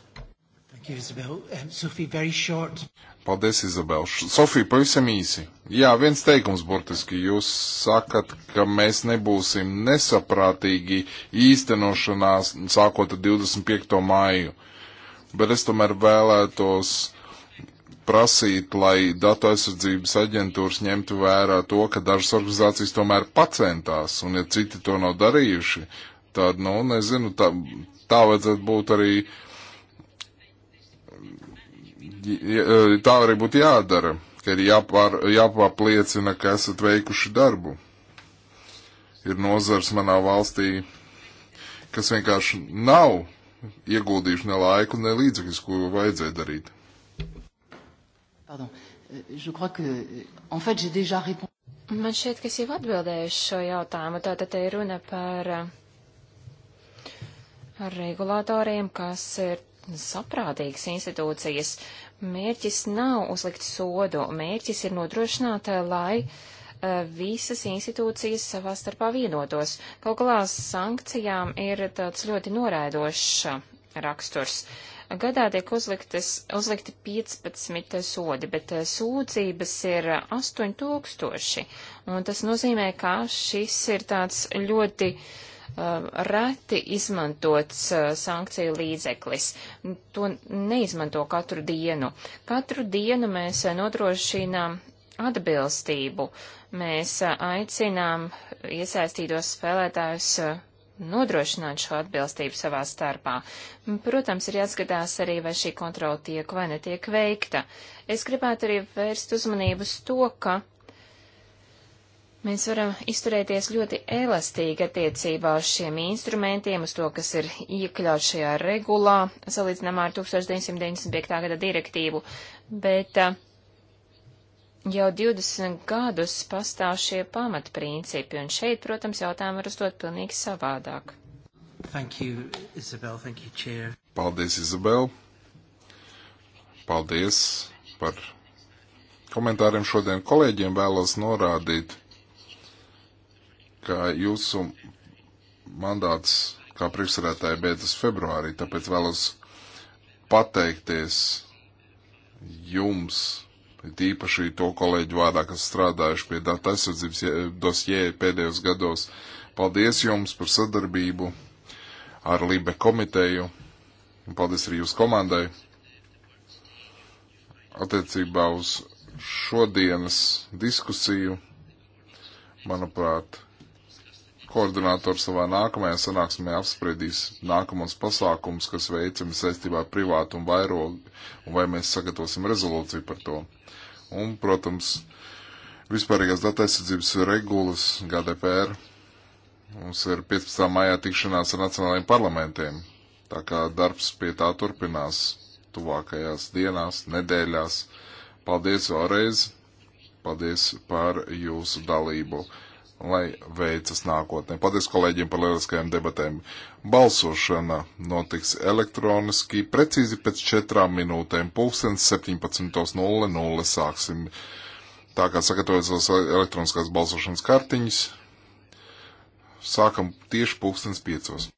Thank you, Isabel. Um, Sophie, very short. Paldies, Izabela. Sofija, pavisam īsi. Jā, viens teikums burtiski. Jūs sakat, ka mēs nebūsim nesaprātīgi īstenošanā sākot ar 25. māju. Bet es tomēr vēlētos prasīt, lai datu aizsardzības aģentūras ņemtu vērā to, ka dažas organizācijas tomēr pacentās, un ja citi to nav darījuši, tad, nu, nezinu, tā, tā vajadzētu būt arī uh, E, tā arī būtu jādara, ka ir jāpār, jāpārliecina, ka esat veikuši darbu. Ir nozars manā valstī, kas vienkārši nav ieguldījuši ne laiku, ne līdzekļus, ko vajadzēja darīt. Pardon. Euh, je crois que, euh, en fait, j'ai déjà répondu. Man šķiet, ka es jau atbildēju šo jautājumu. Tātad te ir runa par eh, regulātoriem, kas ir saprātīgas institūcijas. Mērķis nav uzlikt sodu, mērķis ir nodrošināt, eh, lai eh, visas institūcijas savā starpā vienotos. Kaut galā sankcijām ir tāds ļoti noraidošs raksturs. Gadā tiek uzliktas, uzlikti 15 sodi, bet eh, sūdzības ir 8000, un tas nozīmē, ka šis ir tāds ļoti uh, Um, reti izmantots uh, sankciju līdzeklis. To neizmanto katru dienu. Katru dienu mēs uh, nodrošinām atbilstību. Mēs uh, aicinām iesaistītos spēlētājus nodrošināt šo atbilstību savā starpā. Protams, ir jāskatās arī, vai šī kontrola tiek vai netiek veikta. Es gribētu arī vērst uzmanību uz to, ka Mēs varam izturēties ļoti elastīgi attiecībā uz šiem instrumentiem, uz to, kas ir iekļauts šajā regulā, salīdzinām ar 1995. gada direktīvu, bet uh, jau 20 gadus pastāv šie pamatprincipi, un šeit, protams, jautājumu var uzdot pilnīgi savādāk. Thank you, Isabel. Thank you, Chair. Paldies, Izabel. Paldies par komentāriem šodien. Kolēģiem vēlos norādīt ka jūsu mandāts kā priekšsarētāja beidzas februārī, tāpēc vēlos pateikties jums, tīpaši to kolēģu vārdā, kas strādājuši pie data aizsardzības dosjē pēdējos gados. Paldies jums par sadarbību ar Libe komiteju, un paldies arī jūsu komandai. Attiecībā uz šodienas diskusiju, manuprāt, Koordinātori savā nākamajā sanāksmē apspriedīs nākamos pasākums, kas veicami saistībā ar privātu un vairogu, un vai mēs sagatavosim rezolūciju par to. Un, protams, vispārīgās data aizsardzības regulas GDPR. Mums ir 15. maijā tikšanās ar nacionālajiem parlamentiem, tā kā darbs pie tā turpinās tuvākajās dienās, nedēļās. Paldies vēlreiz! Paldies par jūsu dalību! lai veicas nākotnē. Paldies kolēģiem par lieliskajām debatēm. Balsošana notiks elektroniski precīzi pēc četrām minūtēm. Pulkstens 17.00 sāksim. Tā kā sagatavojas savas elektroniskās balsošanas kartiņas, sākam tieši pulkstens piecos.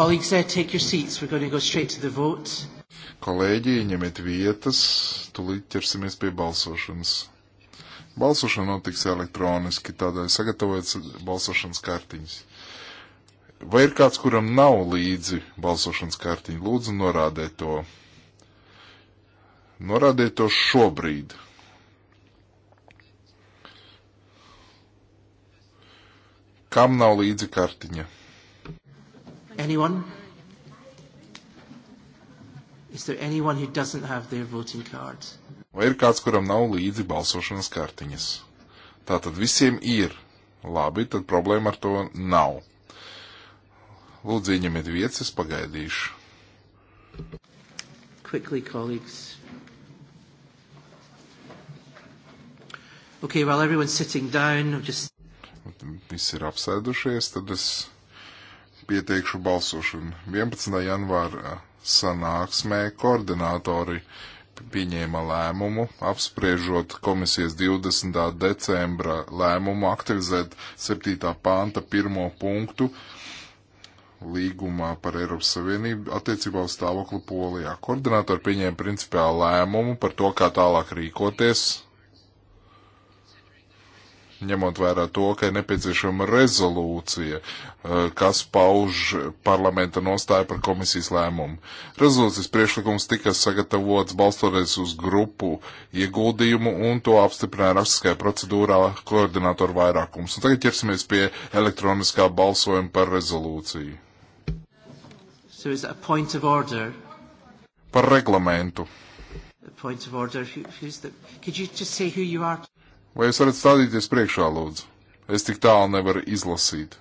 Colleagues, uh, take your seats. We're going to go straight to the vote. Kolēģi, ņemiet vietas, tūlīt ķersimies pie balsošanas. Balsošana notiks elektroniski, tādēļ sagatavojiet balsošanas kārtiņas. Vai ir kāds, kuram nav līdzi balsošanas kārtiņa? Lūdzu, norādiet to. Norādiet to šobrīd. Kam nav līdzi kartiņa? Anyone? Is there anyone who doesn't have their voting card? Vai ir kāds, kuram nav līdzi balsošanas kartiņas? Tātad visiem ir. Labi, tad problēma ar to nav. Lūdzu, ieņemiet vietas, es pagaidīšu. Quickly, colleagues. Okay, while everyone's sitting down, I'm just... Visi ir apsēdušies, tad es pieteikšu balsošanu. 11. janvāra sanāksmē koordinātori pieņēma lēmumu, apspriežot komisijas 20. decembra lēmumu aktivizēt 7. panta pirmo punktu līgumā par Eiropas Savienību attiecībā uz stāvokli Polijā. Koordinātori pieņēma principiālu lēmumu par to, kā tālāk rīkoties ņemot vērā to, ka ir nepieciešama rezolūcija, eh, kas pauž parlamenta nostāju par komisijas lēmumu. Rezolūcijas priekšlikums tika sagatavots balstoties uz grupu ieguldījumu un to apstiprināja rakstiskajā procedūrā koordinātoru vairākums. Un tagad ķersimies pie elektroniskā balsojuma par rezolūciju. So is that a point of order? Par reglamentu. A point of order. Who, who's the, could you just say who you are? Vai jūs varat stādīties priekšā, lūdzu? Es tik tālu nevaru izlasīt.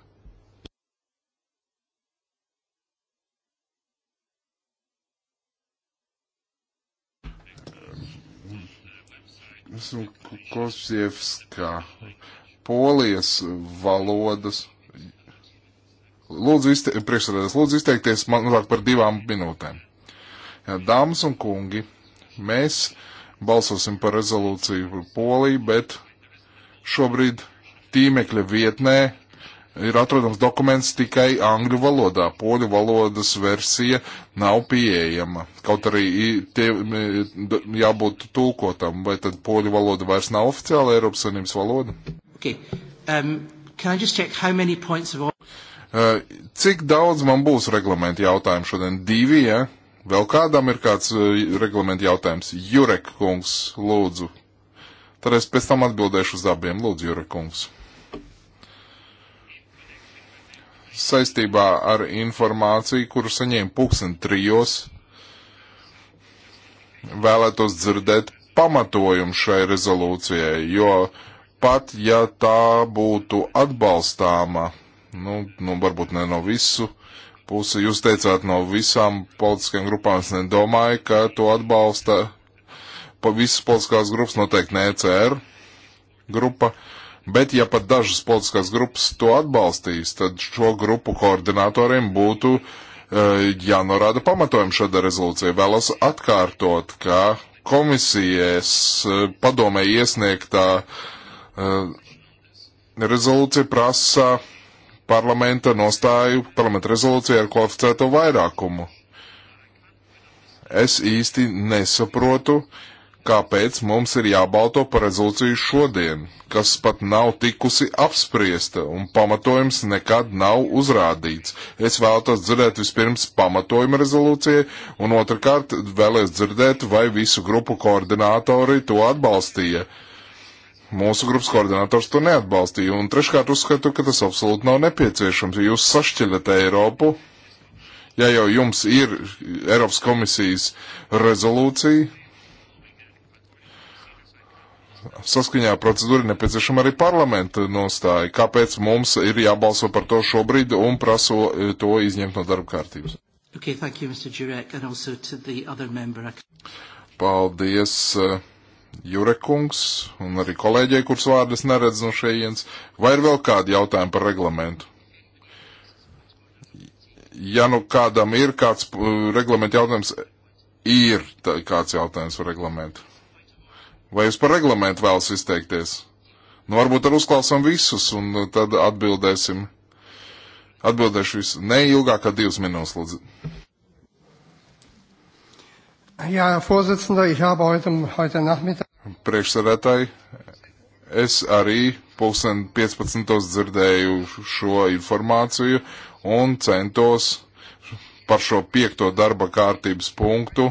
Esmu Kosjevska, polijas valodas. Lūdzu, izte priekšsēdētājs, lūdzu izteikties, manuprāt, par divām minūtēm. Jā, dāmas un kungi, mēs balsosim par rezolūciju par Poliju, bet šobrīd tīmekļa vietnē ir atrodams dokuments tikai angļu valodā. Poļu valodas versija nav pieejama. Kaut arī tie jābūt tulkotam, vai tad poļu valoda vairs nav oficiāla Eiropas Savienības valoda? Okay. Um, of... Uh, cik daudz man būs reglamentu jautājumu šodien? Divi, ja? Vēl kādam ir kāds e, reglamenta jautājums? Jurek kungs, lūdzu. Tad es pēc tam atbildēšu uz abiem. Lūdzu, Jurek kungs. Saistībā ar informāciju, kuru saņēmu pulksten trijos, vēlētos dzirdēt pamatojumu šai rezolūcijai, jo pat ja tā būtu atbalstāma, nu, nu varbūt ne no visu pusi. Jūs teicāt no visām politiskajām grupām, es nedomāju, ka to atbalsta pa visas politiskās grupas, noteikti ne ECR grupa. Bet ja pat dažas politiskās grupas to atbalstīs, tad šo grupu koordinatoriem būtu uh, jānorāda pamatojumi šāda rezolūcija. Vēlos atkārtot, ka komisijas uh, padomē iesniegtā uh, rezolūcija prasa uh, parlamenta nostāju, parlamenta rezolūciju ar kvalificēto vairākumu. Es īsti nesaprotu, kāpēc mums ir jābalto par rezolūciju šodien, kas pat nav tikusi apspriesta un pamatojums nekad nav uzrādīts. Es vēlētos dzirdēt vispirms pamatojumu rezolūcijai un otrkārt vēlēs dzirdēt, vai visu grupu koordinātori to atbalstīja. Uh, Mūsu grupas koordinators to neatbalstīja, un treškārt uzskatu, ka tas absolūti nav nepieciešams, jo jūs sašķeļat Eiropu. Ja jau jums ir Eiropas komisijas rezolūcija, saskaņā procedūra ir nepieciešama arī parlamenta nostāja. Kāpēc mums ir jābalso par to šobrīd un praso e, to izņemt no darba kārtības? Okay, thank you, Mr. Jurek, and also to the other member. Paldies. Uh, Jurekungs un arī kolēģei, kuras vārdas neredz no šejienes. Vai ir vēl kādi jautājumi par reglamentu? Ja nu kādam ir kāds uh, reglamenta jautājums, ir kāds jautājums par reglamentu. Vai jūs par reglamentu vēlas izteikties? Nu, varbūt ar uzklausām visus un uh, tad atbildēsim. Atbildēšu visu. Ne ilgāk kā divas minūtes, lūdzu. Jā, Vorsitzende, ich habe heute, heute Nachmittag. Priekšsēdētāji, es arī pulksten 15. dzirdēju šo informāciju un centos par šo piekto darba kārtības punktu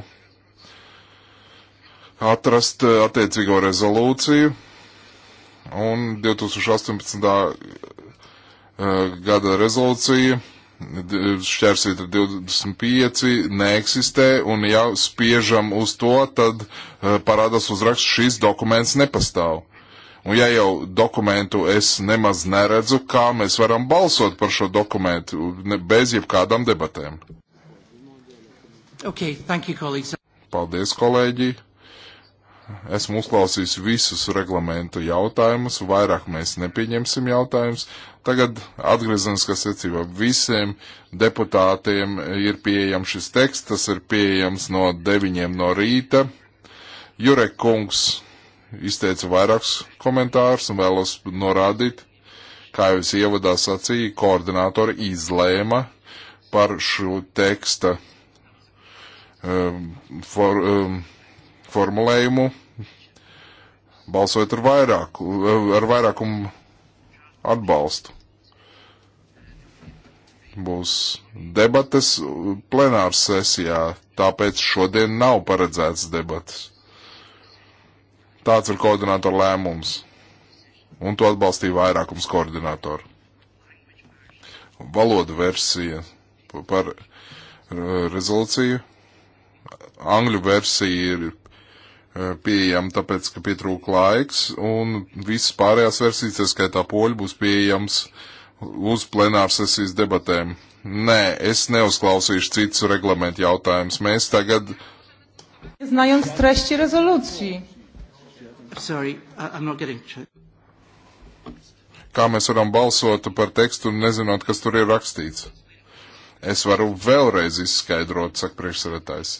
atrast eh, attiecīgo rezolūciju un 2018. Eh, gada rezolūcija šķērsvītra 25 neeksistē un ja spiežam uz to, tad eh, parādās uzraksts šis dokuments nepastāv. Un ja jau dokumentu es nemaz neredzu, kā mēs varam balsot par šo dokumentu bez jebkādām debatēm. Okay, thank you, colleagues. Paldies, kolēģi. Esmu uzklausījis visus reglamentu jautājumus, vairāk mēs nepieņemsim jautājumus. Tagad atgriezeniskā secībā visiem deputātiem ir pieejams šis teksts, tas ir pieejams no 9 no rīta. Jurek kungs izteica vairākus komentārus un vēlos norādīt, kā jau es ievadā sacīju, koordinātori izlēma par šo teksta um, for, um, formulējumu balsojot ar vairāku, ar vairākumu atbalstu būs debates plenāras sesijā, tāpēc šodien nav paredzēts debates. Tāds ir koordinātora lēmums, un to atbalstīja vairākums koordinātoru. Valoda versija par eh, rezolūciju. Angļu versija ir eh, pieejama, tāpēc, ka pietrūk laiks, un visas pārējās versijas, skaitā poļu, būs pieejams uh, uz plenārsesijas debatēm. Nē, es neuzklausīšu citus reglamentu jautājumus. Mēs tagad. Znājot treści rezolūciju. Sorry, I'm not getting Kā mēs varam balsot par tekstu, nezinot, kas tur ir rakstīts? Es varu vēlreiz izskaidrot, saka priekšsēdētājs.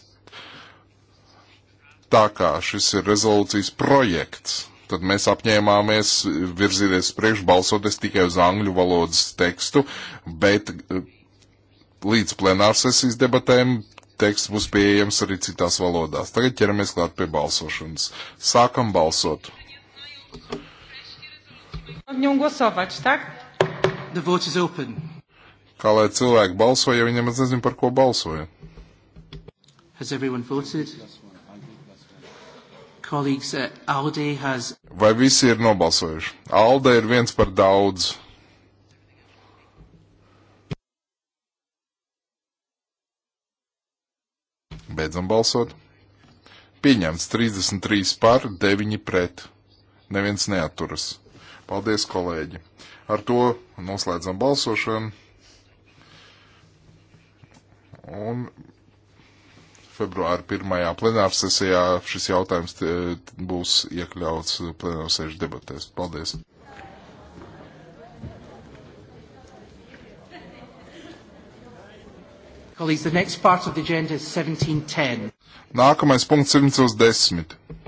Tā kā šis ir rezolūcijas projekts, tad mēs apņēmāmies virzīties priekš balsoties tikai uz angļu valodas tekstu, bet eh, līdz plenārsesijas debatēm teksts būs pieejams arī citās valodās. Tagad ķeramies klāt pie balsošanas. Sākam balsot. Kā lai cilvēki balsoja, ja viņi nemaz nezin, par ko balsoja? Has everyone voted? Yes, Colleagues, uh, Aldi has... Vai visi ir nobalsojuši? Alde ir viens par daudz. Beidzam balsot. Pieņemts 33 par, 9 pret. Neviens neaturas. Paldies, kolēģi. Ar to noslēdzam balsošanu. Un februāra pirmajā plenārsesijā šis jautājums būs iekļauts plenārsēžu debatēs. Paldies! Nākamais punkts 710.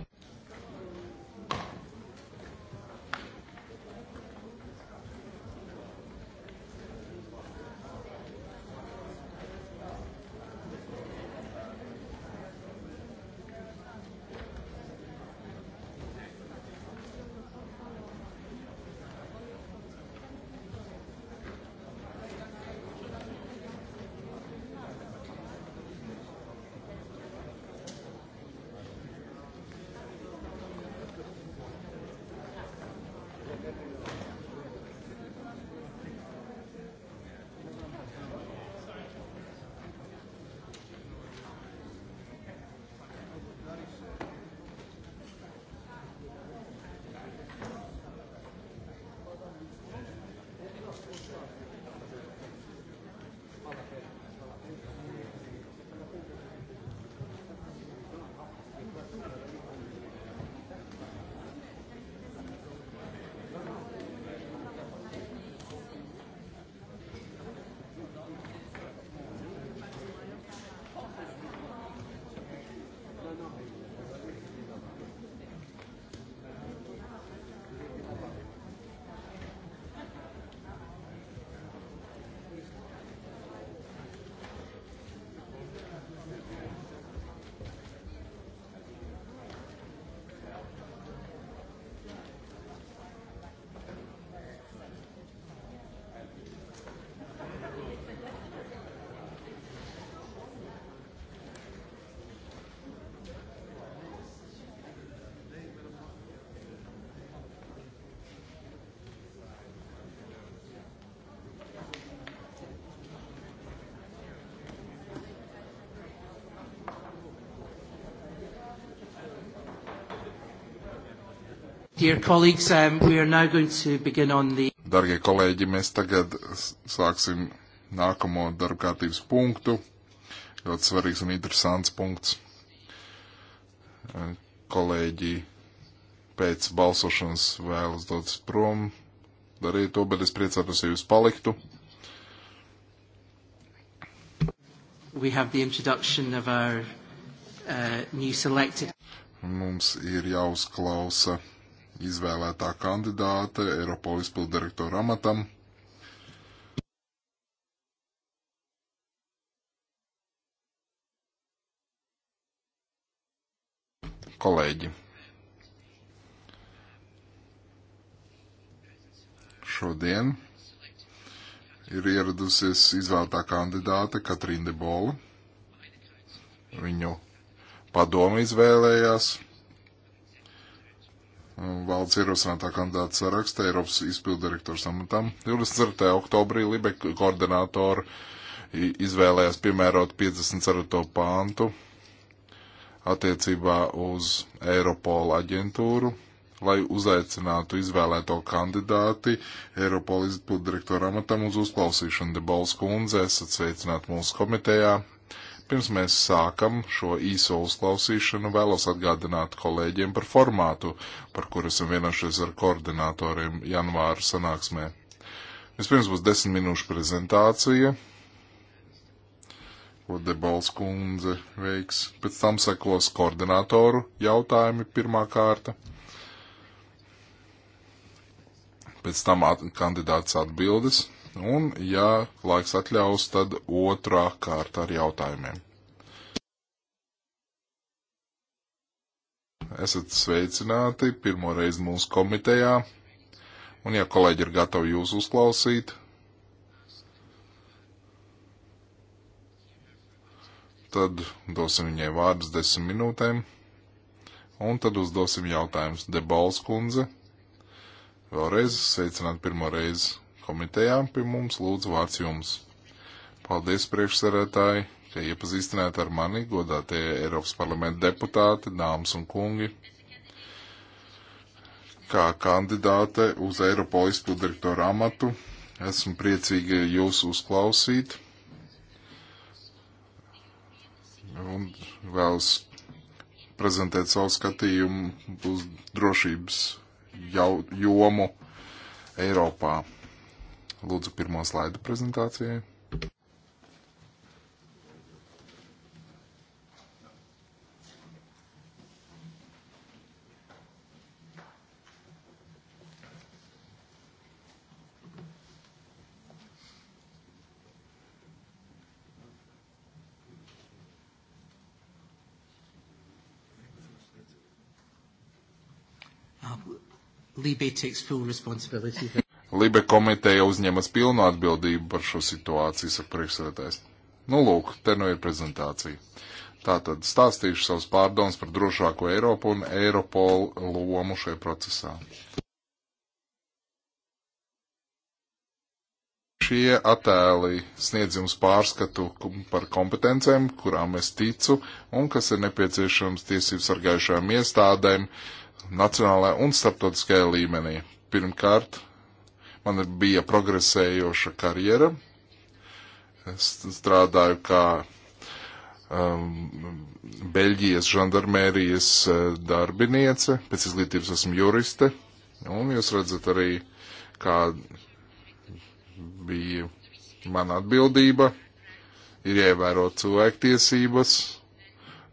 Dear colleagues, um, we are now going to begin on the... Dargie kolēģi, mēs tagad sāksim nākamo darbkārtības punktu. Ļoti svarīgs un interesants punkts. Uh, kolēģi pēc balsošanas vēlas dodas prom. Darīju to, bet es priecātos, ja jūs paliktu. We have the introduction of our uh, new selected. Mums ir jāuzklausa izvēlētā kandidāte Eiropola izpildirektora amatam. Kolēģi, šodien ir ieradusies izvēlētā kandidāte Katrīna Debola. Viņu padomu izvēlējās valdes ierosinātā kandidāta sarakstā Eiropas izpildirektors amatam. 24. oktobrī Libek koordinātori izvēlējās piemērot 54. pāntu attiecībā uz Eiropola aģentūru, lai uzaicinātu izvēlēto kandidāti Eiropola izpildirektora amatam uz uzklausīšanu. Debals kundze, esat sveicināti mūsu komitejā. Pirms mēs sākam šo īso uzklausīšanu, vēlos atgādināt kolēģiem par formātu, par kuru esam vienojušies ar koordinatoriem janvāra sanāksmē. Vispirms būs desmit minūšu prezentācija, ko Debals kundze veiks. Pēc tam sekos koordinatoru jautājumi pirmā kārta. Pēc tam at kandidāts atbildes un, ja laiks atļaus, tad otrā kārta ar jautājumiem. Esat sveicināti pirmo reizi mūsu komitejā, un, ja kolēģi ir gatavi jūs uzklausīt, tad dosim viņai vārdus desmit minūtēm, un tad uzdosim jautājumus Debals kundze. Vēlreiz sveicināt pirmo reizi komitejā pie mums. Lūdzu, vārds jums. Paldies, priekšsarētāji, ka iepazīstināt ar mani, godātie Eiropas parlamenta deputāti, dāmas un kungi. Kā kandidāte uz Eiropas izpildu direktoru amatu, esmu priecīga jūs uzklausīt. Un vēlos prezentēt savu skatījumu uz drošības jau, jomu Eiropā. Lūdzu, pirmo slaidu prezentācijai. Libé takes full responsibility. Libe komiteja uzņemas pilnu atbildību par šo situāciju, saka priekšsēdētājs. Nu, lūk, te nu ir prezentācija. Tātad stāstīšu savus pārdomus par drošāko Eiropu un Eiropolu lomu šajā procesā. Šie attēli sniedz jums pārskatu par kompetencēm, kurām es ticu un kas ir nepieciešams tiesību sargājušajām iestādēm nacionālajā un starptautiskajā līmenī. Pirmkārt, Man bija progresējoša karjera. Es strādāju kā um, Beļģijas žandarmērijas uh, darbiniece, pēc izglītības esmu juriste, un jūs redzat arī, kā bija mana atbildība, ir ievērot cilvēktiesības,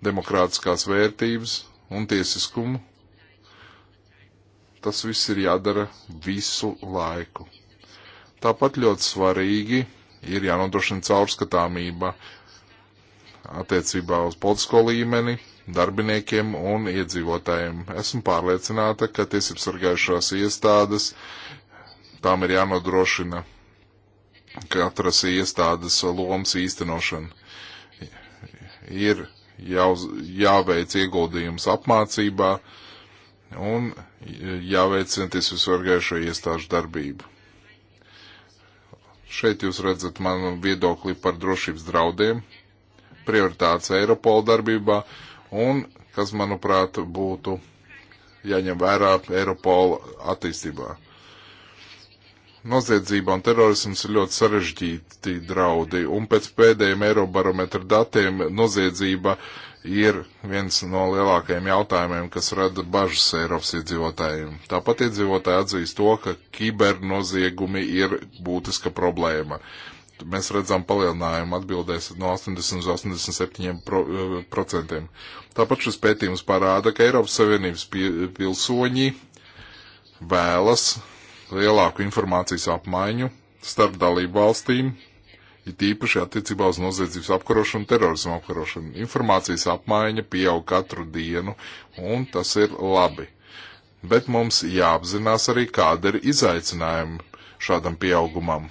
demokrātiskās vērtības un tiesiskumu tas viss ir jādara visu laiku. Tāpat ļoti svarīgi ir jānodrošina caurskatāmība attiecībā uz politisko līmeni, darbiniekiem un iedzīvotājiem. Esmu pārliecināta, ka tiesību sargājušās iestādes tām ir jānodrošina katras iestādes lomas īstenošana. Ir jau, jāveic ieguldījums apmācībā un jāveicina tiesu sargājušo iestāžu darbību. Šeit jūs redzat manu viedokli par drošības draudiem, prioritātes Eiropola darbībā un, kas manuprāt, būtu jāņem vērā Eiropola attīstībā. Noziedzība un terorisms ir ļoti sarežģīti draudi, un pēc pēdējiem Eirobarometra datiem noziedzība uh, ir viens no lielākajiem jautājumiem, kas rada bažas Eiropas iedzīvotājiem. Tāpat iedzīvotāji atzīst to, ka kibernoziegumi ir būtiska problēma. Mēs redzam palielinājumu atbildēs no 80 līdz 87 pro, eh, procentiem. Tāpat šis pētījums parāda, ka Eiropas Savienības pilsoņi vēlas lielāku informācijas apmaiņu starp dalību valstīm it īpaši attiecībā uz noziedzības apkarošanu, terorismu apkarošanu. Informācijas apmaiņa pieaug katru dienu, un tas ir labi. Bet mums jāapzinās arī, kāda ir izaicinājuma šādam pieaugumam.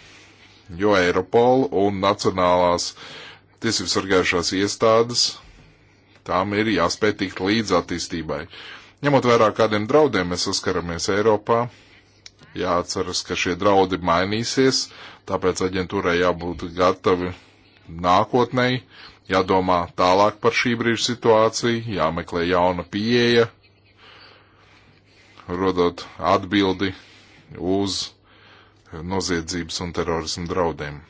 Jo Eiropola un Nacionālās tiesību sargājušās iestādes tām ir jāspēj tikt līdz attīstībai. Ņemot vērā, kādiem draudiem mēs saskaramies Eiropā, Jāatceras, ka šie draudi mainīsies, tāpēc aģentūrai jābūt gatavi nākotnēji, jādomā tālāk par šī brīža situāciju, jāmeklē jauna pieeja, rodot atbildi uz noziedzības un terorismu draudiem.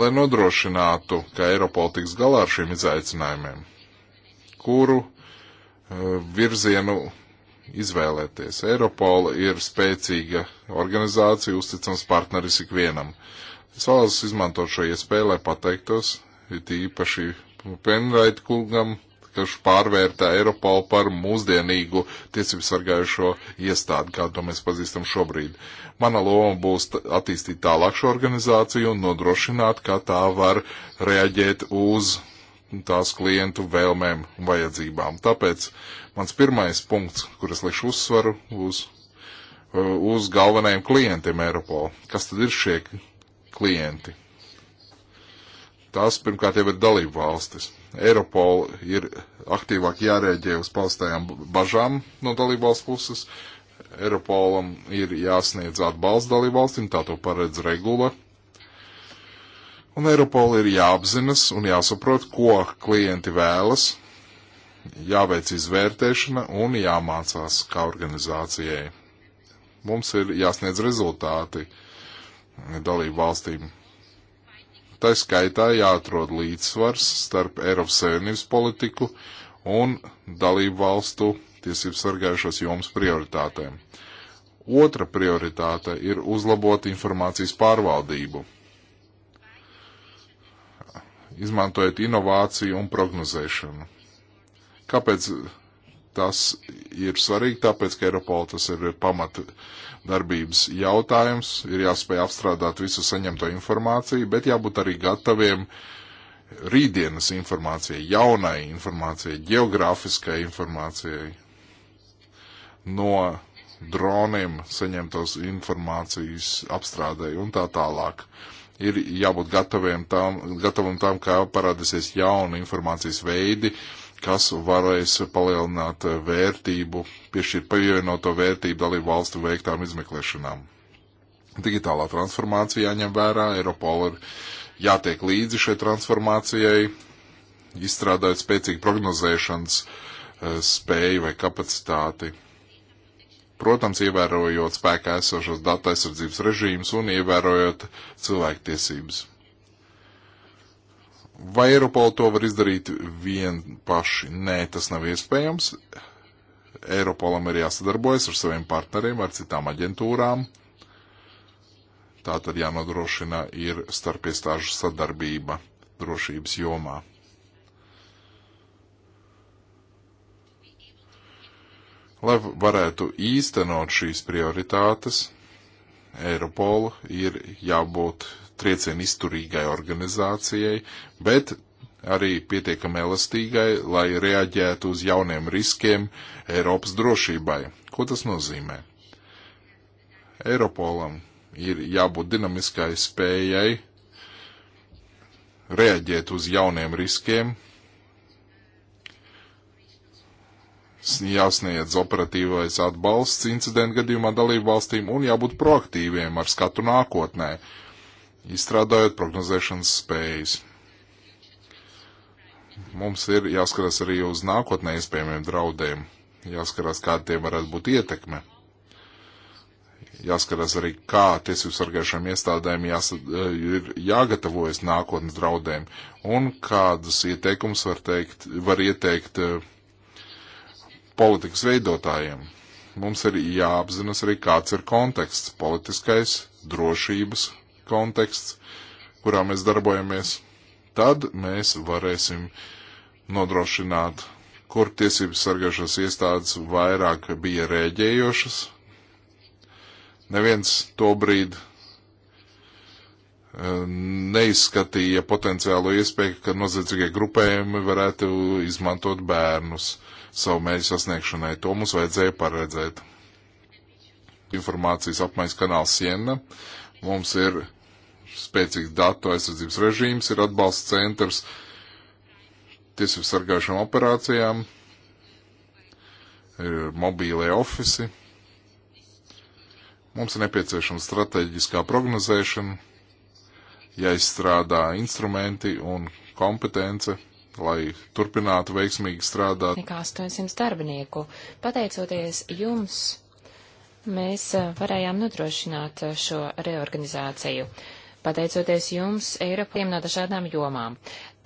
Lai nodrošinātu, ka Eiropola tiks galā ar šiem izaicinājumiem, kuru eh, virzienu izvēlēties. Eiropola ir spēcīga organizācija, uzticams partneris ikvienam. Es vēlos izmantot šo iespēju, lai pateiktos, it īpaši Penraita kungam, kas pārvērtē Eiropolu par mūsdienīgu tiesību sargājušo iestādi, kādu to mēs pazīstam šobrīd. Mana loma būs attīstīt tālāk šo organizāciju un nodrošināt, kā tā var reaģēt uz tās klientu vēlmēm un vajadzībām. Tāpēc Mans pirmais punkts, kuras likšu uzsvaru, uz, uh, uz galvenajiem klientiem Eiropol. Kas tad ir šie klienti? Tās pirmkārt jau ir dalību valstis. Eiropol ir aktīvāk jārēģē uz paustajām bažām no dalību valsts puses. Eiropolam ir jāsniedz atbalsts dalību valstīm, tā to paredz regula. Un Eiropola ir jāapzinas un jāsaprot, ko klienti vēlas jāveic izvērtēšana un jāmācās kā organizācijai. Mums ir jāsniedz rezultāti dalību valstīm. Tā skaitā jāatrod līdzsvars starp Eiropas Savienības politiku un dalību valstu tiesību sargājušos jomas prioritātēm. Otra prioritāte ir uzlabot informācijas pārvaldību, izmantojot inovāciju un prognozēšanu. Kāpēc tas ir svarīgi? Tāpēc, ka Eiropā tas ir pamata darbības jautājums, ir jāspēj apstrādāt visu saņemto informāciju, bet jābūt arī gataviem rītdienas informācijai, jaunai informācijai, geogrāfiskai informācijai, no droniem saņemtos informācijas apstrādēji un tā tālāk. Ir jābūt gataviem tam, gataviem tam, kā parādīsies jauni informācijas veidi, uh, kas varēs palielināt vērtību, piešķirt pievienoto vērtību dalību valstu veiktām izmeklēšanām. Digitālā transformācija jāņem vērā, Eiropola ir jātiek līdzi šai transformācijai, izstrādājot spēcīgu prognozēšanas e, spēju vai kapacitāti. Protams, ievērojot spēkā esošos datu aizsardzības režīmus un ievērojot cilvēktiesības. Vai Eiropola to var izdarīt vien paši? Nē, tas nav iespējams. Eiropolam ir jāsadarbojas ar saviem partneriem, ar citām aģentūrām. Tā tad jānodrošina ir starpiestāžu sadarbība drošības jomā. Lai varētu īstenot šīs prioritātes, Eiropola ir jābūt triecienu izturīgai organizācijai, bet arī pietiekami elastīgai, lai reaģētu uz jauniem riskiem Eiropas drošībai. Ko tas nozīmē? Eiropolam ir jābūt dinamiskai spējai reaģēt uz jauniem riskiem, jāsniedz operatīvais atbalsts incidentu gadījumā dalību valstīm un jābūt proaktīviem ar skatu nākotnē. Uh, izstrādājot prognozēšanas spējas. Mums ir jāskatās arī uz nākotnē iespējamiem draudiem, jāskatās, kāda tie varētu būt ietekme. Jāskatās arī, kā tiesību sargājušām iestādēm jās, eh, ir jāgatavojas nākotnes draudēm un kādus ieteikumus var, teikt, var ieteikt eh, politikas veidotājiem mums ir jāapzinas arī, kāds ir konteksts - politiskais, drošības, konteksts, kurā mēs darbojamies, tad mēs varēsim nodrošināt, kur tiesības sargājušās iestādes vairāk bija rēģējošas. Neviens to brīdi eh, neizskatīja potenciālo iespēju, ka noziedzīgie grupējumi varētu izmantot bērnus savu mērķu sasniegšanai. To mums vajadzēja paredzēt. Informācijas apmaiņas kanāls Siena. Mums ir spēcīgs datu aizsardzības režīms, ir atbalsts centrs tiesību sargājušām operācijām, ir mobīlie ofisi. Mums ir nepieciešama strateģiskā prognozēšana, jāizstrādā instrumenti un kompetence, lai turpinātu veiksmīgi strādāt. Nekā 800 darbinieku. Pateicoties jums, mēs eh, varējām nodrošināt eh, šo reorganizāciju pateicoties jums, Eiropiem no dažādām jomām.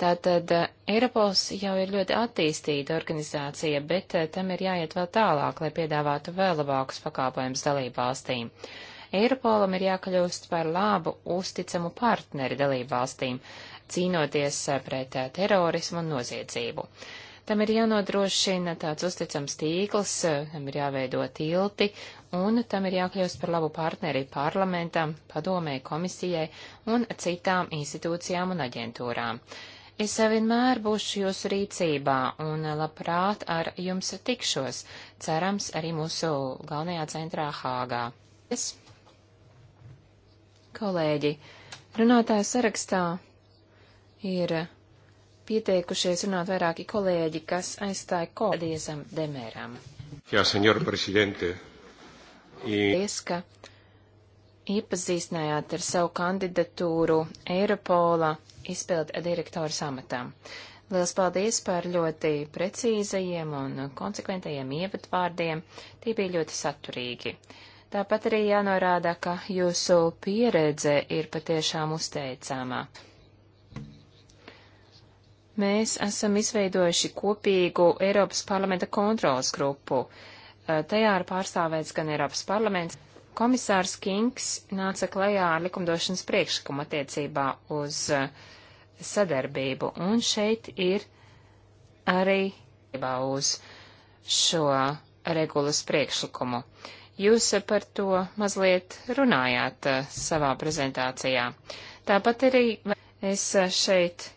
Tātad eh, Eiropols jau ir ļoti attīstīta organizācija, bet eh, tam ir jāiet vēl tālāk, lai piedāvātu vēl labākus pakāpojumus dalībvalstīm. Eiropolam ir jākļūst par labu, uzticamu partneri dalībvalstīm, cīnoties eh, pret terorismu un noziedzību. Tam ir jānodrošina tāds uzticams tīkls, tam ir jāveido tilti un tam ir jākļūst par labu partneri parlamentam, padomē, komisijai un citām institūcijām un aģentūrām. Es vienmēr būšu jūsu rīcībā un labprāt ar jums tikšos, cerams, arī mūsu galvenajā centrā Hāgā. Es... Kolēģi, runātāju sarakstā ir pieteikušies runāt vairāki kolēģi, kas aizstāja kolēģiezam Demēram. Jā, senjor prezidente, Paldies, ka iepazīstinājāt ar savu kandidatūru Eiropola izpildu direktoru samatām. Liels paldies par ļoti precīzajiem un konsekventajiem ievadvārdiem, tie bija ļoti saturīgi. Tāpat arī jānorāda, ka jūsu pieredze ir patiešām uzteicāmā. Mēs esam izveidojuši kopīgu Eiropas parlamenta kontrolas grupu. Eh, tajā ir pārstāvēts gan Eiropas parlaments. Komisārs Kings nāca klajā ar likumdošanas priekšlikumu attiecībā uz eh, sadarbību, un šeit ir arī uz šo regulas priekšlikumu. Jūs par to mazliet runājāt eh, savā prezentācijā. Tāpat arī es šeit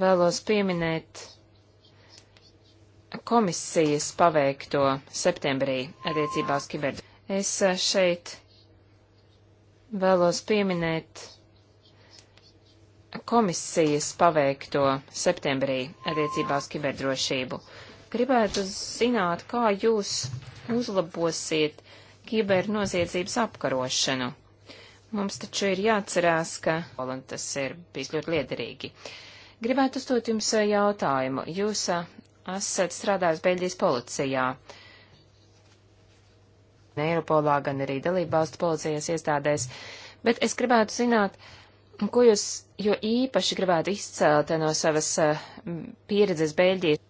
vēlos pieminēt komisijas paveikto septembrī attiecībā uz kiber. Es eh, šeit vēlos pieminēt komisijas paveikto septembrī attiecībā uz kiberdrošību. Gribētu zināt, kā jūs uzlabosiet kibernoziedzības apkarošanu. Mums taču ir jāatcerās, ka un tas ir bijis ļoti liederīgi. Gribētu uzdot jums eh, jautājumu. Jūs eh, esat strādājis Beļģijas policijā. Gan Eiropolā, gan arī dalībvalstu policijas iestādēs, bet es gribētu zināt, ko jūs jo īpaši gribētu izcelt no savas pieredzes Beļģijas.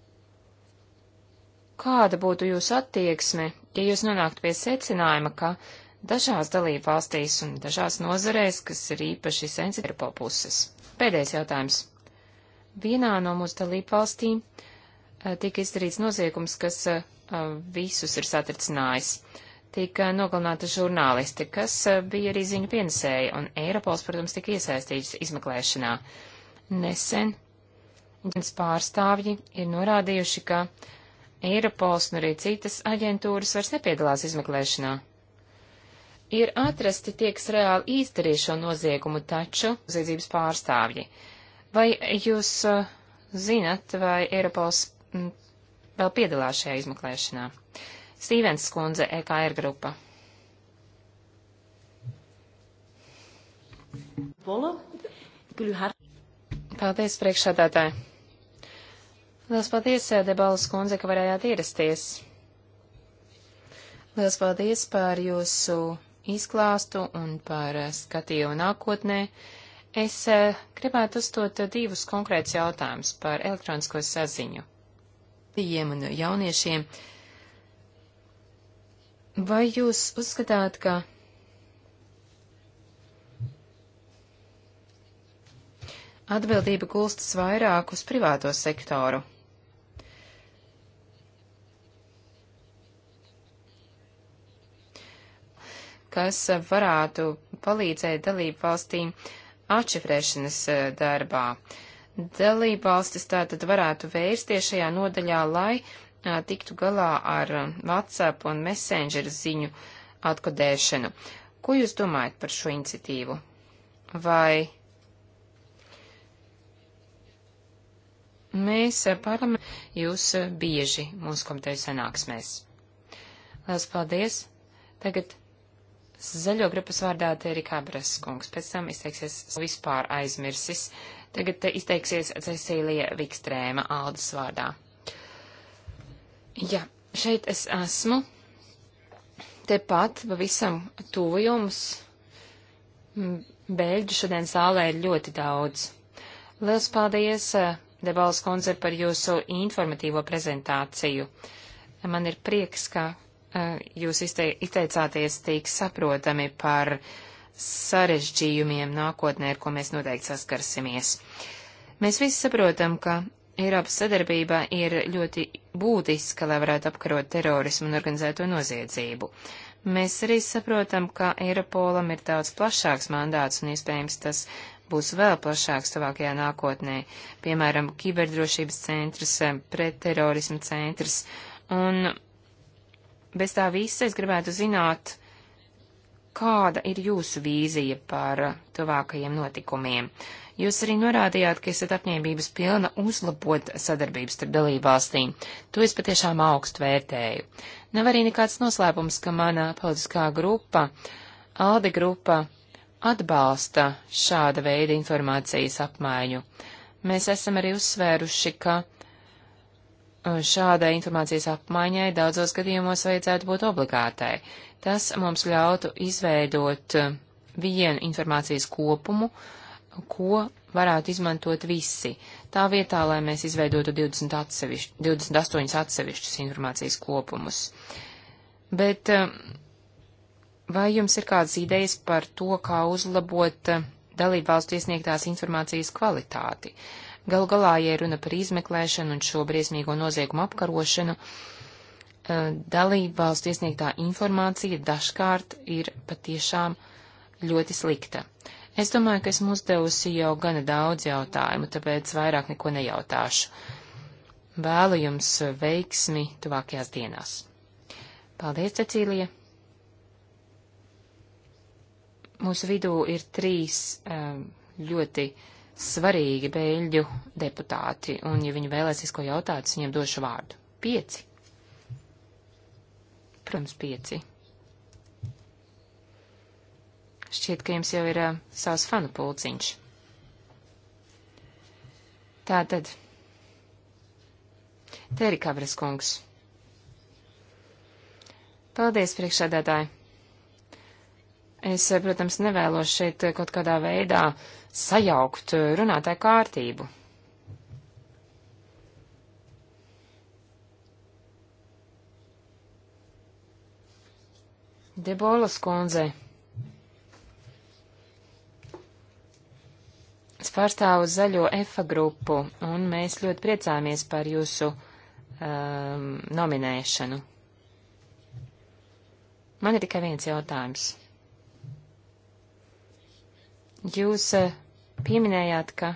Kāda būtu jūsu attieksme, ja jūs nonāktu pie secinājuma, ka dažās dalībvalstīs un dažās nozarēs, kas ir īpaši sensitīvi po puses? Pēdējais jautājums. Vienā no mūsu dalībvalstīm Eh, tika izdarīts noziegums, kas eh, eh, visus ir satricinājis. Tika nogalināta žurnālisti, kas bija arī ziņu pienesēji, un Eiropols, protams, tika iesaistīts izmeklēšanā. Nesen ģimenes pārstāvji ir norādījuši, ka Eiropols un arī citas aģentūras vairs nepiedalās izmeklēšanā. Ir atrasti tie, kas reāli izdarīja šo noziegumu, taču ziedzības pārstāvji. Vai jūs uh, zinat, vai Eiropols vēl piedalās šajā izmeklēšanā. Stīvens skundze, EKR grupa. Paldies, priekšsādātāji. Lielas paldies, eh, Debalas kundze, ka varējāt ierasties. Lielas paldies par jūsu izklāstu un par eh, skatījumu nākotnē. Es eh, gribētu uzdot divus konkrētus jautājumus par elektronisko saziņu pieejiem un no jauniešiem. Vai jūs uzskatāt, ka atbildība gulstas vairāk uz privāto sektoru? kas varētu palīdzēt dalību valstīm atšifrēšanas eh, darbā. Uh, dalībvalstis tātad varētu vērsties šajā nodaļā, lai a, tiktu galā ar WhatsApp un Messenger ziņu atkodēšanu. Ko jūs domājat par šo iniciatīvu? Vai mēs parlamentā jūs bieži mūsu komiteju sanāksmēs? Lielas paldies! Tagad zaļo grupas vārdā Tērika Abras kungs, pēc tam izteiksies vispār aizmirsis. Uh, Tagad izteiksies Cecīlija Vikstrēma Aldas vārdā. Jā, šeit es esmu. Tepat pavisam tuvu jums. Bēļģu šodien zālē ir ļoti daudz. Liels paldies, eh, Debals kundze, par jūsu informatīvo prezentāciju. Man ir prieks, ka eh, jūs izteicāties tik saprotami par uh, sarežģījumiem nākotnē, ar ko mēs noteikti saskarsimies. Mēs visi saprotam, ka Eiropas sadarbība ir ļoti būtiska, lai varētu apkarot terorismu un organizēto noziedzību. Mēs arī saprotam, ka Eiropolam ir daudz plašāks mandāts un iespējams tas būs vēl plašāks tuvākajā nākotnē, piemēram, kiberdrošības centrs, eh, pretterorismu centrs. Un bez tā visa es gribētu zināt, kāda ir jūsu vīzija par tuvākajiem notikumiem? Jūs arī norādījāt, ka esat apņēmības pilna uzlabot sadarbības starp dalībvalstīm. To es patiešām augstu vērtēju. Nav arī nekāds noslēpums, ka mana politiskā grupa, ALDE grupa, atbalsta šāda veida informācijas apmaiņu. Mēs esam arī uzsvēruši, ka uh, šādai informācijas apmaiņai daudzos gadījumos vajadzētu būt obligātai. Tas mums ļautu izveidot eh, vienu informācijas kopumu, ko varētu izmantot visi. Tā vietā, lai mēs izveidotu 20 atsevišķ, 28 atsevišķus informācijas kopumus. Bet eh, vai jums ir kādas idejas par to, kā uzlabot eh, dalību valstu iesniegtās informācijas kvalitāti? Galu galā, ja runa par izmeklēšanu un šo briesmīgo noziegumu apkarošanu, uh, dalību valstu iesniegtā informācija dažkārt ir patiešām ļoti slikta. Es domāju, ka esmu uzdevusi jau gana daudz jautājumu, tāpēc vairāk neko nejautāšu. Vēlu jums veiksmi tuvākajās dienās. Paldies, Cecīlija! Mūsu vidū ir trīs ļoti svarīgi beļģu deputāti, un ja viņi vēlēsies ko jautāt, es viņiem došu vārdu. Pieci! Protams, pieci. Šķiet, ka jums jau ir uh, savs fanu pulciņš. Tātad. Te ir Kabras kungs. Paldies, priekšsēdētāji. Es, protams, nevēlos šeit kaut kādā veidā sajaukt runātāju kārtību. Debolas kundzei. Es pārstāvu zaļo EFA grupu, un mēs ļoti priecāmies par jūsu um, nominēšanu. Man ir tikai viens jautājums. Jūs uh, pieminējāt, ka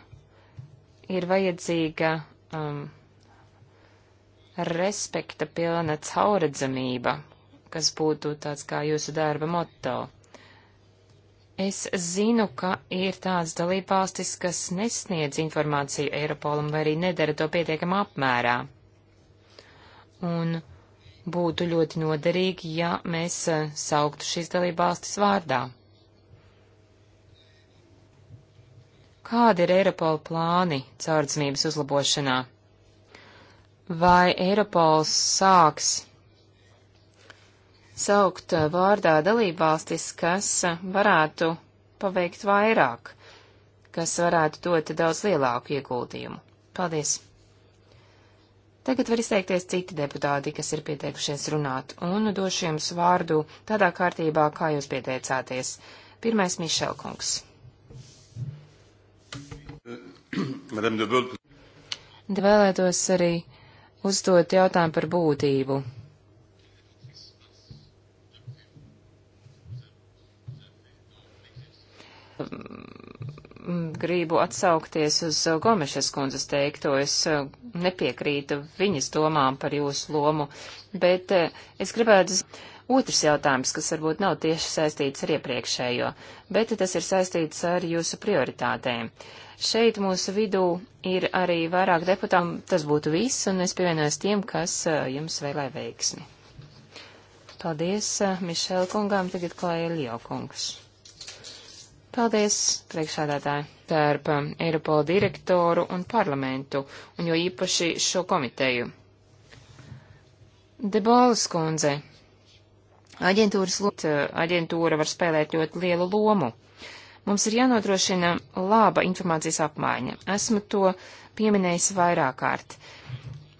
ir vajadzīga um, respekta pilna cauredzamība, kas būtu tāds kā jūsu darba moto. Es zinu, ka ir tāds dalībvalstis, kas nesniedz informāciju Eiropolam vai arī nedara to pietiekamā apmērā. Un būtu ļoti noderīgi, ja mēs eh, sauktu šīs dalībvalstis vārdā. Kādi ir Eiropola plāni caurdzmības uzlabošanā? Vai Eiropols sāks saukt eh, vārdā dalībvalstis, kas eh, varētu paveikt vairāk, kas varētu dot daudz lielāku ieguldījumu. Paldies! Tagad var izteikties citi deputāti, kas ir pieteikušies runāt, un došu jums vārdu tādā kārtībā, kā jūs pieteicāties. Pirmais Mišelkungs. Vēlētos arī uzdot jautājumu par būtību. Mm, gribu atsaukties uz Gomešas kundzes teikto. Es eh, nepiekrītu viņas domām par jūsu lomu, bet eh, es gribētu. Otrs jautājums, kas varbūt nav tieši saistīts ar iepriekšējo, bet tas ir saistīts ar jūsu prioritātēm. Šeit mūsu vidū ir arī vairāk deputātu, tas būtu viss, un es pievienojos tiem, kas eh, jums vēlē veiksmi. Paldies Mišēla kungām, tagad klāja Lio kungs. Paldies, priekšsādātāji, starp um, Eiropola direktoru un parlamentu, un jo īpaši šo komiteju. Debolas kundze. Aģentūras lūgt, aģentūra var spēlēt ļoti lielu lomu. Mums ir jānodrošina laba informācijas apmaiņa. Esmu to pieminējis vairāk kārt.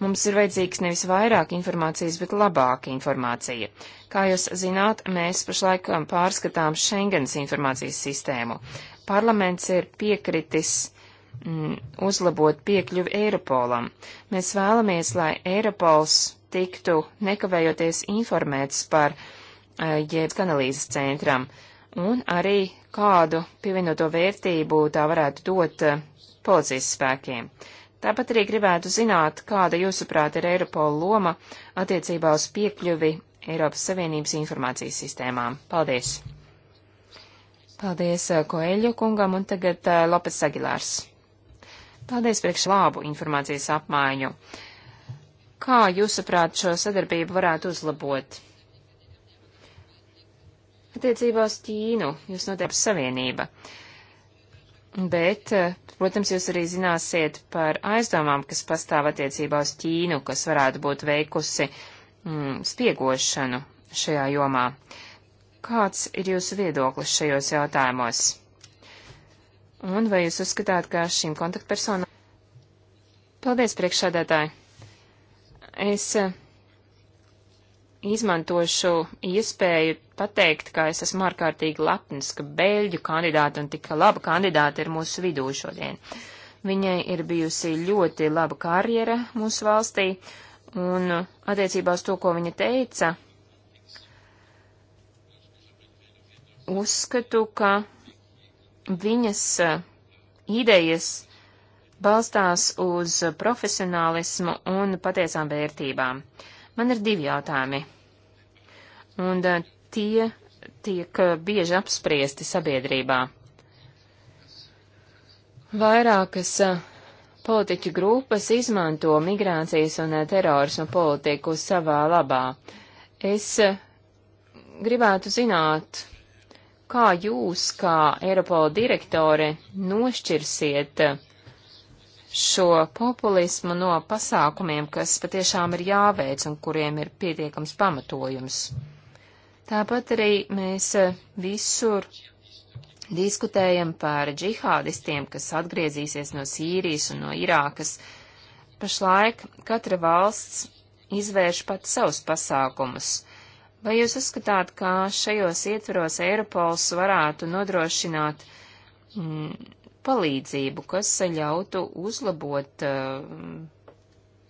Mums ir vajadzīgs nevis vairāk informācijas, bet labāka informācija. Kā jūs zināt, mēs pašlaik um, pārskatām Schengens informācijas sistēmu. Parlaments ir piekritis mm, uzlabot piekļuvi Eiropolam. Mēs vēlamies, lai Eiropols tiktu nekavējoties informēts par uh, jebkas analīzes centram un arī kādu pievienoto vērtību tā varētu dot uh, policijas spēkiem. Tāpat arī gribētu zināt, kāda jūsuprāt ir Eiropola loma attiecībā uz piekļuvi Eiropas Savienības informācijas sistēmām. Paldies! Paldies uh, Koeļu kungam un tagad uh, Lopes Agilārs. Paldies priekš labu informācijas apmaiņu. Kā jūsuprāt šo sadarbību varētu uzlabot? Attiecībā uz Ķīnu jūs noteikti savienība. Bet, uh, protams, jūs arī zināsiet par aizdomām, kas pastāv attiecībā uz Ķīnu, kas varētu būt veikusi uh, mm, spiegošanu šajā jomā. Kāds ir jūsu viedoklis šajos jautājumos? Un vai jūs uzskatāt, ka šīm kontaktpersonām. Paldies, priekšsādātāji! Es eh, izmantošu iespēju pateikt, ka es esmu ārkārtīgi lepns, ka Beļģu kandidāta un tik laba kandidāta ir mūsu vidū šodien. Viņai ir bijusi ļoti laba karjera mūsu valstī, uh, Un attiecībā uz to, ko viņa teica, uzskatu, ka viņas eh, idejas balstās uz profesionālismu un patiesām vērtībām. Man ir divi jautājumi, un eh, tie tiek eh, bieži apspriesti sabiedrībā. Vairākas politiķu grupas izmanto migrācijas un eh, terorismu politiku savā labā. Es eh, gribētu zināt, kā jūs, kā Eiropola direktore, nošķirsiet eh, šo populismu no pasākumiem, kas patiešām ir jāveic un kuriem ir pietiekams pamatojums. Tāpat arī mēs visur Diskutējam par džihādistiem, kas atgriezīsies no Sīrijas un no Irākas. Pašlaik katra valsts izvērš pat savus pasākumus. Vai jūs uzskatāt, ka šajos ietveros Eiropols varētu nodrošināt mm, palīdzību, kas ļautu uzlabot uh,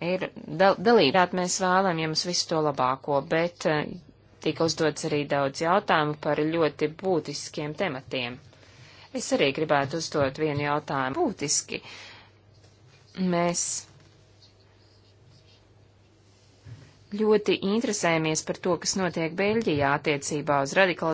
eh, ir dal dalībāt. Mēs vēlam jums visu to labāko, bet uh, tika uzdots arī daudz jautājumu par ļoti būtiskiem tematiem. Es arī gribētu uzdot vienu jautājumu. Būtiski mēs ļoti interesējamies par to, kas notiek Beļģijā attiecībā uz radikalizāciju.